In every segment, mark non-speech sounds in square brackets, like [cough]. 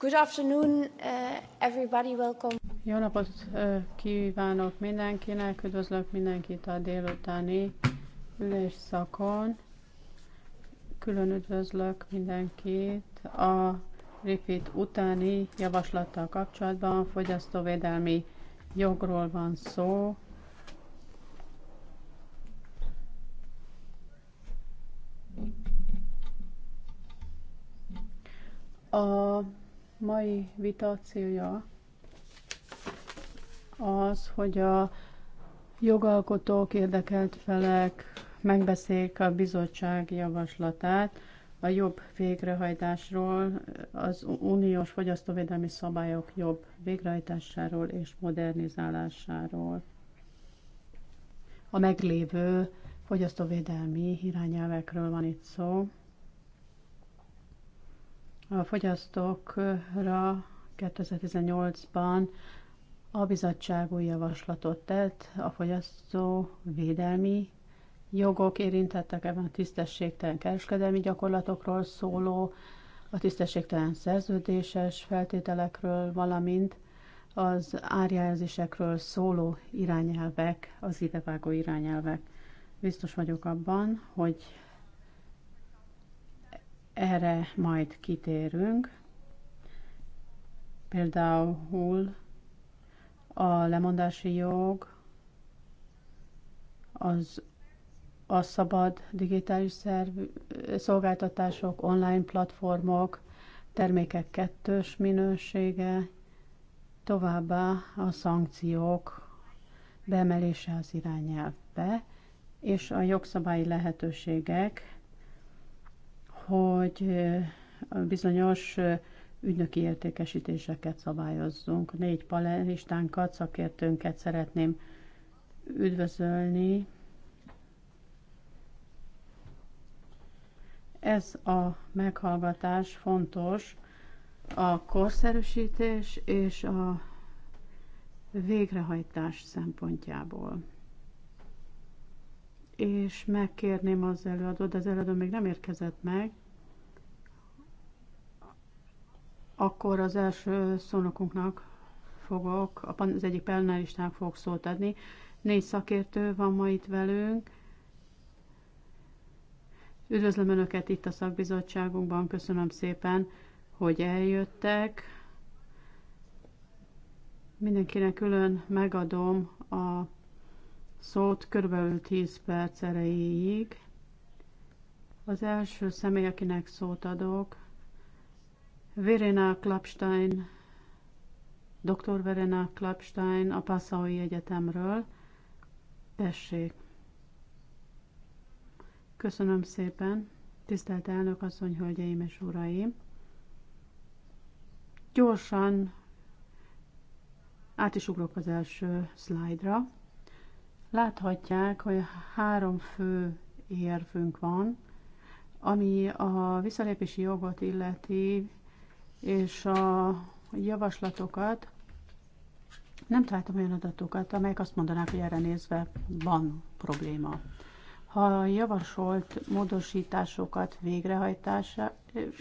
Good afternoon, uh, everybody, welcome. Jó napot uh, kívánok mindenkinek, üdvözlök mindenkit a délutáni ülésszakon. Külön üdvözlök mindenkit a refit utáni javaslattal kapcsolatban fogyasztóvédelmi jogról van szó, mai vita célja az, hogy a jogalkotók, érdekelt felek megbeszéljék a bizottság javaslatát a jobb végrehajtásról, az uniós fogyasztóvédelmi szabályok jobb végrehajtásáról és modernizálásáról. A meglévő fogyasztóvédelmi irányelvekről van itt szó. A fogyasztókra 2018-ban a bizottság új javaslatot tett, a fogyasztó védelmi jogok érintettek ebben a tisztességtelen kereskedelmi gyakorlatokról szóló, a tisztességtelen szerződéses feltételekről, valamint az árjelzésekről szóló irányelvek, az idevágó irányelvek. Biztos vagyok abban, hogy erre majd kitérünk. Például a lemondási jog, az a szabad digitális szerv, szolgáltatások, online platformok, termékek kettős minősége, továbbá a szankciók beemelése az irányelvbe, és a jogszabályi lehetőségek hogy bizonyos ügynöki értékesítéseket szabályozzunk. Négy panelistánkat, szakértőnket szeretném üdvözölni. Ez a meghallgatás fontos a korszerűsítés és a végrehajtás szempontjából és megkérném az előadót, de az előadó még nem érkezett meg, akkor az első szónokunknak fogok, az egyik panelistánk fogok szót adni. Négy szakértő van ma itt velünk. Üdvözlöm Önöket itt a szakbizottságunkban, köszönöm szépen, hogy eljöttek. Mindenkinek külön megadom a szót körülbelül 10 perc erejéig. Az első személy, akinek szót adok, Verena Klapstein, dr. Verena Klapstein a Passaui Egyetemről. Tessék! Köszönöm szépen, tisztelt elnök asszony, hölgyeim és uraim! Gyorsan át is ugrok az első szlájdra. Láthatják, hogy három fő érvünk van, ami a visszalépési jogot illeti, és a javaslatokat, nem találtam olyan adatokat, amelyek azt mondanák, hogy erre nézve van probléma. Ha a javasolt módosításokat végrehajtása,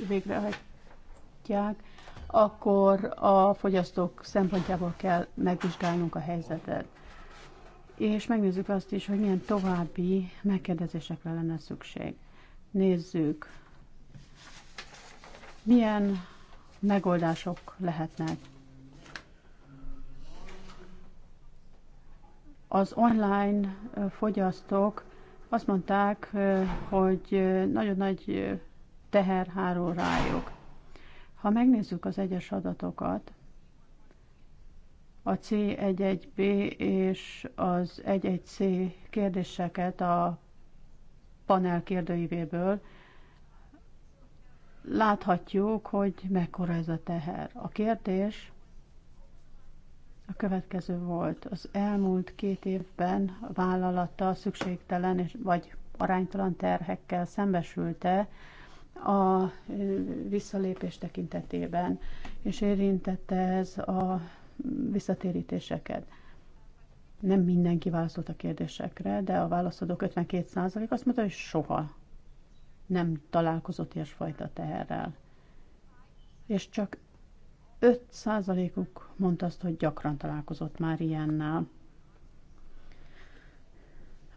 végrehajtják, akkor a fogyasztók szempontjából kell megvizsgálnunk a helyzetet és megnézzük azt is, hogy milyen további megkérdezésekre lenne szükség. Nézzük, milyen megoldások lehetnek. Az online fogyasztók azt mondták, hogy nagyon nagy teher hárul rájuk. Ha megnézzük az egyes adatokat, a C11B és az 11C kérdéseket a panel kérdőívéből, láthatjuk, hogy mekkora ez a teher. A kérdés a következő volt. Az elmúlt két évben a vállalata szükségtelen és, vagy aránytalan terhekkel szembesülte a visszalépés tekintetében, és érintette ez a visszatérítéseket. Nem mindenki válaszolt a kérdésekre, de a válaszadók 52% azt mondta, hogy soha nem találkozott ilyesfajta teherrel. És csak 5%-uk mondta azt, hogy gyakran találkozott már ilyennel.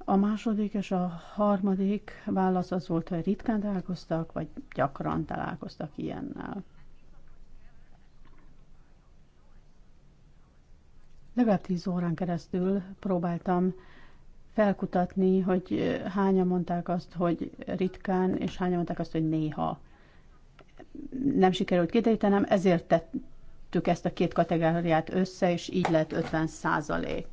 A második és a harmadik válasz az volt, hogy ritkán találkoztak, vagy gyakran találkoztak ilyennel. Legalább tíz órán keresztül próbáltam felkutatni, hogy hányan mondták azt, hogy ritkán, és hányan mondták azt, hogy néha. Nem sikerült kiderítenem, ezért tettük ezt a két kategóriát össze, és így lett 50 százalék.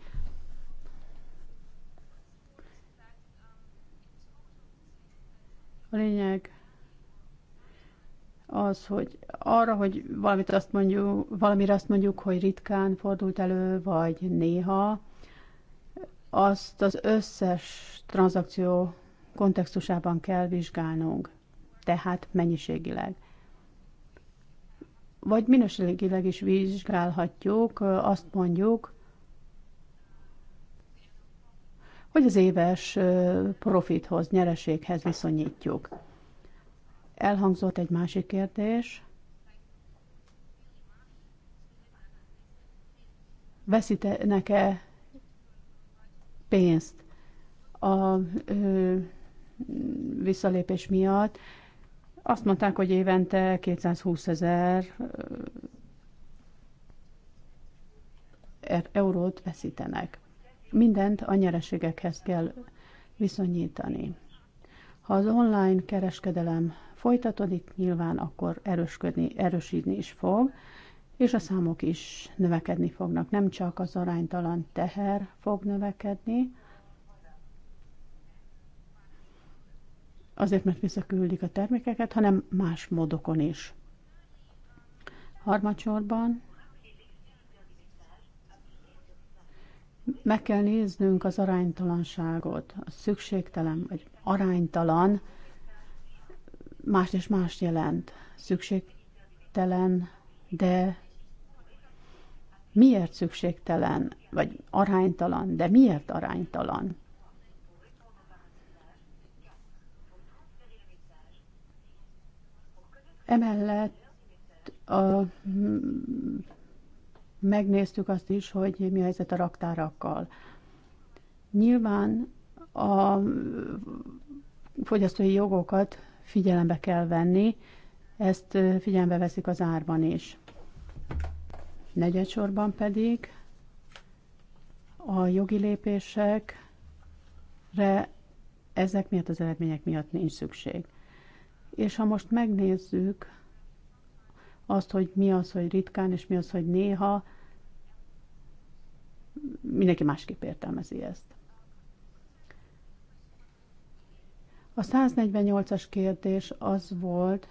A lényeg az, hogy arra, hogy valamit azt mondjuk, valamire azt mondjuk, hogy ritkán fordult elő, vagy néha, azt az összes tranzakció kontextusában kell vizsgálnunk, tehát mennyiségileg. Vagy minőségileg is vizsgálhatjuk, azt mondjuk, hogy az éves profithoz, nyereséghez viszonyítjuk. Elhangzott egy másik kérdés. Veszítenek-e pénzt a ö, visszalépés miatt? Azt mondták, hogy évente 220 ezer er, eurót veszítenek. Mindent a nyereségekhez kell viszonyítani. Ha az online kereskedelem folytatódik, nyilván akkor erősködni, erősídni is fog, és a számok is növekedni fognak. Nem csak az aránytalan teher fog növekedni, azért, mert visszaküldik a termékeket, hanem más módokon is. Harmadsorban meg kell néznünk az aránytalanságot, a szükségtelen vagy aránytalan más és más jelent. Szükségtelen, de miért szükségtelen, vagy aránytalan, de miért aránytalan? Emellett a, megnéztük azt is, hogy mi a helyzet a raktárakkal. Nyilván a fogyasztói jogokat figyelembe kell venni, ezt figyelembe veszik az árban is. Negyedsorban pedig a jogi lépésekre ezek miatt az eredmények miatt nincs szükség. És ha most megnézzük azt, hogy mi az, hogy ritkán, és mi az, hogy néha, mindenki másképp értelmezi ezt. A 148-as kérdés az volt,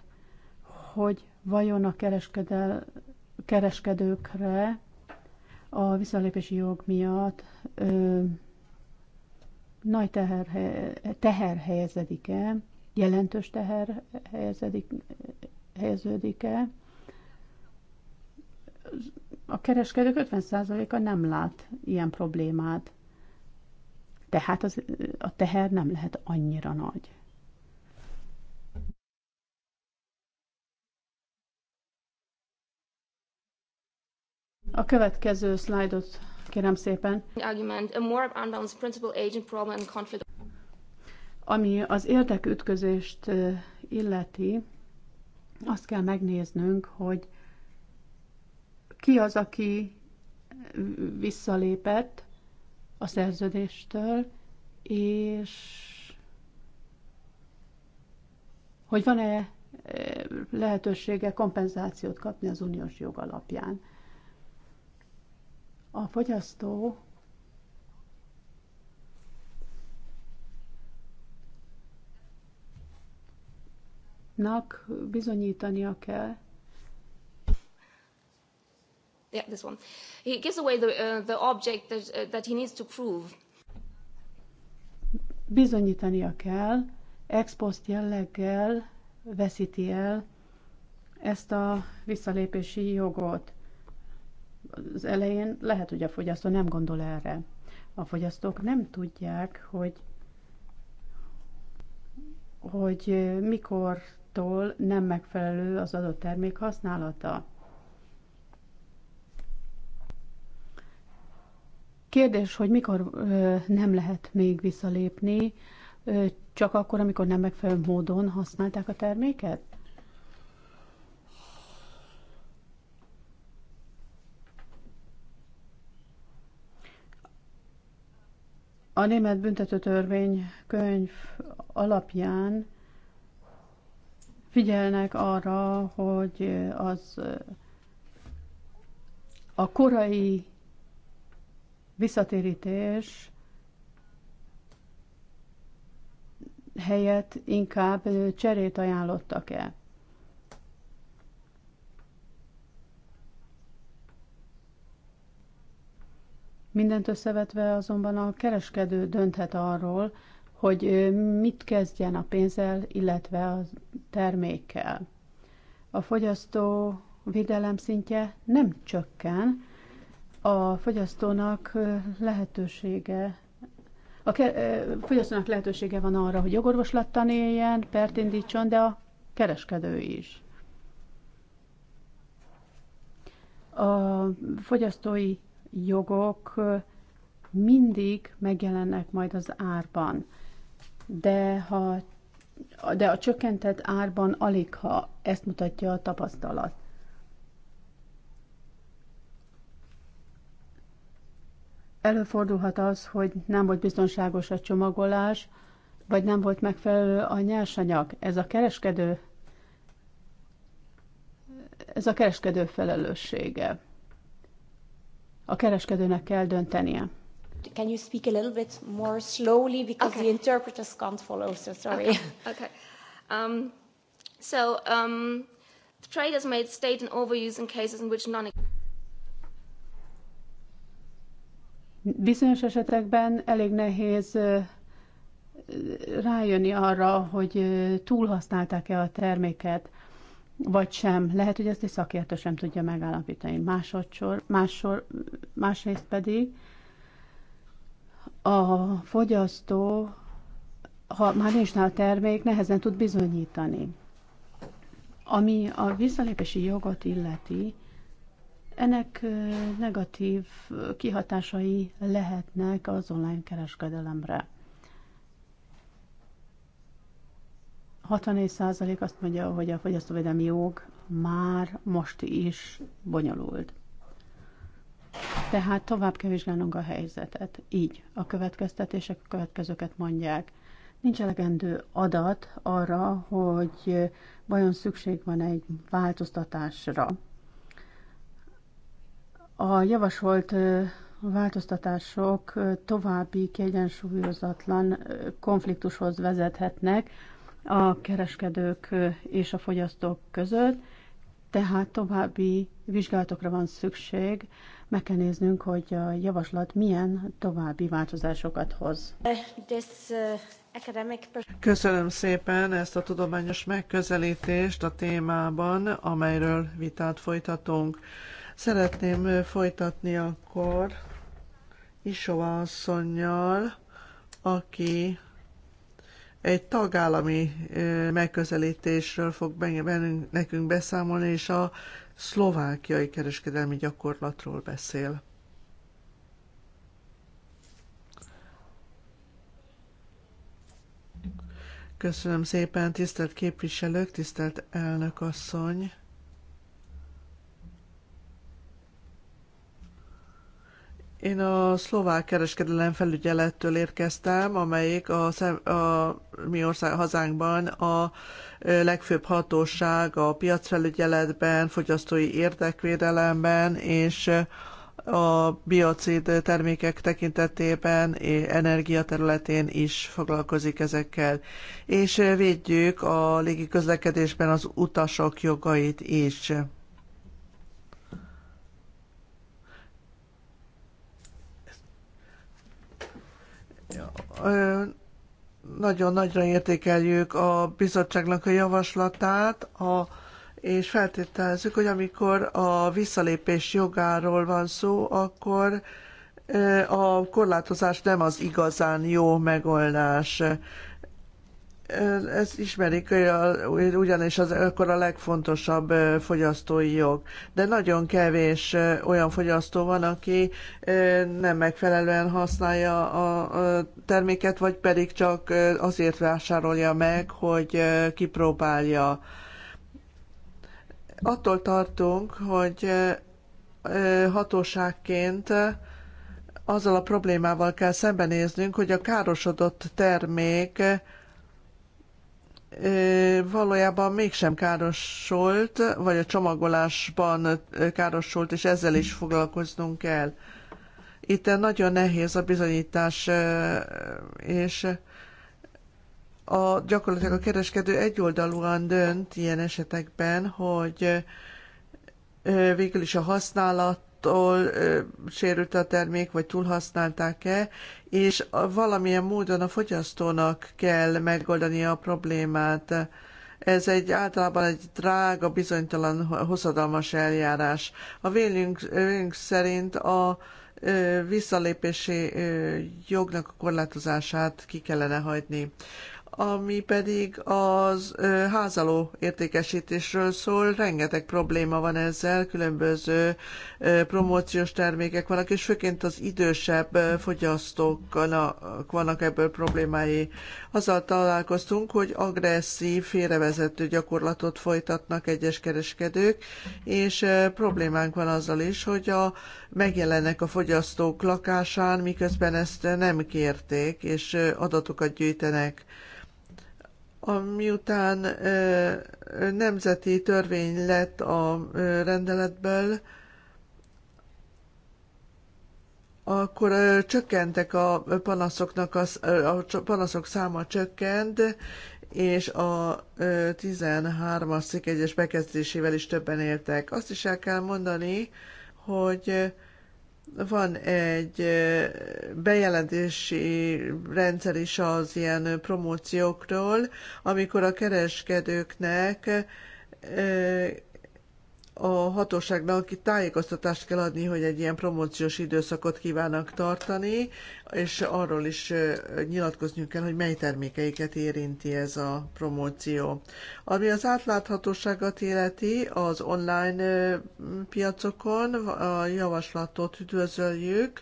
hogy vajon a kereskedőkre a visszalépési jog miatt ö, nagy teher, teher helyezedik-e, jelentős teher helyezedik, helyeződik-e. A kereskedők 50%-a nem lát ilyen problémát. Tehát az, a teher nem lehet annyira nagy. A következő szlájdot kérem szépen. Argument, a more unbalanced principal agent problem and conflict. Ami az érdekütközést illeti, azt kell megnéznünk, hogy ki az, aki visszalépett a szerződéstől, és hogy van-e lehetősége kompenzációt kapni az uniós jog alapján a fogyasztó nak bizonyítania kell, Yeah, this one. He gives away the, uh, the object that, uh, that he needs to prove. Bizonyítania kell, ex post jelleggel veszíti el ezt a visszalépési jogot az elején lehet, hogy a fogyasztó nem gondol erre. A fogyasztók nem tudják, hogy hogy mikortól nem megfelelő az adott termék használata. Kérdés, hogy mikor nem lehet még visszalépni, csak akkor, amikor nem megfelelő módon használták a terméket? A német könyv alapján figyelnek arra, hogy az a korai visszatérítés helyett inkább cserét ajánlottak-e. Mindent összevetve azonban a kereskedő dönthet arról, hogy mit kezdjen a pénzzel, illetve a termékkel. A fogyasztó védelem szintje nem csökken, a fogyasztónak lehetősége a fogyasztónak lehetősége van arra, hogy jogorvoslattan éljen, pert indítson, de a kereskedő is. A fogyasztói jogok mindig megjelennek majd az árban. De, ha, de a csökkentett árban alig ha, ezt mutatja a tapasztalat. Előfordulhat az, hogy nem volt biztonságos a csomagolás, vagy nem volt megfelelő a nyersanyag. Ez a kereskedő ez a kereskedő felelőssége. A kereskedőnek kell döntenie. Can you speak a little bit more slowly because okay. the interpreters can't follow, so sorry. Okay. [laughs] okay. Um, so um, the traders made state an overuse in cases in which none. Bizonyos esetekben elég nehéz rájönni arra, hogy túlhasználták-e a terméket vagy sem. Lehet, hogy ezt egy szakértő sem tudja megállapítani. Másodszor, másor, másrészt pedig a fogyasztó, ha már nincs nála termék, nehezen tud bizonyítani. Ami a visszalépési jogot illeti, ennek negatív kihatásai lehetnek az online kereskedelemre. 64% azt mondja, hogy a fogyasztóvédelmi jog már most is bonyolult. Tehát tovább kell vizsgálnunk a helyzetet. Így a következtetések a következőket mondják. Nincs elegendő adat arra, hogy vajon szükség van egy változtatásra. A javasolt változtatások további kiegyensúlyozatlan konfliktushoz vezethetnek, a kereskedők és a fogyasztók között, tehát további vizsgálatokra van szükség, meg kell néznünk, hogy a javaslat milyen további változásokat hoz. Uh, Köszönöm szépen ezt a tudományos megközelítést a témában, amelyről vitát folytatunk. Szeretném folytatni akkor Isova asszonynal, aki egy tagállami megközelítésről fog bennünk, nekünk beszámolni, és a szlovákiai kereskedelmi gyakorlatról beszél. Köszönöm szépen, tisztelt képviselők, tisztelt elnök asszony! Én a szlovák kereskedelem felügyelettől érkeztem, amelyik a, a mi ország, hazánkban a legfőbb hatóság a piacfelügyeletben, fogyasztói érdekvédelemben és a biocid termékek tekintetében, energiaterületén is foglalkozik ezekkel. És védjük a légiközlekedésben az utasok jogait is. nagyon nagyra értékeljük a bizottságnak a javaslatát, a, és feltételezzük, hogy amikor a visszalépés jogáról van szó, akkor a korlátozás nem az igazán jó megoldás ez ismerik, ugyanis az akkor a legfontosabb fogyasztói jog. De nagyon kevés olyan fogyasztó van, aki nem megfelelően használja a terméket, vagy pedig csak azért vásárolja meg, hogy kipróbálja. Attól tartunk, hogy hatóságként azzal a problémával kell szembenéznünk, hogy a károsodott termék valójában mégsem károsolt, vagy a csomagolásban károsult, és ezzel is foglalkoznunk kell. Itt nagyon nehéz a bizonyítás, és a, gyakorlatilag a kereskedő egyoldalúan dönt ilyen esetekben, hogy végül is a használat attól sérült a termék, vagy túlhasználták-e, és valamilyen módon a fogyasztónak kell megoldania a problémát. Ez egy általában egy drága, bizonytalan, hosszadalmas eljárás. A vélünk, vélünk szerint a visszalépési jognak a korlátozását ki kellene hagyni ami pedig az házaló értékesítésről szól. Rengeteg probléma van ezzel, különböző promóciós termékek vannak, és főként az idősebb fogyasztóknak vannak ebből problémái. Azzal találkoztunk, hogy agresszív, félrevezető gyakorlatot folytatnak egyes kereskedők, és problémánk van azzal is, hogy a, megjelennek a fogyasztók lakásán, miközben ezt nem kérték, és adatokat gyűjtenek. Miután nemzeti törvény lett a rendeletből, akkor csökkentek a panaszoknak, a, a panaszok száma csökkent, és a 13-as cikk egyes bekezdésével is többen értek. Azt is el kell mondani, hogy van egy bejelentési rendszer is az ilyen promóciókról, amikor a kereskedőknek a hatóságnak tájékoztatást kell adni, hogy egy ilyen promóciós időszakot kívánnak tartani, és arról is nyilatkozniuk kell, hogy mely termékeiket érinti ez a promóció. Ami az átláthatóságot életi az online piacokon, a javaslatot üdvözöljük,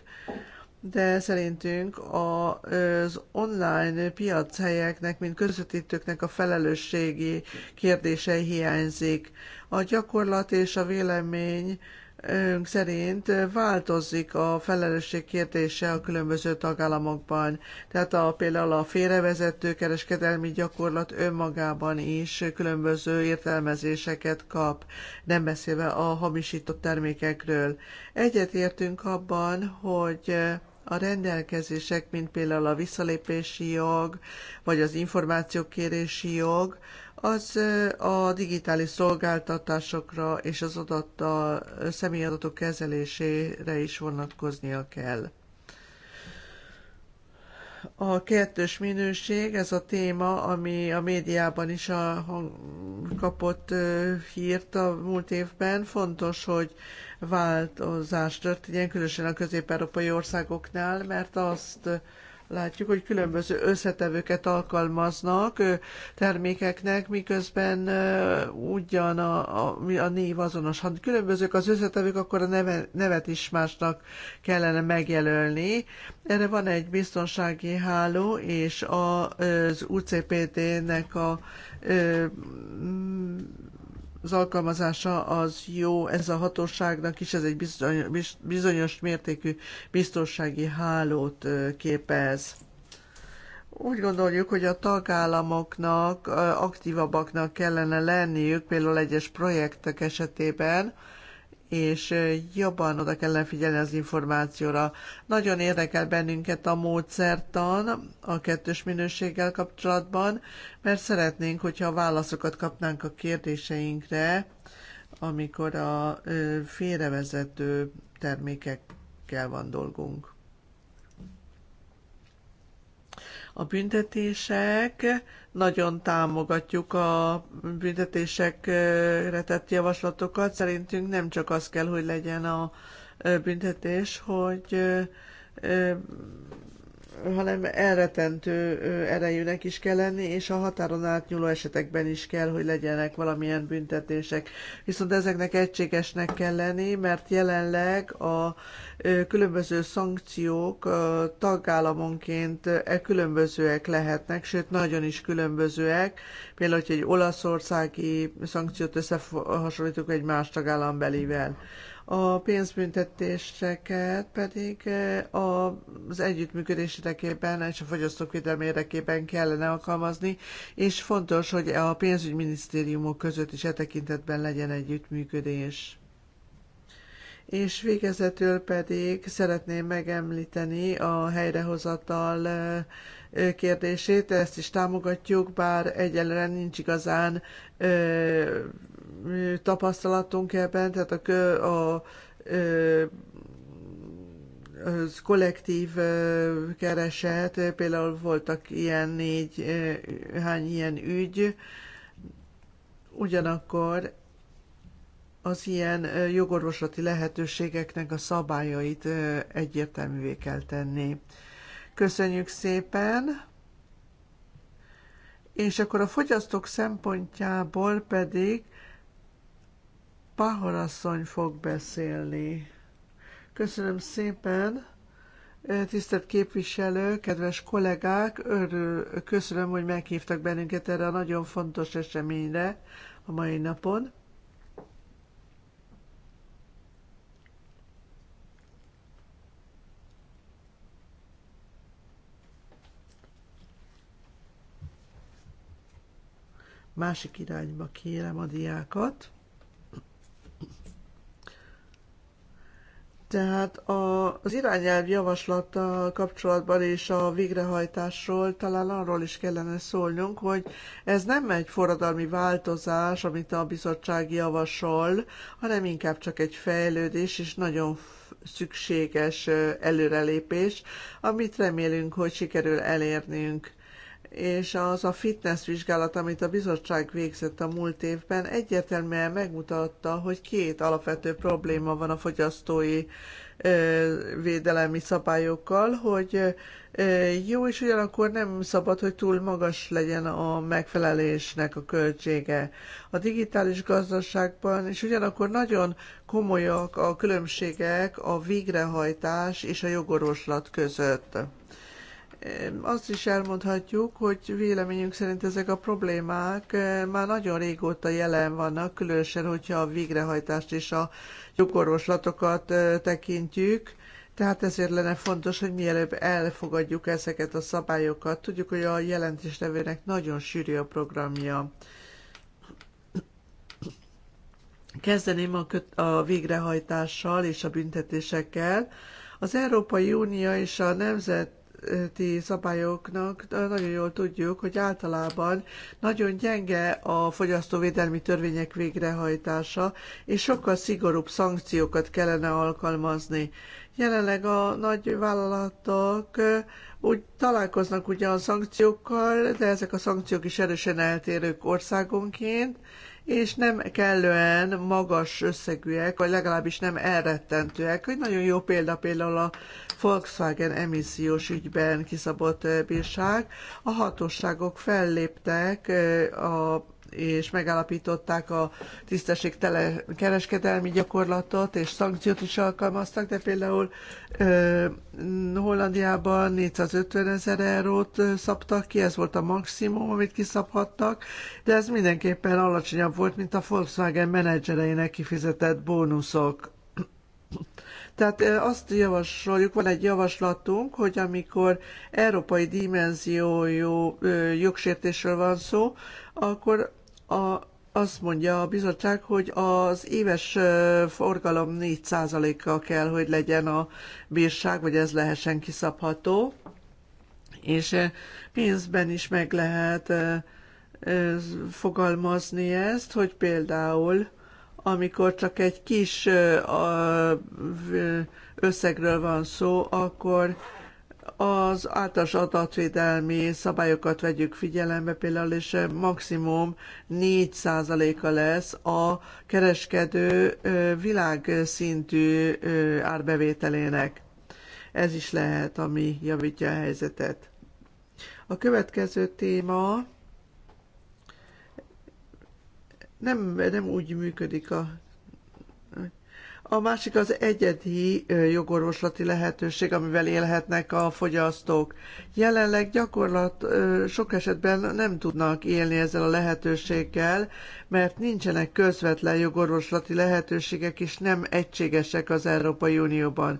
de szerintünk az online piachelyeknek, mint közvetítőknek a felelősségi kérdései hiányzik. A gyakorlat és a vélemény szerint változik a felelősség kérdése a különböző tagállamokban. Tehát a, például a félrevezető kereskedelmi gyakorlat önmagában is különböző értelmezéseket kap, nem beszélve a hamisított termékekről. Egyetértünk abban, hogy a rendelkezések, mint például a visszalépési jog, vagy az információkérési jog, az a digitális szolgáltatásokra és az adatta, személyadatok kezelésére is vonatkoznia kell. A kettős minőség, ez a téma, ami a médiában is a hang, kapott hírt a múlt évben. Fontos, hogy változás történjen, különösen a közép-európai országoknál, mert azt látjuk, hogy különböző összetevőket alkalmaznak termékeknek, miközben ugyan a, a, a név azonos. Ha különbözők az összetevők, akkor a neve, nevet is másnak kellene megjelölni. Erre van egy biztonsági háló, és a, az UCPD-nek a az alkalmazása az jó, ez a hatóságnak is, ez egy bizonyos mértékű biztonsági hálót képez. Úgy gondoljuk, hogy a tagállamoknak aktívabbaknak kellene lenniük, például egyes projektek esetében, és jobban oda kellene figyelni az információra. Nagyon érdekel bennünket a módszertan a kettős minőséggel kapcsolatban, mert szeretnénk, hogyha válaszokat kapnánk a kérdéseinkre, amikor a félrevezető termékekkel van dolgunk. A büntetések nagyon támogatjuk a büntetésekre tett javaslatokat. Szerintünk nem csak az kell, hogy legyen a büntetés, hogy hanem elretentő erejűnek is kell lenni, és a határon átnyúló esetekben is kell, hogy legyenek valamilyen büntetések. Viszont ezeknek egységesnek kell lenni, mert jelenleg a különböző szankciók tagállamonként különbözőek lehetnek, sőt nagyon is különbözőek. Például, hogy egy olaszországi szankciót összehasonlítunk egy más tagállambelivel a pénzbüntetéseket pedig eh, az együttműködés érdekében és a védelme érdekében kellene alkalmazni, és fontos, hogy a pénzügyminisztériumok között is e tekintetben legyen együttműködés. És végezetül pedig szeretném megemlíteni a helyrehozatal eh, kérdését, ezt is támogatjuk, bár egyelőre nincs igazán ö, tapasztalatunk ebben, tehát a, a ö, az kollektív kereset, például voltak ilyen négy, hány ilyen ügy, ugyanakkor az ilyen jogorvoslati lehetőségeknek a szabályait egyértelművé kell tenni. Köszönjük szépen! És akkor a fogyasztók szempontjából pedig Pahorasszony fog beszélni. Köszönöm szépen! Tisztelt képviselő, kedves kollégák, örül, köszönöm, hogy meghívtak bennünket erre a nagyon fontos eseményre a mai napon. Másik irányba kérem a diákat. Tehát a, az irányelv javaslata kapcsolatban és a végrehajtásról talán arról is kellene szólnunk, hogy ez nem egy forradalmi változás, amit a bizottság javasol, hanem inkább csak egy fejlődés és nagyon szükséges előrelépés, amit remélünk, hogy sikerül elérnünk és az a fitness vizsgálat, amit a bizottság végzett a múlt évben, egyértelműen megmutatta, hogy két alapvető probléma van a fogyasztói védelemi szabályokkal, hogy jó, és ugyanakkor nem szabad, hogy túl magas legyen a megfelelésnek a költsége. A digitális gazdaságban, és ugyanakkor nagyon komolyak a különbségek a végrehajtás és a jogorvoslat között azt is elmondhatjuk, hogy véleményünk szerint ezek a problémák már nagyon régóta jelen vannak, különösen, hogyha a végrehajtást és a jogorvoslatokat tekintjük. Tehát ezért lenne fontos, hogy mielőbb elfogadjuk ezeket a szabályokat. Tudjuk, hogy a jelentéstevőnek nagyon sűrű a programja. Kezdeném a, köt- a végrehajtással és a büntetésekkel. Az Európai Unió és a nemzet környezeti szabályoknak nagyon jól tudjuk, hogy általában nagyon gyenge a fogyasztóvédelmi törvények végrehajtása, és sokkal szigorúbb szankciókat kellene alkalmazni. Jelenleg a nagy vállalatok úgy találkoznak ugyan szankciókkal, de ezek a szankciók is erősen eltérők országonként, és nem kellően magas összegűek, vagy legalábbis nem elrettentőek. Egy nagyon jó példa például a Volkswagen emissziós ügyben kiszabott bírság. A hatóságok felléptek a és megállapították a tisztességtelen kereskedelmi gyakorlatot, és szankciót is alkalmaztak, de például ö, Hollandiában 450 ezer eurót szabtak ki, ez volt a maximum, amit kiszabhattak, de ez mindenképpen alacsonyabb volt, mint a Volkswagen menedzsereinek kifizetett bónuszok. Tehát azt javasoljuk, van egy javaslatunk, hogy amikor európai dimenziójú jogsértésről van szó, akkor a, azt mondja a bizottság, hogy az éves forgalom 4%-a kell, hogy legyen a bírság, vagy ez lehessen kiszabható, és pénzben is meg lehet fogalmazni ezt, hogy például amikor csak egy kis összegről van szó, akkor az általános adatvédelmi szabályokat vegyük figyelembe, például és eh, maximum 4%-a lesz a kereskedő eh, világszintű eh, árbevételének. Ez is lehet, ami javítja a helyzetet. A következő téma nem, nem úgy működik a a másik az egyedi jogorvoslati lehetőség, amivel élhetnek a fogyasztók. Jelenleg gyakorlat sok esetben nem tudnak élni ezzel a lehetőséggel, mert nincsenek közvetlen jogorvoslati lehetőségek, és nem egységesek az Európai Unióban.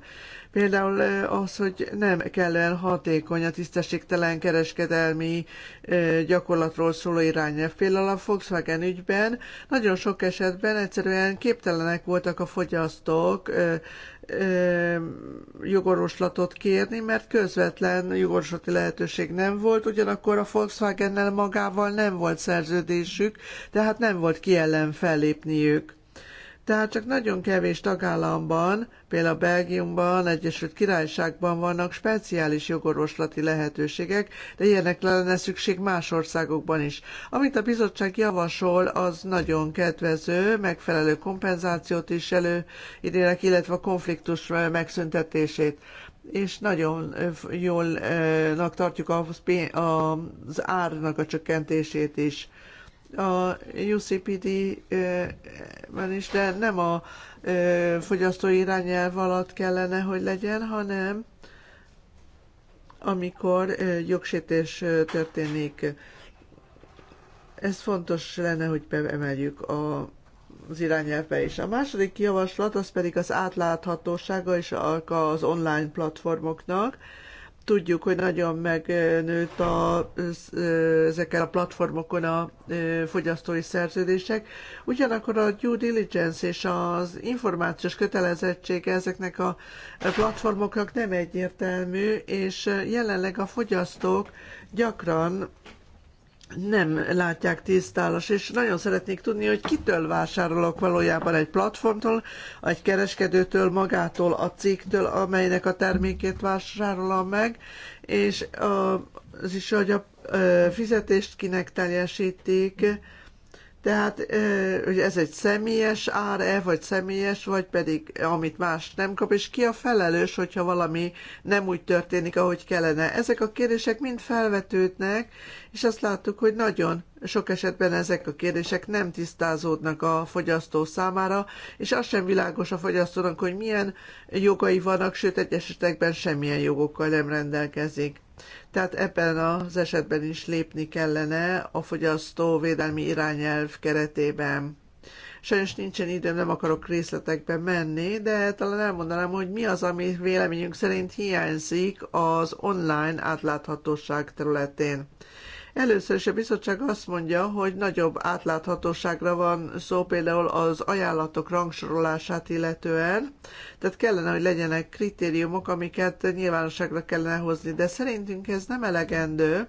Például az, hogy nem kellően hatékony a tisztességtelen kereskedelmi gyakorlatról szóló irányelv. Például a Volkswagen ügyben nagyon sok esetben egyszerűen képtelenek voltak a fogyasztók jogorvoslatot kérni, mert közvetlen jogorvoslati lehetőség nem volt, ugyanakkor a Volkswagennel magával nem volt szerződésük, tehát nem volt ki ellen fellépniük. Tehát csak nagyon kevés tagállamban, például Belgiumban, Egyesült Királyságban vannak speciális jogorvoslati lehetőségek, de ilyenek lenne szükség más országokban is. Amit a bizottság javasol, az nagyon kedvező, megfelelő kompenzációt is idének, illetve a konfliktus megszüntetését és nagyon jólnak tartjuk az árnak a csökkentését is a UCPD-ben is, de nem a fogyasztói irányelv alatt kellene, hogy legyen, hanem amikor jogsértés történik. Ez fontos lenne, hogy beemeljük a az irányelvbe is. A második javaslat az pedig az átláthatósága és az online platformoknak. Tudjuk, hogy nagyon megnőtt a, ezekkel a platformokon a fogyasztói szerződések. Ugyanakkor a due diligence és az információs kötelezettsége ezeknek a platformoknak nem egyértelmű, és jelenleg a fogyasztók gyakran nem látják tisztálas, és nagyon szeretnék tudni, hogy kitől vásárolok valójában egy platformtól, egy kereskedőtől, magától, a cégtől, amelynek a termékét vásárolom meg, és az is, hogy a fizetést kinek teljesítik, tehát hogy ez egy személyes ár-e, vagy személyes, vagy pedig amit más nem kap, és ki a felelős, hogyha valami nem úgy történik, ahogy kellene. Ezek a kérdések mind felvetődnek, és azt láttuk, hogy nagyon sok esetben ezek a kérdések nem tisztázódnak a fogyasztó számára, és az sem világos a fogyasztónak, hogy milyen jogai vannak, sőt egy esetekben semmilyen jogokkal nem rendelkezik. Tehát ebben az esetben is lépni kellene a fogyasztóvédelmi irányelv keretében. Sajnos nincsen időm, nem akarok részletekbe menni, de talán elmondanám, hogy mi az, ami véleményünk szerint hiányzik az online átláthatóság területén. Először is a bizottság azt mondja, hogy nagyobb átláthatóságra van szó például az ajánlatok rangsorolását illetően, tehát kellene, hogy legyenek kritériumok, amiket nyilvánosságra kellene hozni, de szerintünk ez nem elegendő.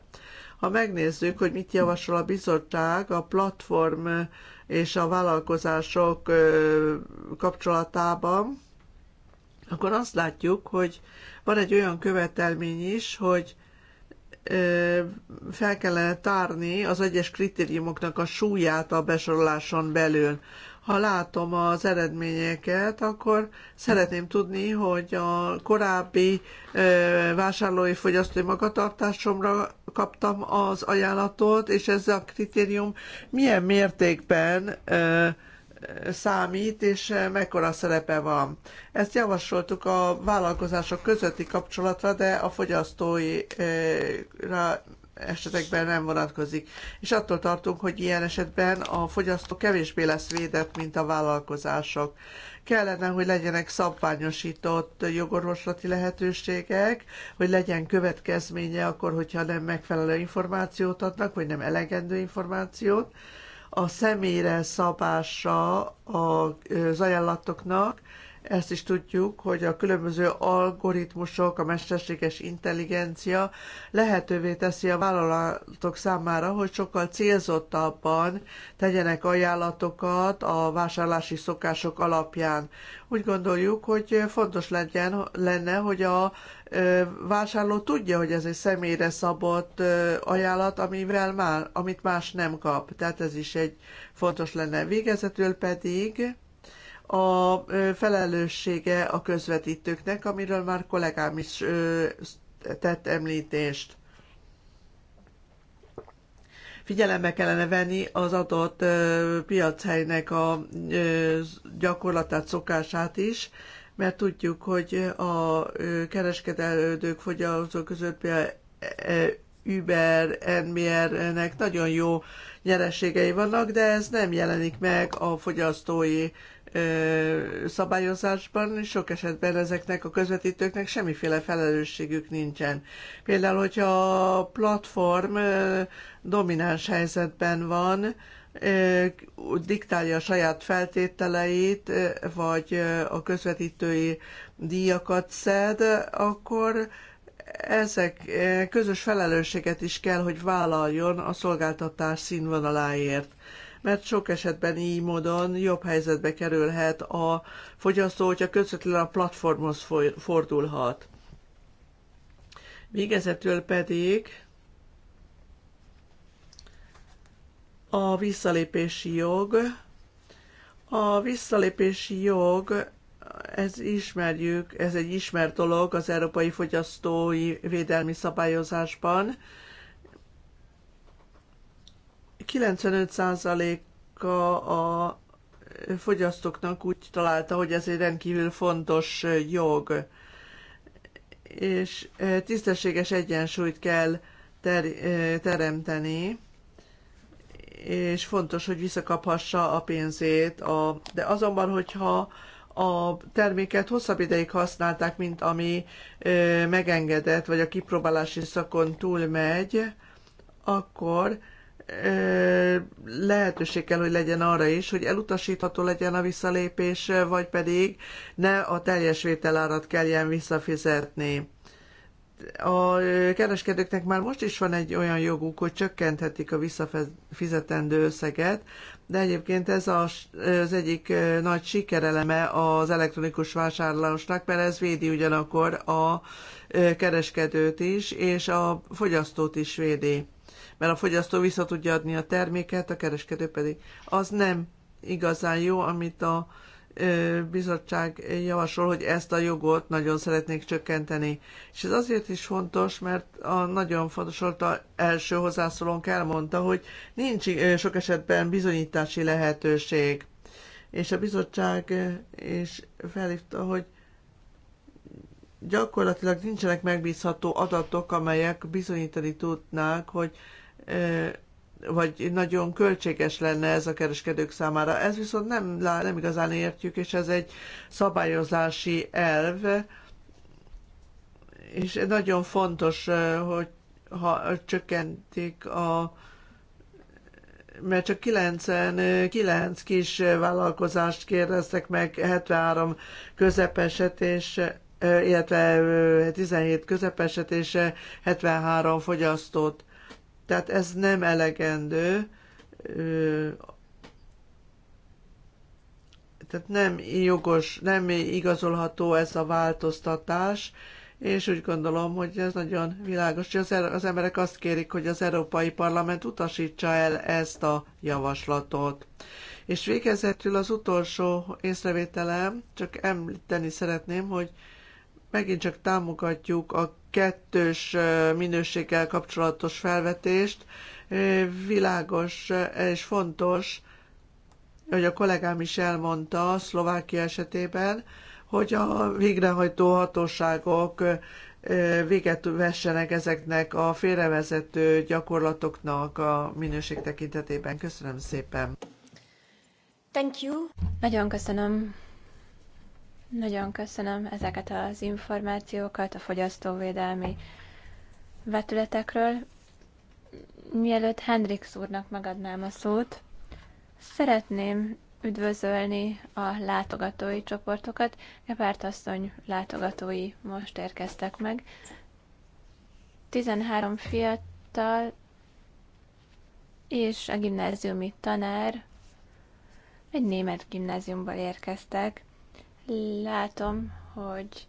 Ha megnézzük, hogy mit javasol a bizottság a platform és a vállalkozások kapcsolatában, akkor azt látjuk, hogy van egy olyan követelmény is, hogy fel kellene tárni az egyes kritériumoknak a súlyát a besoroláson belül. Ha látom az eredményeket, akkor szeretném tudni, hogy a korábbi vásárlói fogyasztói magatartásomra kaptam az ajánlatot, és ez a kritérium milyen mértékben számít, és mekkora szerepe van. Ezt javasoltuk a vállalkozások közötti kapcsolatra, de a fogyasztói esetekben nem vonatkozik. És attól tartunk, hogy ilyen esetben a fogyasztó kevésbé lesz védett, mint a vállalkozások. Kellene, hogy legyenek szabványosított jogorvoslati lehetőségek, hogy legyen következménye akkor, hogyha nem megfelelő információt adnak, vagy nem elegendő információt, a személyre szabása az ajánlatoknak ezt is tudjuk, hogy a különböző algoritmusok, a mesterséges intelligencia lehetővé teszi a vállalatok számára, hogy sokkal célzottabban tegyenek ajánlatokat a vásárlási szokások alapján. Úgy gondoljuk, hogy fontos legyen, lenne, hogy a vásárló tudja, hogy ez egy személyre szabott ajánlat, amivel már, amit más nem kap. Tehát ez is egy fontos lenne. Végezetül pedig a felelőssége a közvetítőknek, amiről már kollégám is tett említést. Figyelembe kellene venni az adott piachelynek a gyakorlatát, szokását is, mert tudjuk, hogy a kereskedelődők, fogyasztók között például Uber, NBR-nek nagyon jó nyereségei vannak, de ez nem jelenik meg a fogyasztói szabályozásban sok esetben ezeknek a közvetítőknek semmiféle felelősségük nincsen. Például, hogyha a platform domináns helyzetben van, diktálja a saját feltételeit, vagy a közvetítői díjakat szed, akkor ezek közös felelősséget is kell, hogy vállaljon a szolgáltatás színvonaláért mert sok esetben így módon jobb helyzetbe kerülhet a fogyasztó, hogyha közvetlenül a platformhoz fordulhat. Végezetül pedig a visszalépési jog. A visszalépési jog, ez ismerjük, ez egy ismert dolog az európai fogyasztói védelmi szabályozásban, 95%-a a fogyasztóknak úgy találta, hogy ez egy rendkívül fontos jog, és e, tisztességes egyensúlyt kell ter- e, teremteni, és fontos, hogy visszakaphassa a pénzét. A, de azonban, hogyha a terméket hosszabb ideig használták, mint ami ö, e, megengedett, vagy a kipróbálási szakon túlmegy, akkor lehetőség kell, hogy legyen arra is, hogy elutasítható legyen a visszalépés, vagy pedig ne a teljes vételárat kelljen visszafizetni. A kereskedőknek már most is van egy olyan joguk, hogy csökkenthetik a visszafizetendő összeget, de egyébként ez az egyik nagy sikereleme az elektronikus vásárlásnak, mert ez védi ugyanakkor a kereskedőt is, és a fogyasztót is védi mert a fogyasztó vissza tudja adni a terméket, a kereskedő pedig. Az nem igazán jó, amit a bizottság javasol, hogy ezt a jogot nagyon szeretnék csökkenteni. És ez azért is fontos, mert a nagyon fontos volt a első hozzászólónk elmondta, hogy nincs sok esetben bizonyítási lehetőség. És a bizottság is felhívta, hogy gyakorlatilag nincsenek megbízható adatok, amelyek bizonyítani tudnák, hogy vagy nagyon költséges lenne ez a kereskedők számára. Ez viszont nem, nem igazán értjük, és ez egy szabályozási elv, és nagyon fontos, hogy ha csökkentik a mert csak 99 kis vállalkozást kérdeztek meg, 73 közepeset és illetve 17 közepeset és 73 fogyasztót tehát ez nem elegendő, tehát nem jogos, nem igazolható ez a változtatás, és úgy gondolom, hogy ez nagyon világos, hogy er-, az emberek azt kérik, hogy az Európai Parlament utasítsa el ezt a javaslatot. És végezetül az utolsó észrevételem, csak említeni szeretném, hogy megint csak támogatjuk a kettős minőséggel kapcsolatos felvetést. Világos és fontos, hogy a kollégám is elmondta Szlovákia esetében, hogy a végrehajtó hatóságok véget vessenek ezeknek a félrevezető gyakorlatoknak a minőség tekintetében. Köszönöm szépen! Thank you. Nagyon köszönöm nagyon köszönöm ezeket az információkat a fogyasztóvédelmi vetületekről. Mielőtt Hendrix úrnak megadnám a szót, szeretném üdvözölni a látogatói csoportokat. Gepárt asszony látogatói most érkeztek meg. 13 fiatal és a gimnáziumi tanár egy német gimnáziumból érkeztek. Látom, hogy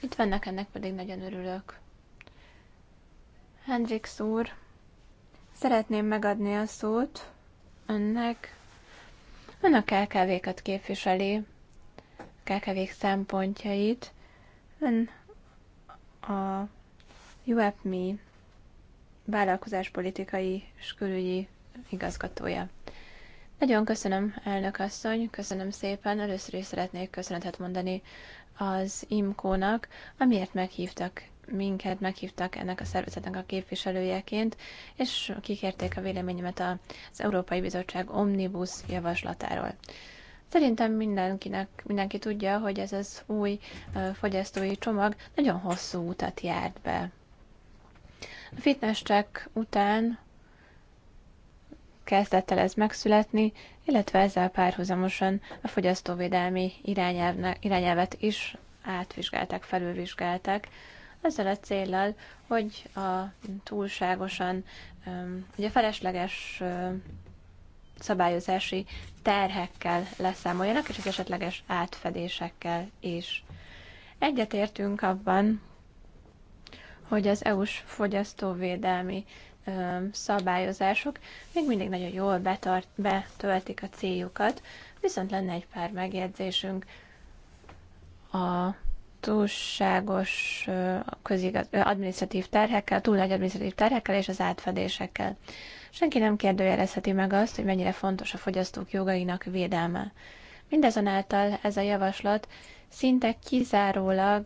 itt vannak, ennek pedig nagyon örülök. Hendrix úr, szeretném megadni a szót önnek. Ön a KKV-kat képviseli, a kkv szempontjait. Ön a UFMI vállalkozáspolitikai és külügyi igazgatója. Nagyon köszönöm, elnök asszony, köszönöm szépen. Először is szeretnék köszönetet mondani az IMKO-nak, amiért meghívtak minket, meghívtak ennek a szervezetnek a képviselőjeként, és kikérték a véleményemet az Európai Bizottság Omnibus javaslatáról. Szerintem mindenkinek, mindenki tudja, hogy ez az új fogyasztói csomag nagyon hosszú utat járt be. A fitness check után kezdett el ez megszületni, illetve ezzel párhuzamosan a fogyasztóvédelmi irányelvet is átvizsgálták, felülvizsgálták, ezzel a céllal, hogy a túlságosan, ugye felesleges szabályozási terhekkel leszámoljanak, és az esetleges átfedésekkel is. Egyetértünk abban, hogy az EU-s fogyasztóvédelmi szabályozások még mindig nagyon jól betart, betöltik a céljukat, viszont lenne egy pár megjegyzésünk a túlságos közigaz, adminisztratív terhekkel, túl nagy adminisztratív terhekkel és az átfedésekkel. Senki nem kérdőjelezheti meg azt, hogy mennyire fontos a fogyasztók jogainak védelme. Mindezonáltal ez a javaslat szinte kizárólag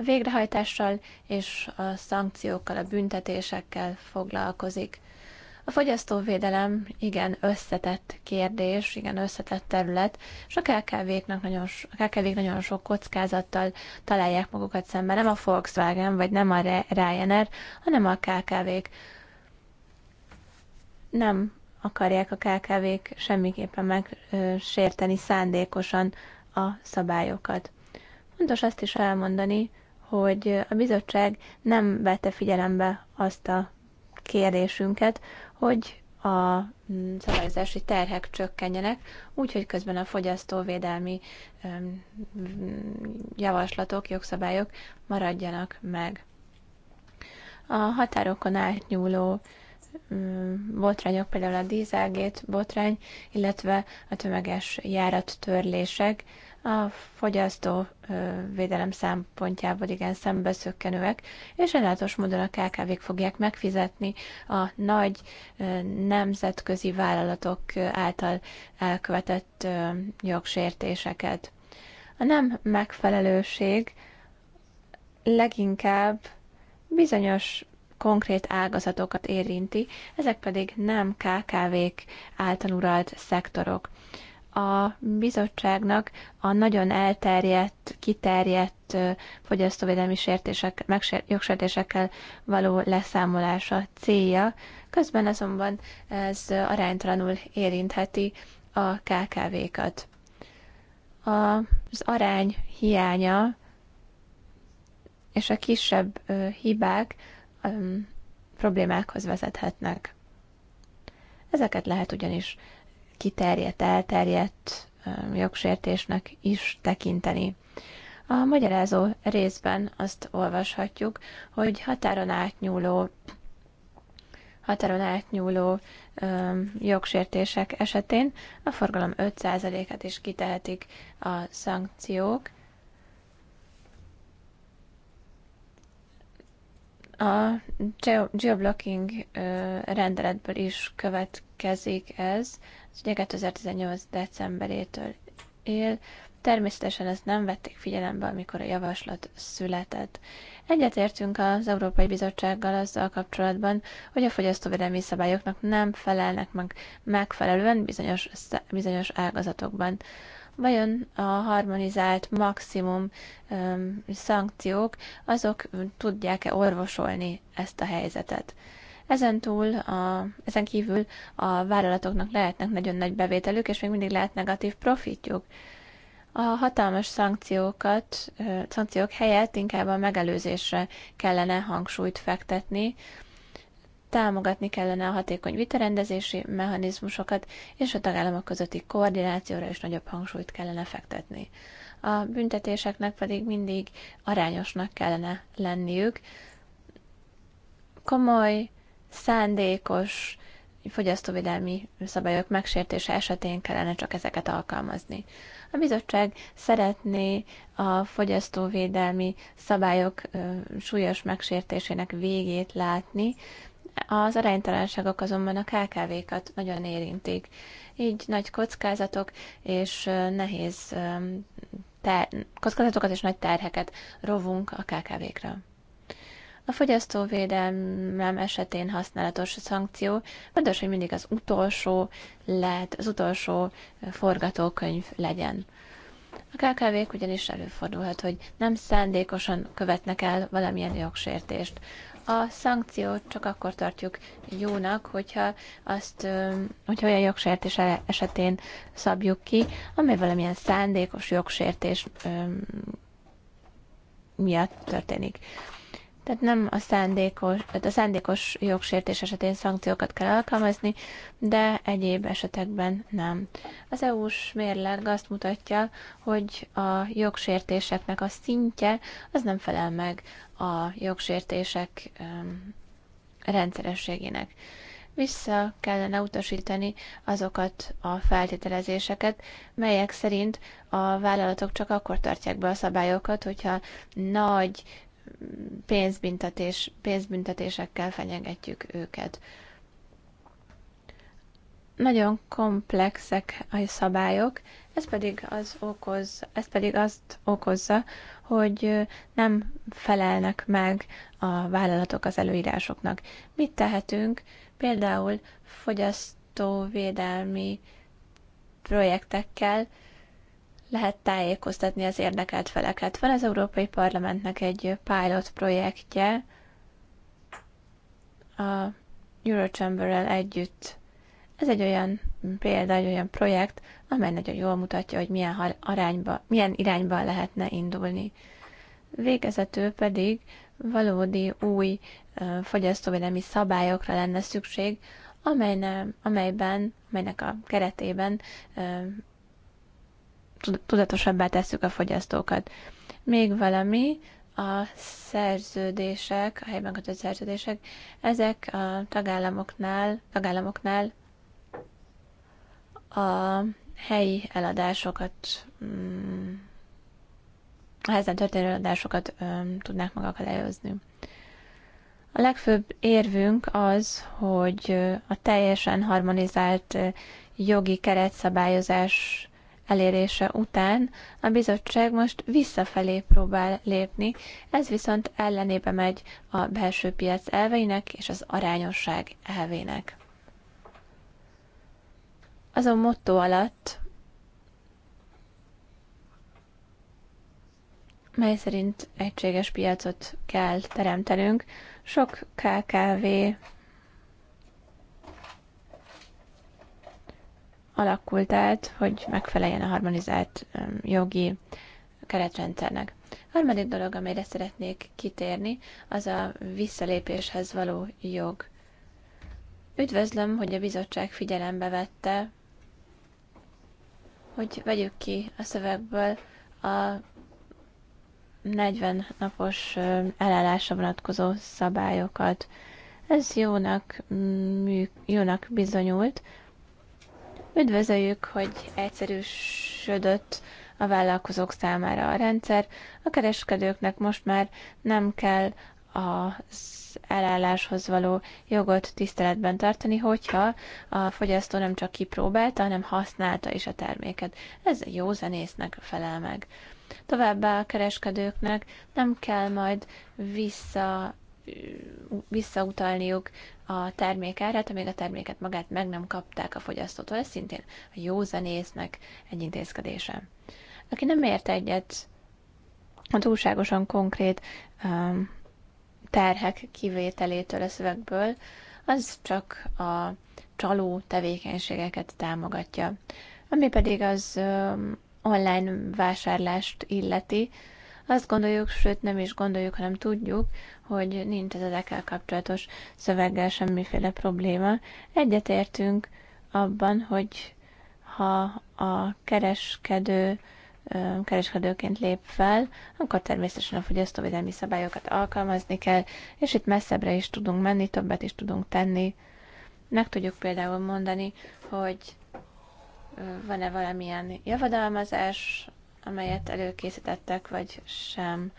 a végrehajtással és a szankciókkal, a büntetésekkel foglalkozik. A fogyasztóvédelem igen összetett kérdés, igen összetett terület, és a KKV-knak nagyon, a kkv nagyon sok kockázattal találják magukat szemben, nem a Volkswagen, vagy nem a Ryanair, hanem a KKV-k. Nem akarják a KKV-k semmiképpen megsérteni szándékosan a szabályokat. Fontos azt is elmondani, hogy a bizottság nem vette figyelembe azt a kérdésünket, hogy a szabályozási terhek csökkenjenek, úgyhogy közben a fogyasztóvédelmi javaslatok, jogszabályok maradjanak meg. A határokon átnyúló botrányok, például a dízelgét botrány, illetve a tömeges járattörlések, a fogyasztó védelem szempontjából igen szembeszökkenőek, és ellátos módon a KKV-k fogják megfizetni a nagy nemzetközi vállalatok által elkövetett jogsértéseket. A nem megfelelőség leginkább bizonyos konkrét ágazatokat érinti, ezek pedig nem KKV-k által uralt szektorok a bizottságnak a nagyon elterjedt, kiterjedt fogyasztóvédelmi sértések, megsér, jogsértésekkel való leszámolása célja, közben azonban ez aránytalanul érintheti a KKV-kat. Az arány hiánya és a kisebb hibák problémákhoz vezethetnek. Ezeket lehet ugyanis kiterjedt, elterjedt jogsértésnek is tekinteni. A magyarázó részben azt olvashatjuk, hogy határon átnyúló határon átnyúló ö, jogsértések esetén a forgalom 5%-át is kitehetik a szankciók. A geoblocking rendeletből is következik ez, ugye 2018. decemberétől él. Természetesen ezt nem vették figyelembe, amikor a javaslat született. Egyetértünk az Európai Bizottsággal azzal kapcsolatban, hogy a fogyasztóvédelmi szabályoknak nem felelnek meg megfelelően bizonyos, bizonyos ágazatokban vajon a harmonizált maximum öm, szankciók, azok tudják-e orvosolni ezt a helyzetet. Ezen, túl a, ezen kívül a vállalatoknak lehetnek nagyon nagy bevételük, és még mindig lehet negatív profitjuk. A hatalmas szankciókat, szankciók helyett inkább a megelőzésre kellene hangsúlyt fektetni, támogatni kellene a hatékony vitarendezési mechanizmusokat, és a tagállamok közötti koordinációra is nagyobb hangsúlyt kellene fektetni. A büntetéseknek pedig mindig arányosnak kellene lenniük. Komoly szándékos fogyasztóvédelmi szabályok megsértése esetén kellene csak ezeket alkalmazni. A bizottság szeretné a fogyasztóvédelmi szabályok súlyos megsértésének végét látni, az aránytalanságok azonban a KKV-kat nagyon érintik. Így nagy kockázatok és nehéz ter- kockázatokat és nagy terheket rovunk a KKV-kra. A fogyasztóvédelem esetén használatos a szankció, fontos, hogy mindig az utolsó lehet, az utolsó forgatókönyv legyen. A KKV-k ugyanis előfordulhat, hogy nem szándékosan követnek el valamilyen jogsértést. A szankciót csak akkor tartjuk jónak, hogyha azt, hogyha olyan jogsértés e-, esetén szabjuk ki, amely valamilyen szándékos jogsértés miatt történik. Tehát nem a szándékos, tehát a szándékos jogsértés esetén szankciókat kell alkalmazni, de egyéb esetekben nem. Az EU-s mérleg azt mutatja, hogy a jogsértéseknek a szintje az nem felel meg a jogsértések rendszerességének vissza kellene utasítani azokat a feltételezéseket, melyek szerint a vállalatok csak akkor tartják be a szabályokat, hogyha nagy pénzbüntetés, pénzbüntetésekkel fenyegetjük őket. Nagyon komplexek a szabályok, ez pedig, az okoz, ez pedig azt okozza, hogy nem felelnek meg a vállalatok az előírásoknak. Mit tehetünk? Például fogyasztóvédelmi projektekkel lehet tájékoztatni az érdekelt feleket. Van az Európai Parlamentnek egy pilot projektje a Eurochamberrel együtt. Ez egy olyan példa, egy olyan projekt, amely nagyon jól mutatja, hogy milyen, arányba, milyen irányba lehetne indulni. Végezetül pedig valódi új fogyasztóvédelmi szabályokra lenne szükség, amelyne, amelyben, amelynek a keretében tudatosabbá tesszük a fogyasztókat. Még valami, a szerződések, a helyben kötött szerződések, ezek a tagállamoknál, tagállamoknál a helyi eladásokat, mm, a helyzen történő eladásokat tudnák megakadályozni. A legfőbb érvünk az, hogy a teljesen harmonizált jogi keretszabályozás elérése után a bizottság most visszafelé próbál lépni, ez viszont ellenébe megy a belső piac elveinek és az arányosság elvének. Azon motto alatt, mely szerint egységes piacot kell teremtenünk, sok KKV alakult át, hogy megfeleljen a harmonizált jogi keretrendszernek. A harmadik dolog, amelyre szeretnék kitérni, az a visszalépéshez való jog. Üdvözlöm, hogy a bizottság figyelembe vette, hogy vegyük ki a szövegből a 40 napos elállásra vonatkozó szabályokat. Ez jónak, jónak bizonyult, Üdvözöljük, hogy egyszerűsödött a vállalkozók számára a rendszer. A kereskedőknek most már nem kell az elálláshoz való jogot tiszteletben tartani, hogyha a fogyasztó nem csak kipróbálta, hanem használta is a terméket. Ez jó zenésznek felel meg. Továbbá a kereskedőknek nem kell majd vissza visszautalniuk a termék árát, amíg a terméket magát meg nem kapták a fogyasztótól. Ez szintén a zenésznek egy intézkedése. Aki nem ért egyet a túlságosan konkrét um, terhek kivételétől a szövegből, az csak a csaló tevékenységeket támogatja. Ami pedig az um, online vásárlást illeti, azt gondoljuk, sőt nem is gondoljuk, hanem tudjuk, hogy nincs az ezekkel kapcsolatos szöveggel semmiféle probléma. Egyetértünk abban, hogy ha a kereskedő kereskedőként lép fel, akkor természetesen a fogyasztóvédelmi szabályokat alkalmazni kell, és itt messzebbre is tudunk menni, többet is tudunk tenni. Meg tudjuk például mondani, hogy van-e valamilyen javadalmazás amelyet előkészítettek, vagy sem.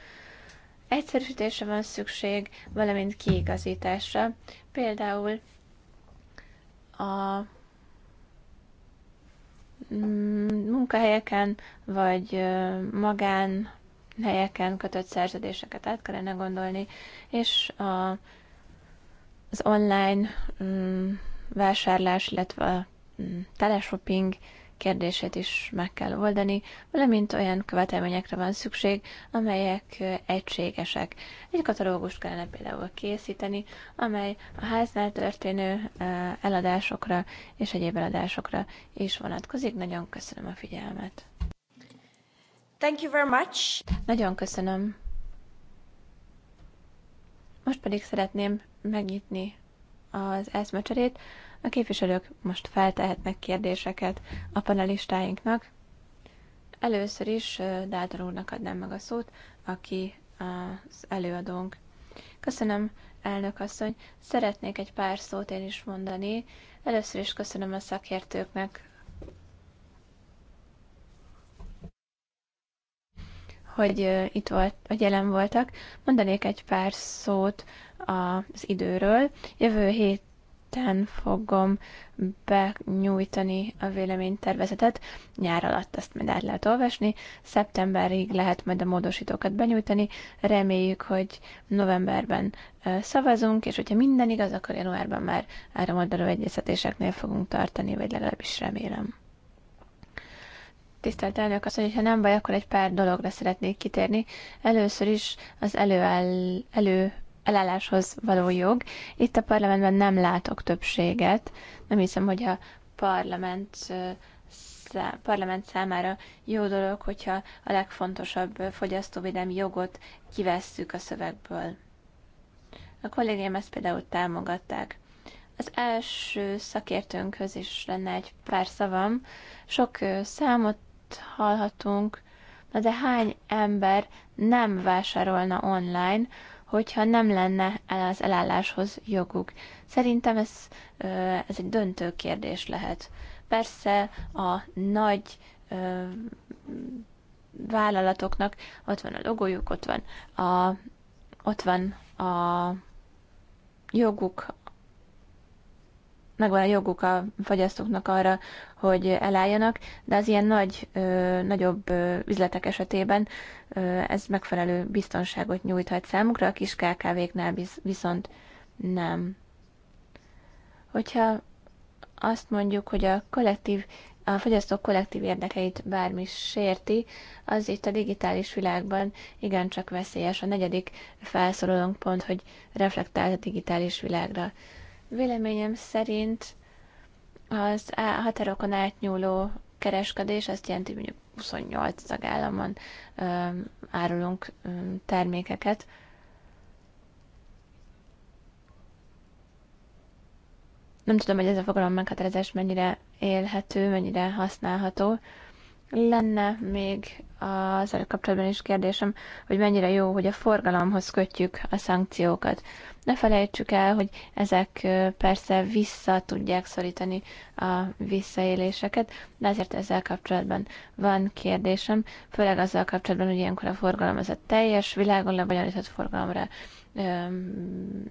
Egyszerűsítésre van szükség, valamint kiigazításra. Például a mm, munkahelyeken, vagy magán helyeken kötött szerződéseket át kellene gondolni, és a, az online mm, vásárlás, illetve a mm, teleshopping kérdését is meg kell oldani, valamint olyan követelményekre van szükség, amelyek egységesek. Egy katalógust kellene például készíteni, amely a háznál történő eladásokra és egyéb eladásokra is vonatkozik. Nagyon köszönöm a figyelmet. Thank you very much. Nagyon köszönöm. Most pedig szeretném megnyitni az eszmecserét. A képviselők most feltehetnek kérdéseket a panelistáinknak. Először is Dáltal úrnak adnám meg a szót, aki az előadónk. Köszönöm, elnök asszony. Szeretnék egy pár szót én is mondani. Először is köszönöm a szakértőknek, hogy itt volt, hogy jelen voltak. Mondanék egy pár szót az időről. Jövő hét héten fogom benyújtani a véleménytervezetet. Nyár alatt ezt majd át lehet olvasni. Szeptemberig lehet majd a módosítókat benyújtani. Reméljük, hogy novemberben szavazunk, és hogyha minden igaz, akkor januárban már áramoldaló egyeztetéseknél fogunk tartani, vagy legalábbis remélem. Tisztelt elnök hogy ha nem baj, akkor egy pár dologra szeretnék kitérni. Először is az előáll, elő elálláshoz való jog. Itt a parlamentben nem látok többséget. Nem hiszem, hogy a parlament parlament számára jó dolog, hogyha a legfontosabb fogyasztóvédelmi jogot kivesszük a szövegből. A kollégém ezt például támogatták. Az első szakértőnkhöz is lenne egy pár szavam. Sok számot hallhatunk, na de hány ember nem vásárolna online, hogyha nem lenne el az elálláshoz joguk. Szerintem ez, ez egy döntő kérdés lehet. Persze a nagy vállalatoknak ott van a logójuk, ott van a, ott van a joguk megvan a joguk a fogyasztóknak arra, hogy elálljanak, de az ilyen nagy, ö, nagyobb ö, üzletek esetében ö, ez megfelelő biztonságot nyújthat számukra, a kis KKV-knál biz, viszont nem. Hogyha azt mondjuk, hogy a kollektív a fogyasztók kollektív érdekeit bármi sérti, az itt a digitális világban igencsak veszélyes. A negyedik felszólalónk pont, hogy reflektál a digitális világra. Véleményem szerint az határokon átnyúló kereskedés azt jelenti, hogy mondjuk 28 tagállamon árulunk termékeket, nem tudom, hogy ez a fogalom meghatározás mennyire élhető, mennyire használható. Lenne még az kapcsolatban is kérdésem, hogy mennyire jó, hogy a forgalomhoz kötjük a szankciókat. Ne felejtsük el, hogy ezek persze vissza tudják szorítani a visszaéléseket, de ezért ezzel kapcsolatban van kérdésem, főleg azzal kapcsolatban, hogy ilyenkor a forgalom az a teljes világon lebonyolított forgalomra öm,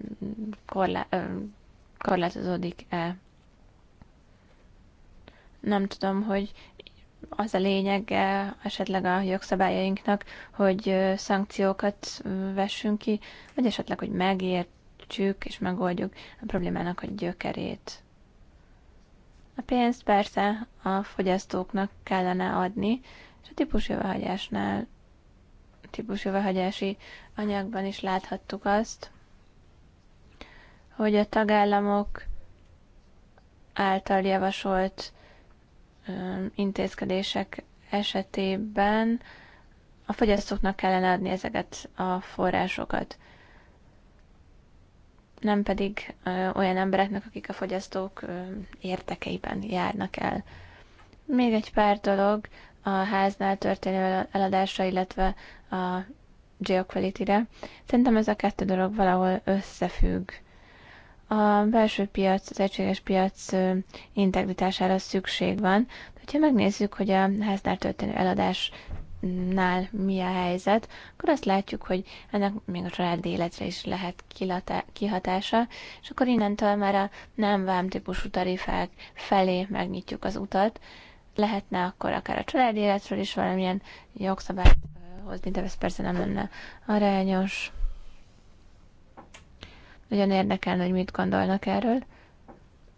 korlá, öm, korlátozódik-e. Nem tudom, hogy az a lényege esetleg a jogszabályainknak, hogy szankciókat vessünk ki, vagy esetleg, hogy megértsük és megoldjuk a problémának a gyökerét. A pénzt persze a fogyasztóknak kellene adni, és a típusjóváhagyásnál, a típusjóváhagyási anyagban is láthattuk azt, hogy a tagállamok által javasolt intézkedések esetében a fogyasztóknak kellene adni ezeket a forrásokat, nem pedig olyan embereknek, akik a fogyasztók értekeiben járnak el. Még egy pár dolog a háznál történő eladásra, illetve a geoquality-re. Szerintem ez a kettő dolog valahol összefügg a belső piac, az egységes piac integritására szükség van. De ha megnézzük, hogy a háznál történő eladás nál mi a helyzet, akkor azt látjuk, hogy ennek még a családi életre is lehet kihatása, és akkor innentől már a nem vám típusú tarifák felé megnyitjuk az utat. Lehetne akkor akár a családi életről is valamilyen jogszabályt hozni, de ez persze nem lenne arányos. Nagyon érdekelne, hogy mit gondolnak erről.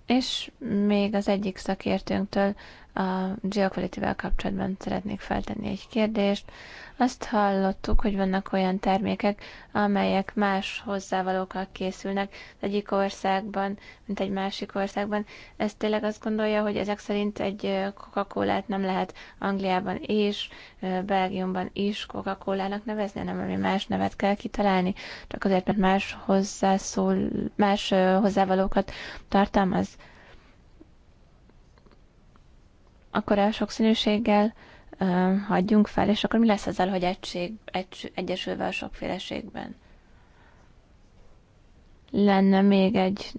És még az egyik szakértőnktől a geoquality kapcsolatban szeretnék feltenni egy kérdést. Azt hallottuk, hogy vannak olyan termékek, amelyek más hozzávalókkal készülnek egyik országban, mint egy másik országban. Ez tényleg azt gondolja, hogy ezek szerint egy coca nem lehet Angliában és Belgiumban is coca nevezni, hanem ami más nevet kell kitalálni, csak azért, mert más, hozzászól, más hozzávalókat tartalmaz. Akkor a sokszínűséggel hagyjunk fel, és akkor mi lesz ezzel, hogy egység, egy, egyesülve a sokféleségben? Lenne még egy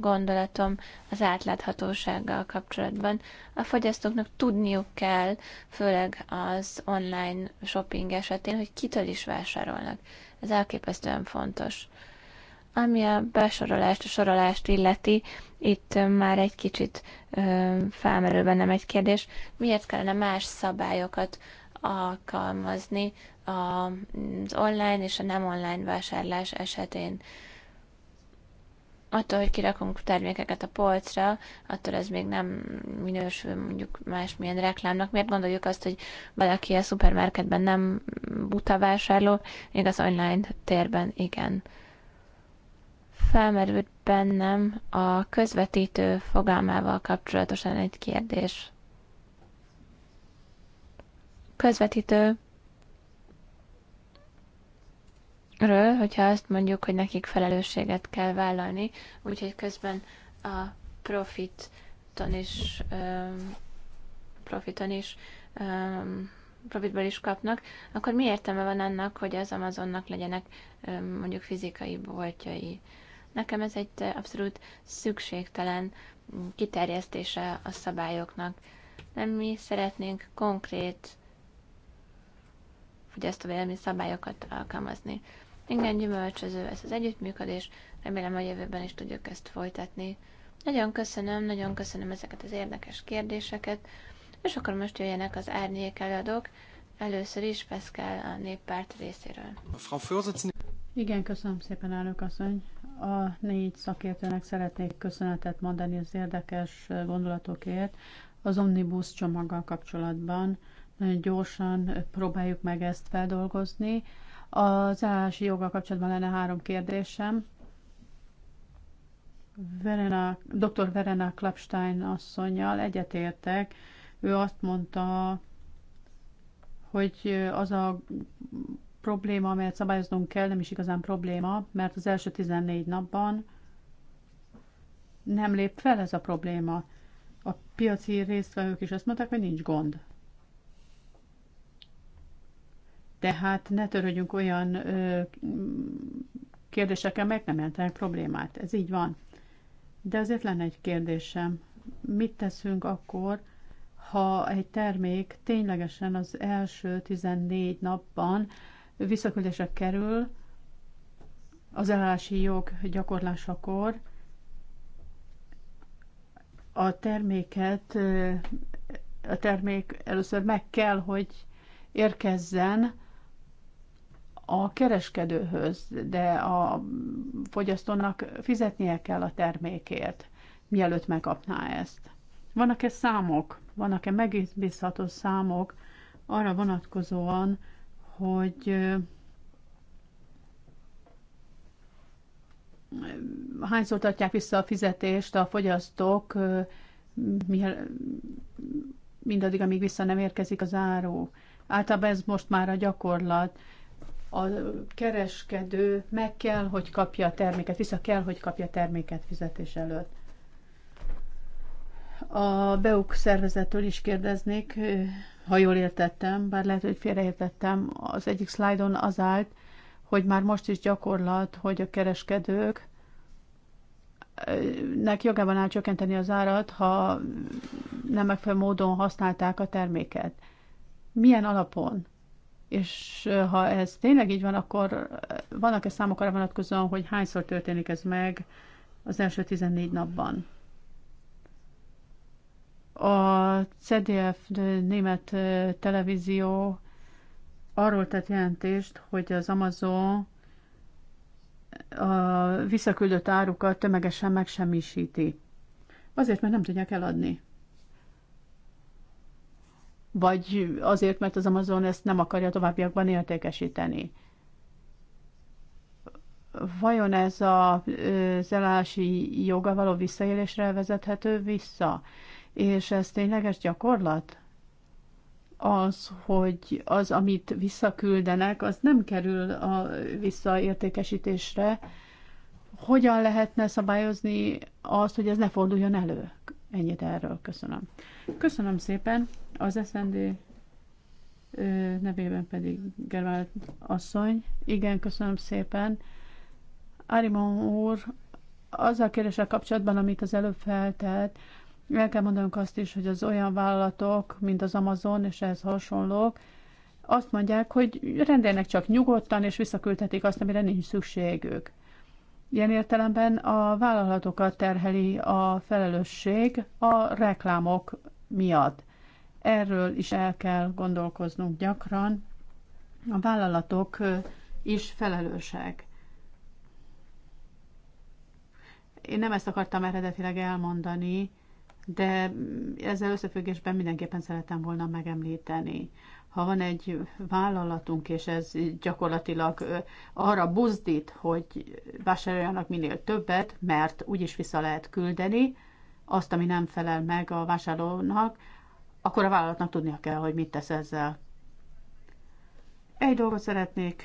gondolatom az átláthatósággal kapcsolatban. A fogyasztóknak tudniuk kell, főleg az online shopping esetén, hogy kitől is vásárolnak. Ez elképesztően fontos. Ami a besorolást, a sorolást illeti, itt már egy kicsit ö, felmerül bennem egy kérdés. Miért kellene más szabályokat alkalmazni az online és a nem online vásárlás esetén? attól, hogy kirakunk termékeket a polcra, attól ez még nem minősül mondjuk másmilyen reklámnak. Miért gondoljuk azt, hogy valaki a szupermarketben nem buta vásárló, még az online térben igen felmerült bennem a közvetítő fogalmával kapcsolatosan egy kérdés. Közvetítő ről, hogyha azt mondjuk, hogy nekik felelősséget kell vállalni, úgyhogy közben a profiton is profiton is profitból is kapnak, akkor mi értelme van annak, hogy az Amazonnak legyenek mondjuk fizikai boltjai? Nekem ez egy abszolút szükségtelen kiterjesztése a szabályoknak. Nem mi szeretnénk konkrét fogyasztóvédelmi szabályokat alkalmazni. Igen, gyümölcsöző ez az együttműködés, remélem a jövőben is tudjuk ezt folytatni. Nagyon köszönöm, nagyon köszönöm ezeket az érdekes kérdéseket, és akkor most jöjjenek az árnyék előadók, először is Pascal a néppárt részéről. Igen, köszönöm szépen, elnök asszony. A négy szakértőnek szeretnék köszönetet mondani az érdekes gondolatokért az Omnibus csomaggal kapcsolatban. Nagyon gyorsan próbáljuk meg ezt feldolgozni. Az állási joggal kapcsolatban lenne három kérdésem. Verena, dr. Verena Klapstein asszonyjal egyetértek. Ő azt mondta, hogy az a probléma, amelyet szabályoznunk kell, nem is igazán probléma, mert az első 14 napban nem lép fel ez a probléma. A piaci résztvevők is azt mondták, hogy nincs gond. Tehát ne törődjünk olyan ö, kérdésekkel, meg nem jelentenek problémát. Ez így van. De azért lenne egy kérdésem. Mit teszünk akkor, ha egy termék ténylegesen az első 14 napban visszaküldésre kerül az elállási jog gyakorlásakor, a terméket, a termék először meg kell, hogy érkezzen a kereskedőhöz, de a fogyasztónak fizetnie kell a termékért, mielőtt megkapná ezt. Vannak-e számok, vannak-e megbízható számok arra vonatkozóan, hogy hányszor tartják vissza a fizetést a fogyasztók, mindaddig, amíg vissza nem érkezik az áru. Általában ez most már a gyakorlat. A kereskedő meg kell, hogy kapja a terméket, vissza kell, hogy kapja a terméket fizetés előtt. A BEUK szervezettől is kérdeznék, ha jól értettem, bár lehet, hogy félreértettem, az egyik szlájdon az állt, hogy már most is gyakorlat, hogy a kereskedők nek jogában áll csökkenteni az árat, ha nem megfelelő módon használták a terméket. Milyen alapon? És ha ez tényleg így van, akkor vannak-e számokra arra vonatkozóan, hogy hányszor történik ez meg az első 14 napban? A CDF német televízió arról tett jelentést, hogy az Amazon a visszaküldött árukat tömegesen megsemmisíti. Azért, mert nem tudják eladni. Vagy azért, mert az Amazon ezt nem akarja továbbiakban értékesíteni. Vajon ez a, zelási joga való visszaélésre vezethető vissza? És ez tényleges gyakorlat? Az, hogy az, amit visszaküldenek, az nem kerül a visszaértékesítésre. Hogyan lehetne szabályozni azt, hogy ez ne forduljon elő? Ennyit erről. Köszönöm. Köszönöm szépen. Az SND nevében pedig Gerwald asszony. Igen, köszönöm szépen. Arimon úr, azzal kérdéssel kapcsolatban, amit az előbb feltett, el kell mondanunk azt is, hogy az olyan vállalatok, mint az Amazon és ehhez hasonlók, azt mondják, hogy rendelnek csak nyugodtan, és visszaküldhetik azt, amire nincs szükségük. Ilyen értelemben a vállalatokat terheli a felelősség a reklámok miatt. Erről is el kell gondolkoznunk gyakran. A vállalatok is felelősek. Én nem ezt akartam eredetileg elmondani, de ezzel összefüggésben mindenképpen szeretem volna megemlíteni. Ha van egy vállalatunk, és ez gyakorlatilag arra buzdít, hogy vásároljanak minél többet, mert úgyis vissza lehet küldeni azt, ami nem felel meg a vásárlónak, akkor a vállalatnak tudnia kell, hogy mit tesz ezzel. Egy dolgot szeretnék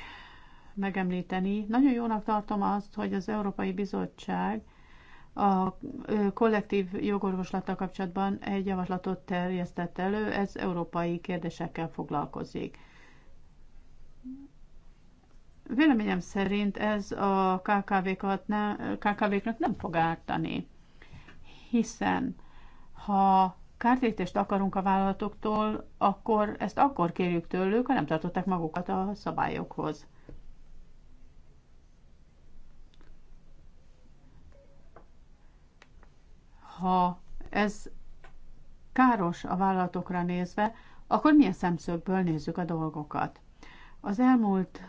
megemlíteni. Nagyon jónak tartom azt, hogy az Európai Bizottság a kollektív jogorvoslattal kapcsolatban egy javaslatot terjesztett elő, ez európai kérdésekkel foglalkozik. Véleményem szerint ez a KKV-kat ne, KKV-knak nem fog ártani, hiszen ha kártérítést akarunk a vállalatoktól, akkor ezt akkor kérjük tőlük, ha nem tartották magukat a szabályokhoz. ha ez káros a vállalatokra nézve, akkor milyen szemszögből nézzük a dolgokat. Az elmúlt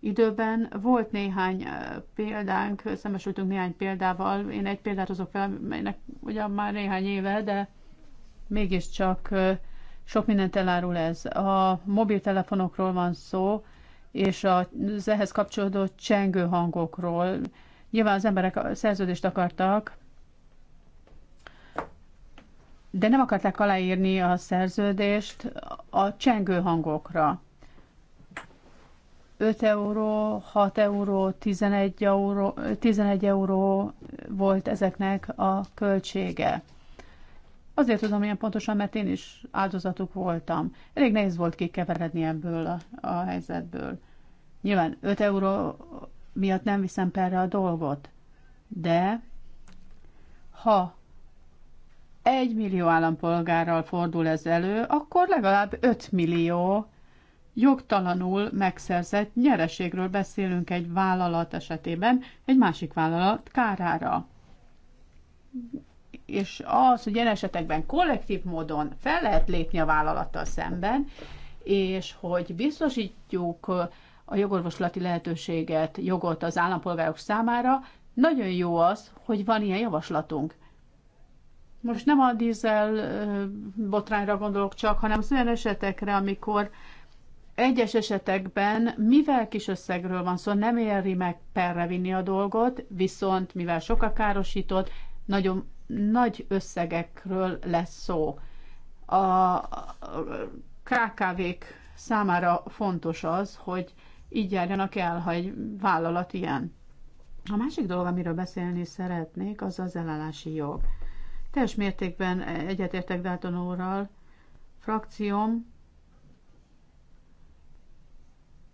időben volt néhány eh, példánk, szembesültünk néhány példával, én egy példát hozok fel, melynek ugyan már néhány éve, de mégiscsak eh, sok mindent elárul ez. A mobiltelefonokról van szó, és az ehhez kapcsolódó csengő hangokról, Nyilván az emberek a szerződést akartak, de nem akarták aláírni a szerződést a csengő hangokra. 5 euró, 6 euró, 11 euró, 11 euró volt ezeknek a költsége. Azért tudom ilyen pontosan, mert én is áldozatuk voltam. Elég nehéz volt kikeveredni ebből a, a helyzetből. Nyilván 5 euró miatt nem viszem perre a dolgot. De ha egy millió állampolgárral fordul ez elő, akkor legalább 5 millió jogtalanul megszerzett nyereségről beszélünk egy vállalat esetében, egy másik vállalat kárára. És az, hogy ilyen esetekben kollektív módon fel lehet lépni a vállalattal szemben, és hogy biztosítjuk a jogorvoslati lehetőséget, jogot az állampolgárok számára, nagyon jó az, hogy van ilyen javaslatunk. Most nem a dízel botrányra gondolok csak, hanem az olyan esetekre, amikor egyes esetekben, mivel kis összegről van szó, nem éri meg perre vinni a dolgot, viszont mivel sokkal károsított, nagyon nagy összegekről lesz szó. A KKV-k számára fontos az, hogy így járjanak el, ha egy vállalat ilyen. A másik dolog, amiről beszélni szeretnék, az az elállási jog. Teljes mértékben egyetértek Dalton úrral, frakcióm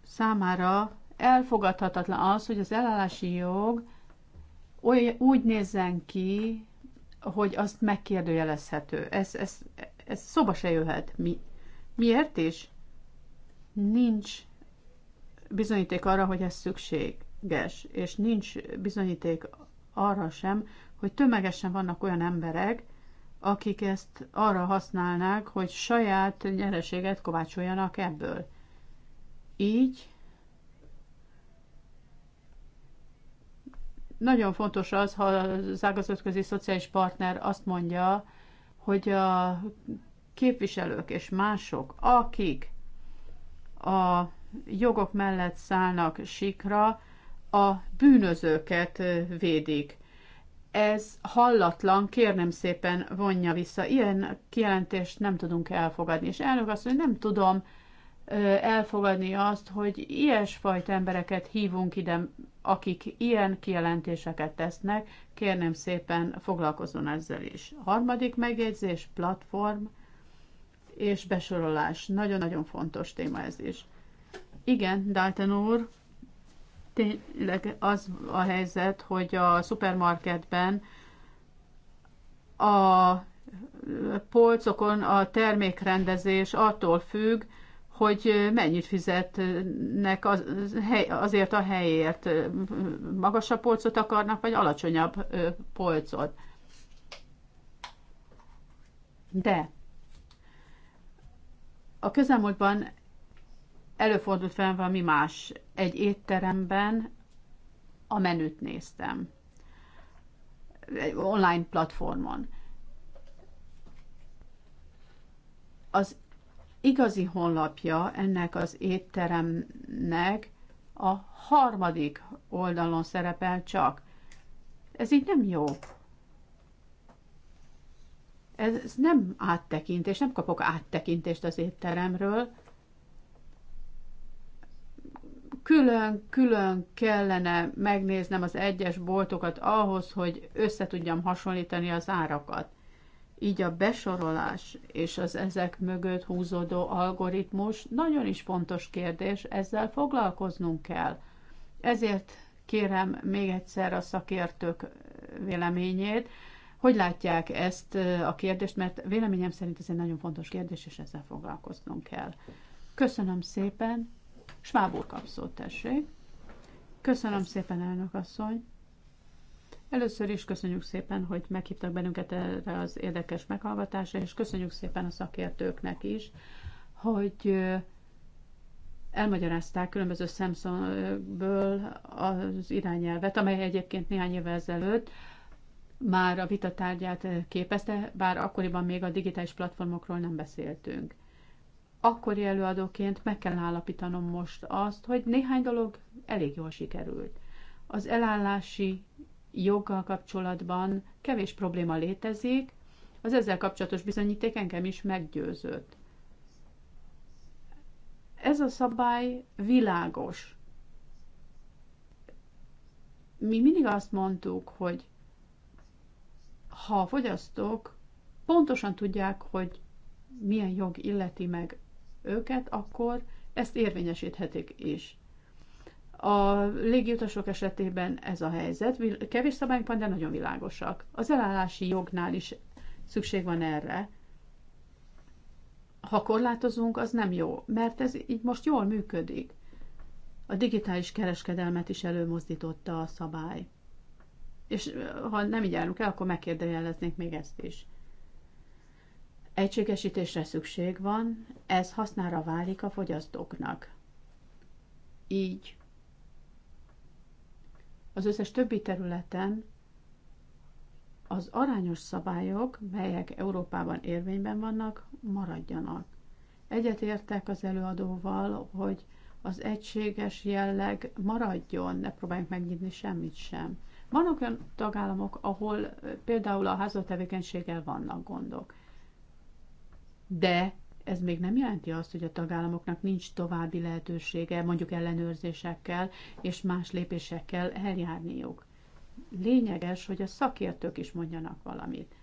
számára elfogadhatatlan az, hogy az elállási jog oly, úgy nézzen ki, hogy azt megkérdőjelezhető. Ez, ez, ez szoba se jöhet. Mi, miért is? Nincs bizonyíték arra, hogy ez szükséges, és nincs bizonyíték arra sem, hogy tömegesen vannak olyan emberek, akik ezt arra használnák, hogy saját nyereséget kovácsoljanak ebből. Így nagyon fontos az, ha az ágazatközi szociális partner azt mondja, hogy a képviselők és mások, akik a jogok mellett szállnak sikra, a bűnözőket védik. Ez hallatlan, kérnem szépen vonja vissza. Ilyen kijelentést nem tudunk elfogadni. És elnök azt mondja, nem tudom elfogadni azt, hogy ilyesfajta embereket hívunk ide, akik ilyen kijelentéseket tesznek. Kérnem szépen foglalkozzon ezzel is. Harmadik megjegyzés, platform és besorolás. Nagyon-nagyon fontos téma ez is. Igen, Dalton úr, tényleg az a helyzet, hogy a szupermarketben a polcokon a termékrendezés attól függ, hogy mennyit fizetnek azért a helyért. Magasabb polcot akarnak, vagy alacsonyabb polcot. De a közelmúltban előfordult fel valami más. Egy étteremben a menüt néztem. Egy online platformon. Az igazi honlapja ennek az étteremnek a harmadik oldalon szerepel csak. Ez így nem jó. Ez nem áttekintés, nem kapok áttekintést az étteremről, külön-külön kellene megnéznem az egyes boltokat ahhoz, hogy össze tudjam hasonlítani az árakat. Így a besorolás és az ezek mögött húzódó algoritmus nagyon is fontos kérdés, ezzel foglalkoznunk kell. Ezért kérem még egyszer a szakértők véleményét, hogy látják ezt a kérdést, mert véleményem szerint ez egy nagyon fontos kérdés, és ezzel foglalkoznunk kell. Köszönöm szépen! Schwab úr tessék. Köszönöm szépen, elnök asszony. Először is köszönjük szépen, hogy meghívtak bennünket erre az érdekes meghallgatásra, és köszönjük szépen a szakértőknek is, hogy elmagyarázták különböző szemszögből az irányelvet, amely egyébként néhány évvel ezelőtt már a vita képezte, bár akkoriban még a digitális platformokról nem beszéltünk akkori előadóként meg kell állapítanom most azt, hogy néhány dolog elég jól sikerült. Az elállási joggal kapcsolatban kevés probléma létezik, az ezzel kapcsolatos bizonyíték engem is meggyőzött. Ez a szabály világos. Mi mindig azt mondtuk, hogy ha a fogyasztók pontosan tudják, hogy milyen jog illeti meg őket, akkor ezt érvényesíthetik is. A légiutasok esetében ez a helyzet. Kevés szabályunk van, de nagyon világosak. Az elállási jognál is szükség van erre. Ha korlátozunk, az nem jó, mert ez így most jól működik. A digitális kereskedelmet is előmozdította a szabály. És ha nem így állunk el, akkor megkérdőjeleznénk még ezt is. Egységesítésre szükség van, ez hasznára válik a fogyasztóknak. Így az összes többi területen az arányos szabályok, melyek Európában érvényben vannak, maradjanak. Egyetértek az előadóval, hogy az egységes jelleg maradjon, ne próbáljunk megnyitni semmit sem. Vannak olyan tagállamok, ahol például a házatevékenységgel vannak gondok de ez még nem jelenti azt, hogy a tagállamoknak nincs további lehetősége, mondjuk ellenőrzésekkel és más lépésekkel eljárniuk. Lényeges, hogy a szakértők is mondjanak valamit.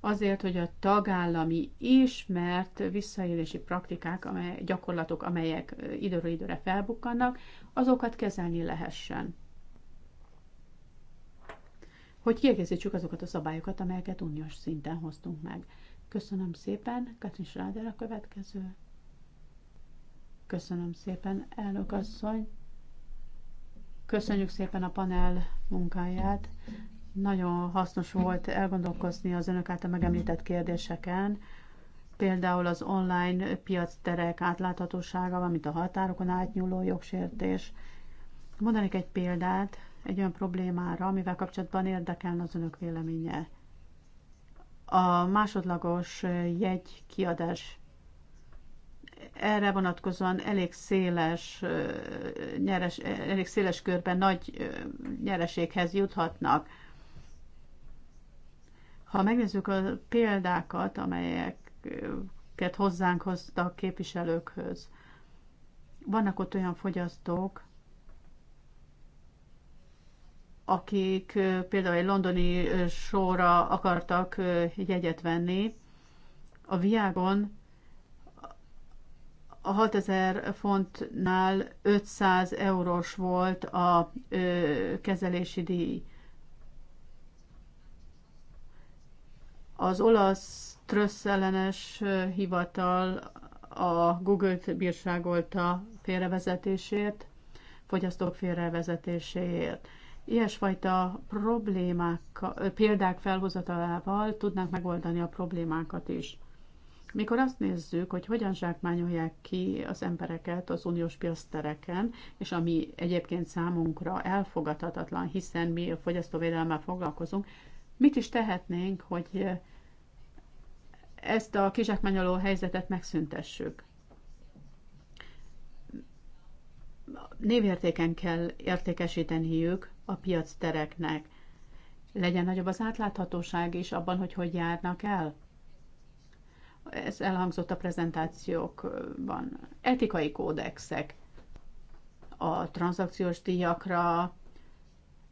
Azért, hogy a tagállami ismert visszaélési praktikák, amely, gyakorlatok, amelyek időről időre felbukkannak, azokat kezelni lehessen hogy kiegészítsük azokat a szabályokat, amelyeket uniós szinten hoztunk meg. Köszönöm szépen, Katrin Schrader a következő. Köszönöm szépen, elnök asszony. Köszönjük szépen a panel munkáját. Nagyon hasznos volt elgondolkozni az önök által megemlített kérdéseken, például az online piacterek átláthatósága, valamint a határokon átnyúló jogsértés. Mondanék egy példát, egy olyan problémára, amivel kapcsolatban érdekelne az önök véleménye. A másodlagos jegy kiadás erre vonatkozóan elég széles, nyeres, elég széles körben nagy nyereséghez juthatnak. Ha megnézzük a példákat, amelyeket hozzánk hoztak képviselőkhöz, vannak ott olyan fogyasztók, akik például egy londoni sóra akartak jegyet venni, a viágon a 6000 fontnál 500 eurós volt a kezelési díj. Az olasz trösszellenes hivatal a Google-t bírságolta félrevezetésért, fogyasztók félrevezetéséért ilyesfajta problémák, példák felhozatalával tudnánk megoldani a problémákat is. Mikor azt nézzük, hogy hogyan zsákmányolják ki az embereket az uniós piasztereken, és ami egyébként számunkra elfogadhatatlan, hiszen mi a fogyasztóvédelemmel foglalkozunk, mit is tehetnénk, hogy ezt a kizsákmányoló helyzetet megszüntessük? névértéken kell értékesíteniük a piac tereknek. Legyen nagyobb az átláthatóság is abban, hogy hogy járnak el. Ez elhangzott a prezentációkban. Etikai kódexek a tranzakciós díjakra,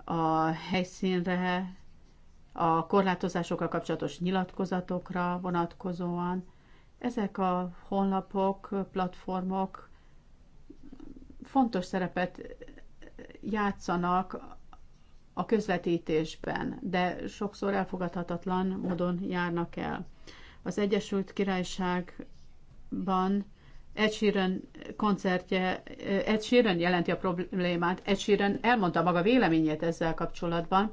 a helyszínre, a korlátozásokkal kapcsolatos nyilatkozatokra vonatkozóan. Ezek a honlapok, platformok fontos szerepet játszanak a közvetítésben, de sokszor elfogadhatatlan módon járnak el. Az Egyesült Királyságban Ed Sheeran koncertje, Ed Sheeran jelenti a problémát, Ed Sheeran elmondta maga véleményét ezzel kapcsolatban.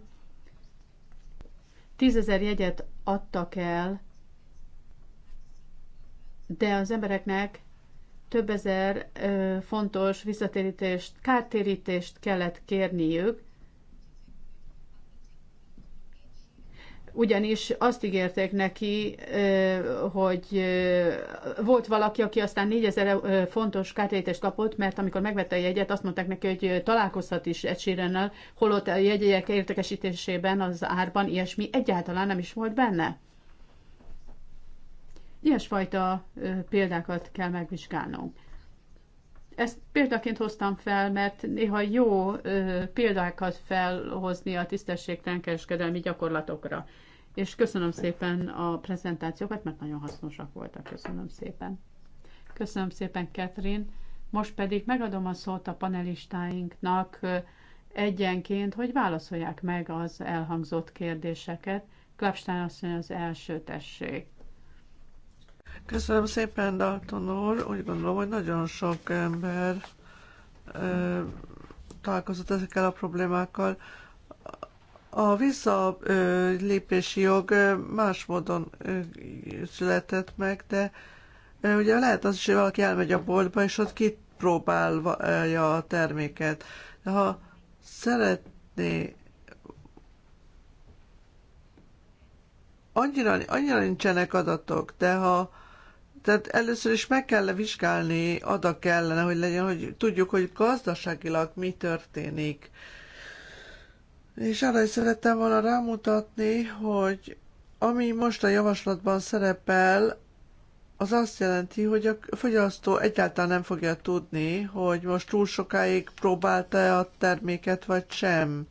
Tízezer jegyet adtak el, de az embereknek több ezer fontos visszatérítést, kártérítést kellett kérniük, ugyanis azt ígérték neki, hogy volt valaki, aki aztán 4000 fontos kártérítést kapott, mert amikor megvette a jegyet, azt mondták neki, hogy találkozhat is egy sírennel, holott a jegyek értekesítésében az árban ilyesmi egyáltalán nem is volt benne. Ilyesfajta példákat kell megvizsgálnunk. Ezt példaként hoztam fel, mert néha jó példákat felhozni a tisztességtelen kereskedelmi gyakorlatokra. És köszönöm szépen a prezentációkat, mert nagyon hasznosak voltak. Köszönöm szépen. Köszönöm szépen, Catherine. Most pedig megadom a szót a panelistáinknak egyenként, hogy válaszolják meg az elhangzott kérdéseket. Klapstán asszony az első tessék. Köszönöm szépen, Dalton úr. Úgy gondolom, hogy nagyon sok ember ö, találkozott ezekkel a problémákkal. A visszalépési jog más módon született meg, de ugye lehet az is, hogy valaki elmegy a boltba, és ott kipróbálja a terméket. De ha szeretné annyira, annyira nincsenek adatok, de ha tehát először is meg kell vizsgálni, ada kellene, hogy legyen, hogy tudjuk, hogy gazdaságilag mi történik. És arra is szerettem volna rámutatni, hogy ami most a javaslatban szerepel, az azt jelenti, hogy a fogyasztó egyáltalán nem fogja tudni, hogy most túl sokáig próbálta-e a terméket, vagy sem.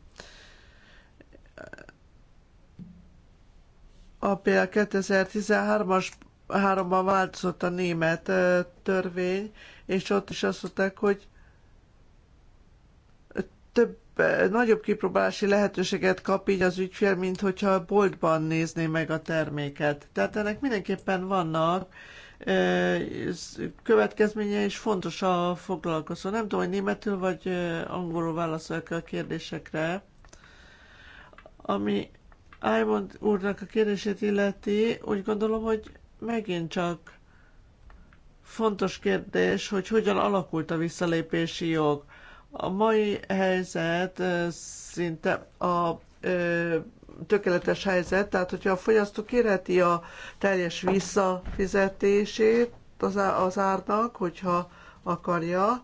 A például 2013-as 2003-ban változott a német törvény, és ott is azt mondták, hogy több, nagyobb kipróbálási lehetőséget kap így az ügyfél, mint hogyha boltban nézné meg a terméket. Tehát ennek mindenképpen vannak következménye, és fontos a foglalkozó. Nem tudom, hogy németül vagy angolul válaszolok a kérdésekre. Ami Ájmond úrnak a kérdését illeti, úgy gondolom, hogy megint csak fontos kérdés, hogy hogyan alakult a visszalépési jog. A mai helyzet szinte a ö, tökéletes helyzet, tehát hogyha a fogyasztó kérheti a teljes visszafizetését az, az árnak, hogyha akarja,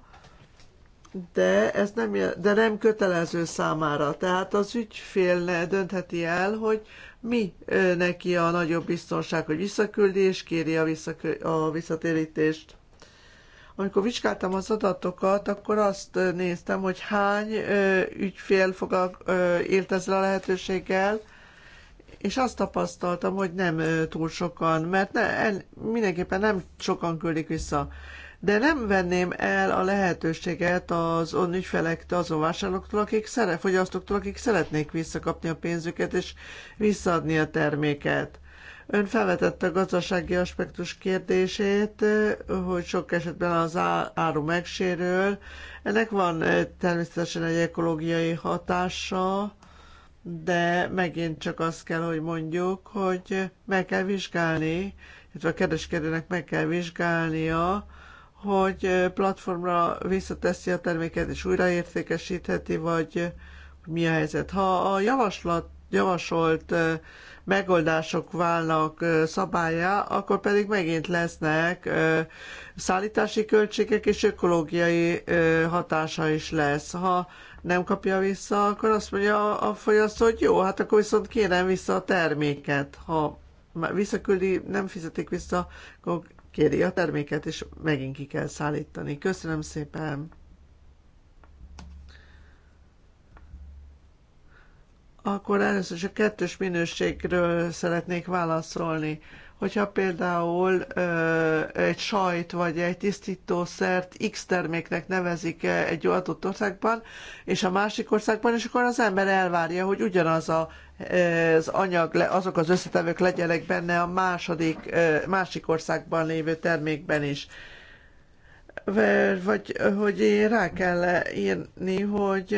de ez nem, de nem kötelező számára. Tehát az ügyfél döntheti el, hogy mi neki a nagyobb biztonság, hogy visszaküldi és kéri a, visszakü- a visszatérítést. Amikor vizsgáltam az adatokat, akkor azt néztem, hogy hány ö, ügyfél fog a, ö, élt ezzel a lehetőséggel, és azt tapasztaltam, hogy nem túl sokan, mert ne, en, mindenképpen nem sokan küldik vissza de nem venném el a lehetőséget az on ügyfelektől, azon vásárlóktól, akik szeret, fogyasztóktól, akik szeretnék visszakapni a pénzüket és visszaadni a terméket. Ön felvetette a gazdasági aspektus kérdését, hogy sok esetben az áru megsérül. Ennek van eh, természetesen egy ekológiai hatása, de megint csak azt kell, hogy mondjuk, hogy meg kell vizsgálni, illetve a kereskedőnek meg kell vizsgálnia, hogy platformra visszateszi a terméket és újraértékesítheti, vagy mi a helyzet. Ha a javaslat, javasolt megoldások válnak szabályá, akkor pedig megint lesznek szállítási költségek és ökológiai hatása is lesz. Ha nem kapja vissza, akkor azt mondja a fogyasztó, hogy jó, hát akkor viszont kérem vissza a terméket. Ha visszaküldi, nem fizetik vissza, akkor kéri a terméket, és megint ki kell szállítani. Köszönöm szépen! Akkor először is a kettős minőségről szeretnék válaszolni hogyha például ö, egy sajt vagy egy tisztítószert X terméknek nevezik -e egy adott országban, és a másik országban, és akkor az ember elvárja, hogy ugyanaz a, az anyag, azok az összetevők legyenek benne a második, másik országban lévő termékben is. Vagy hogy rá kell írni, hogy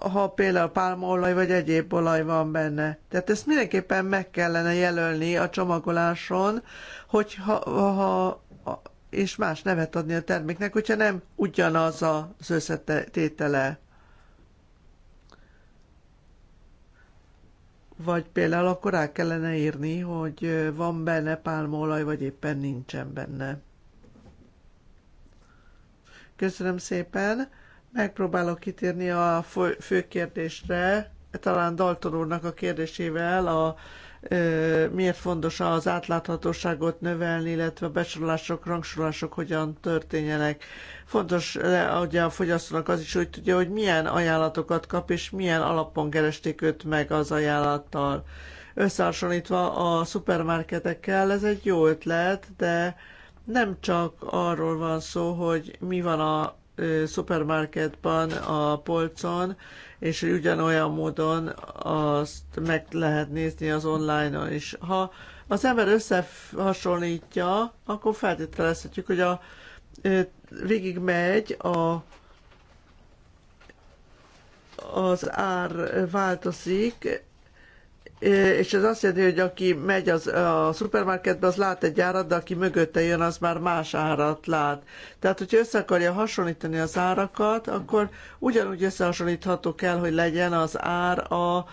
ha például pálmaolaj vagy egyéb olaj van benne. Tehát ezt mindenképpen meg kellene jelölni a csomagoláson, hogy ha, ha és más nevet adni a terméknek, hogyha nem ugyanaz az összetétele. Vagy például akkor rá kellene írni, hogy van benne pálmaolaj, vagy éppen nincsen benne. Köszönöm szépen! Megpróbálok kitérni a fő kérdésre, talán Dalton úrnak a kérdésével, a, e, miért fontos az átláthatóságot növelni, illetve a besorolások, rangsorolások hogyan történjenek. Fontos ugye a fogyasztónak az is, hogy tudja, hogy milyen ajánlatokat kap, és milyen alapon keresték őt meg az ajánlattal. Összehasonlítva a szupermarketekkel ez egy jó ötlet, de nem csak arról van szó, hogy mi van a szupermarketban a polcon, és ugyanolyan módon azt meg lehet nézni az online-on is. Ha az ember összehasonlítja, akkor feltételezhetjük, hogy a végig megy a az ár változik, és ez azt jelenti, hogy aki megy az, a szupermarketbe, az lát egy árat, de aki mögötte jön, az már más árat lát. Tehát, hogyha össze akarja hasonlítani az árakat, akkor ugyanúgy összehasonlítható kell, hogy legyen az ár a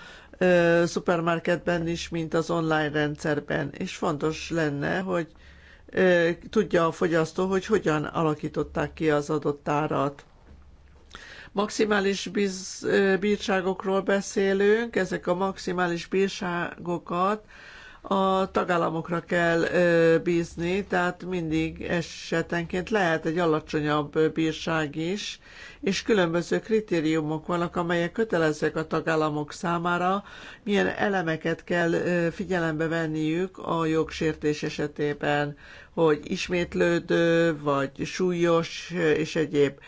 szupermarketben is, mint az online rendszerben. És fontos lenne, hogy tudja a fogyasztó, hogy hogyan alakították ki az adott árat. Maximális bírságokról beszélünk, ezek a maximális bírságokat a tagállamokra kell bízni, tehát mindig esetenként lehet egy alacsonyabb bírság is, és különböző kritériumok vannak, amelyek kötelezőek a tagállamok számára, milyen elemeket kell figyelembe venniük a jogsértés esetében, hogy ismétlődő, vagy súlyos és egyéb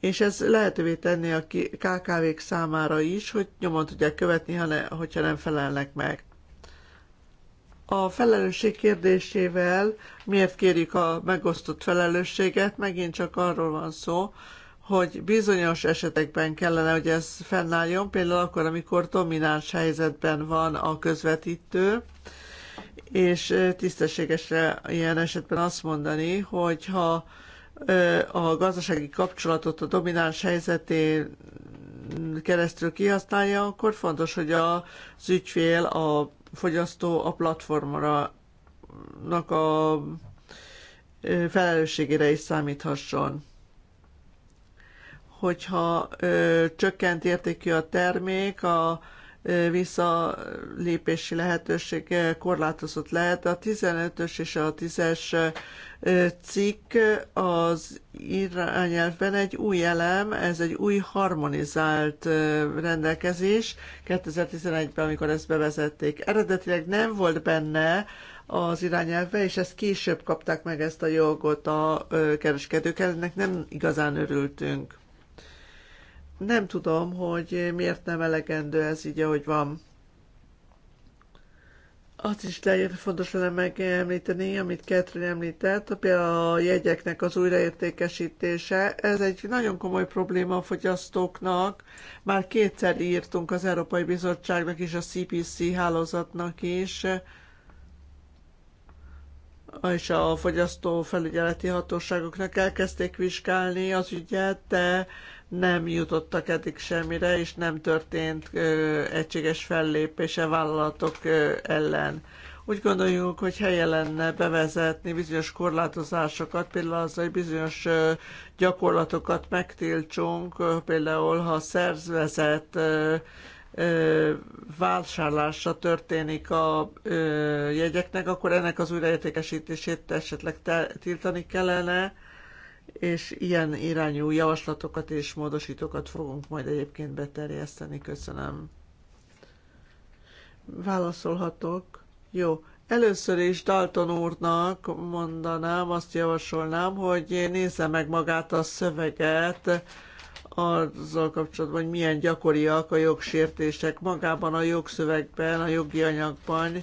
és ez lehetővé tenni a KKV-k számára is, hogy nyomon tudják követni, ha ne, hogyha nem felelnek meg. A felelősség kérdésével miért kérjük a megosztott felelősséget, megint csak arról van szó, hogy bizonyos esetekben kellene, hogy ez fennálljon, például akkor, amikor domináns helyzetben van a közvetítő, és tisztességesre ilyen esetben azt mondani, hogy ha a gazdasági kapcsolatot a domináns helyzetén keresztül kihasználja, akkor fontos, hogy az ügyfél, a fogyasztó a platformra a felelősségére is számíthasson. Hogyha ö, csökkent értékű a termék, a ö, visszalépési lehetőség korlátozott lehet. A 15-ös és a 10-es cikk az irányelvben egy új elem, ez egy új harmonizált rendelkezés 2011-ben, amikor ezt bevezették. Eredetileg nem volt benne az irányelve, és ezt később kapták meg ezt a jogot a kereskedők, ennek nem igazán örültünk. Nem tudom, hogy miért nem elegendő ez így, ahogy van. Azt is le, fontos lenne megemlíteni, amit Ketrin említett, például a jegyeknek az újraértékesítése. Ez egy nagyon komoly probléma a fogyasztóknak. Már kétszer írtunk az Európai Bizottságnak és a CPC hálózatnak is, és a fogyasztó felügyeleti hatóságoknak elkezdték vizsgálni az ügyet, de nem jutottak eddig semmire, és nem történt ö, egységes fellépése vállalatok ö, ellen. Úgy gondoljuk, hogy helye lenne bevezetni bizonyos korlátozásokat, például az, hogy bizonyos ö, gyakorlatokat megtiltsunk, ö, például ha szervezet ö, vásárlása történik a jegyeknek, akkor ennek az újraértékesítését esetleg tiltani kellene és ilyen irányú javaslatokat és módosítókat fogunk majd egyébként beterjeszteni. Köszönöm. Válaszolhatok? Jó. Először is Dalton úrnak mondanám, azt javasolnám, hogy nézze meg magát a szöveget, azzal kapcsolatban, hogy milyen gyakoriak a jogsértések magában a jogszövegben, a jogi anyagban.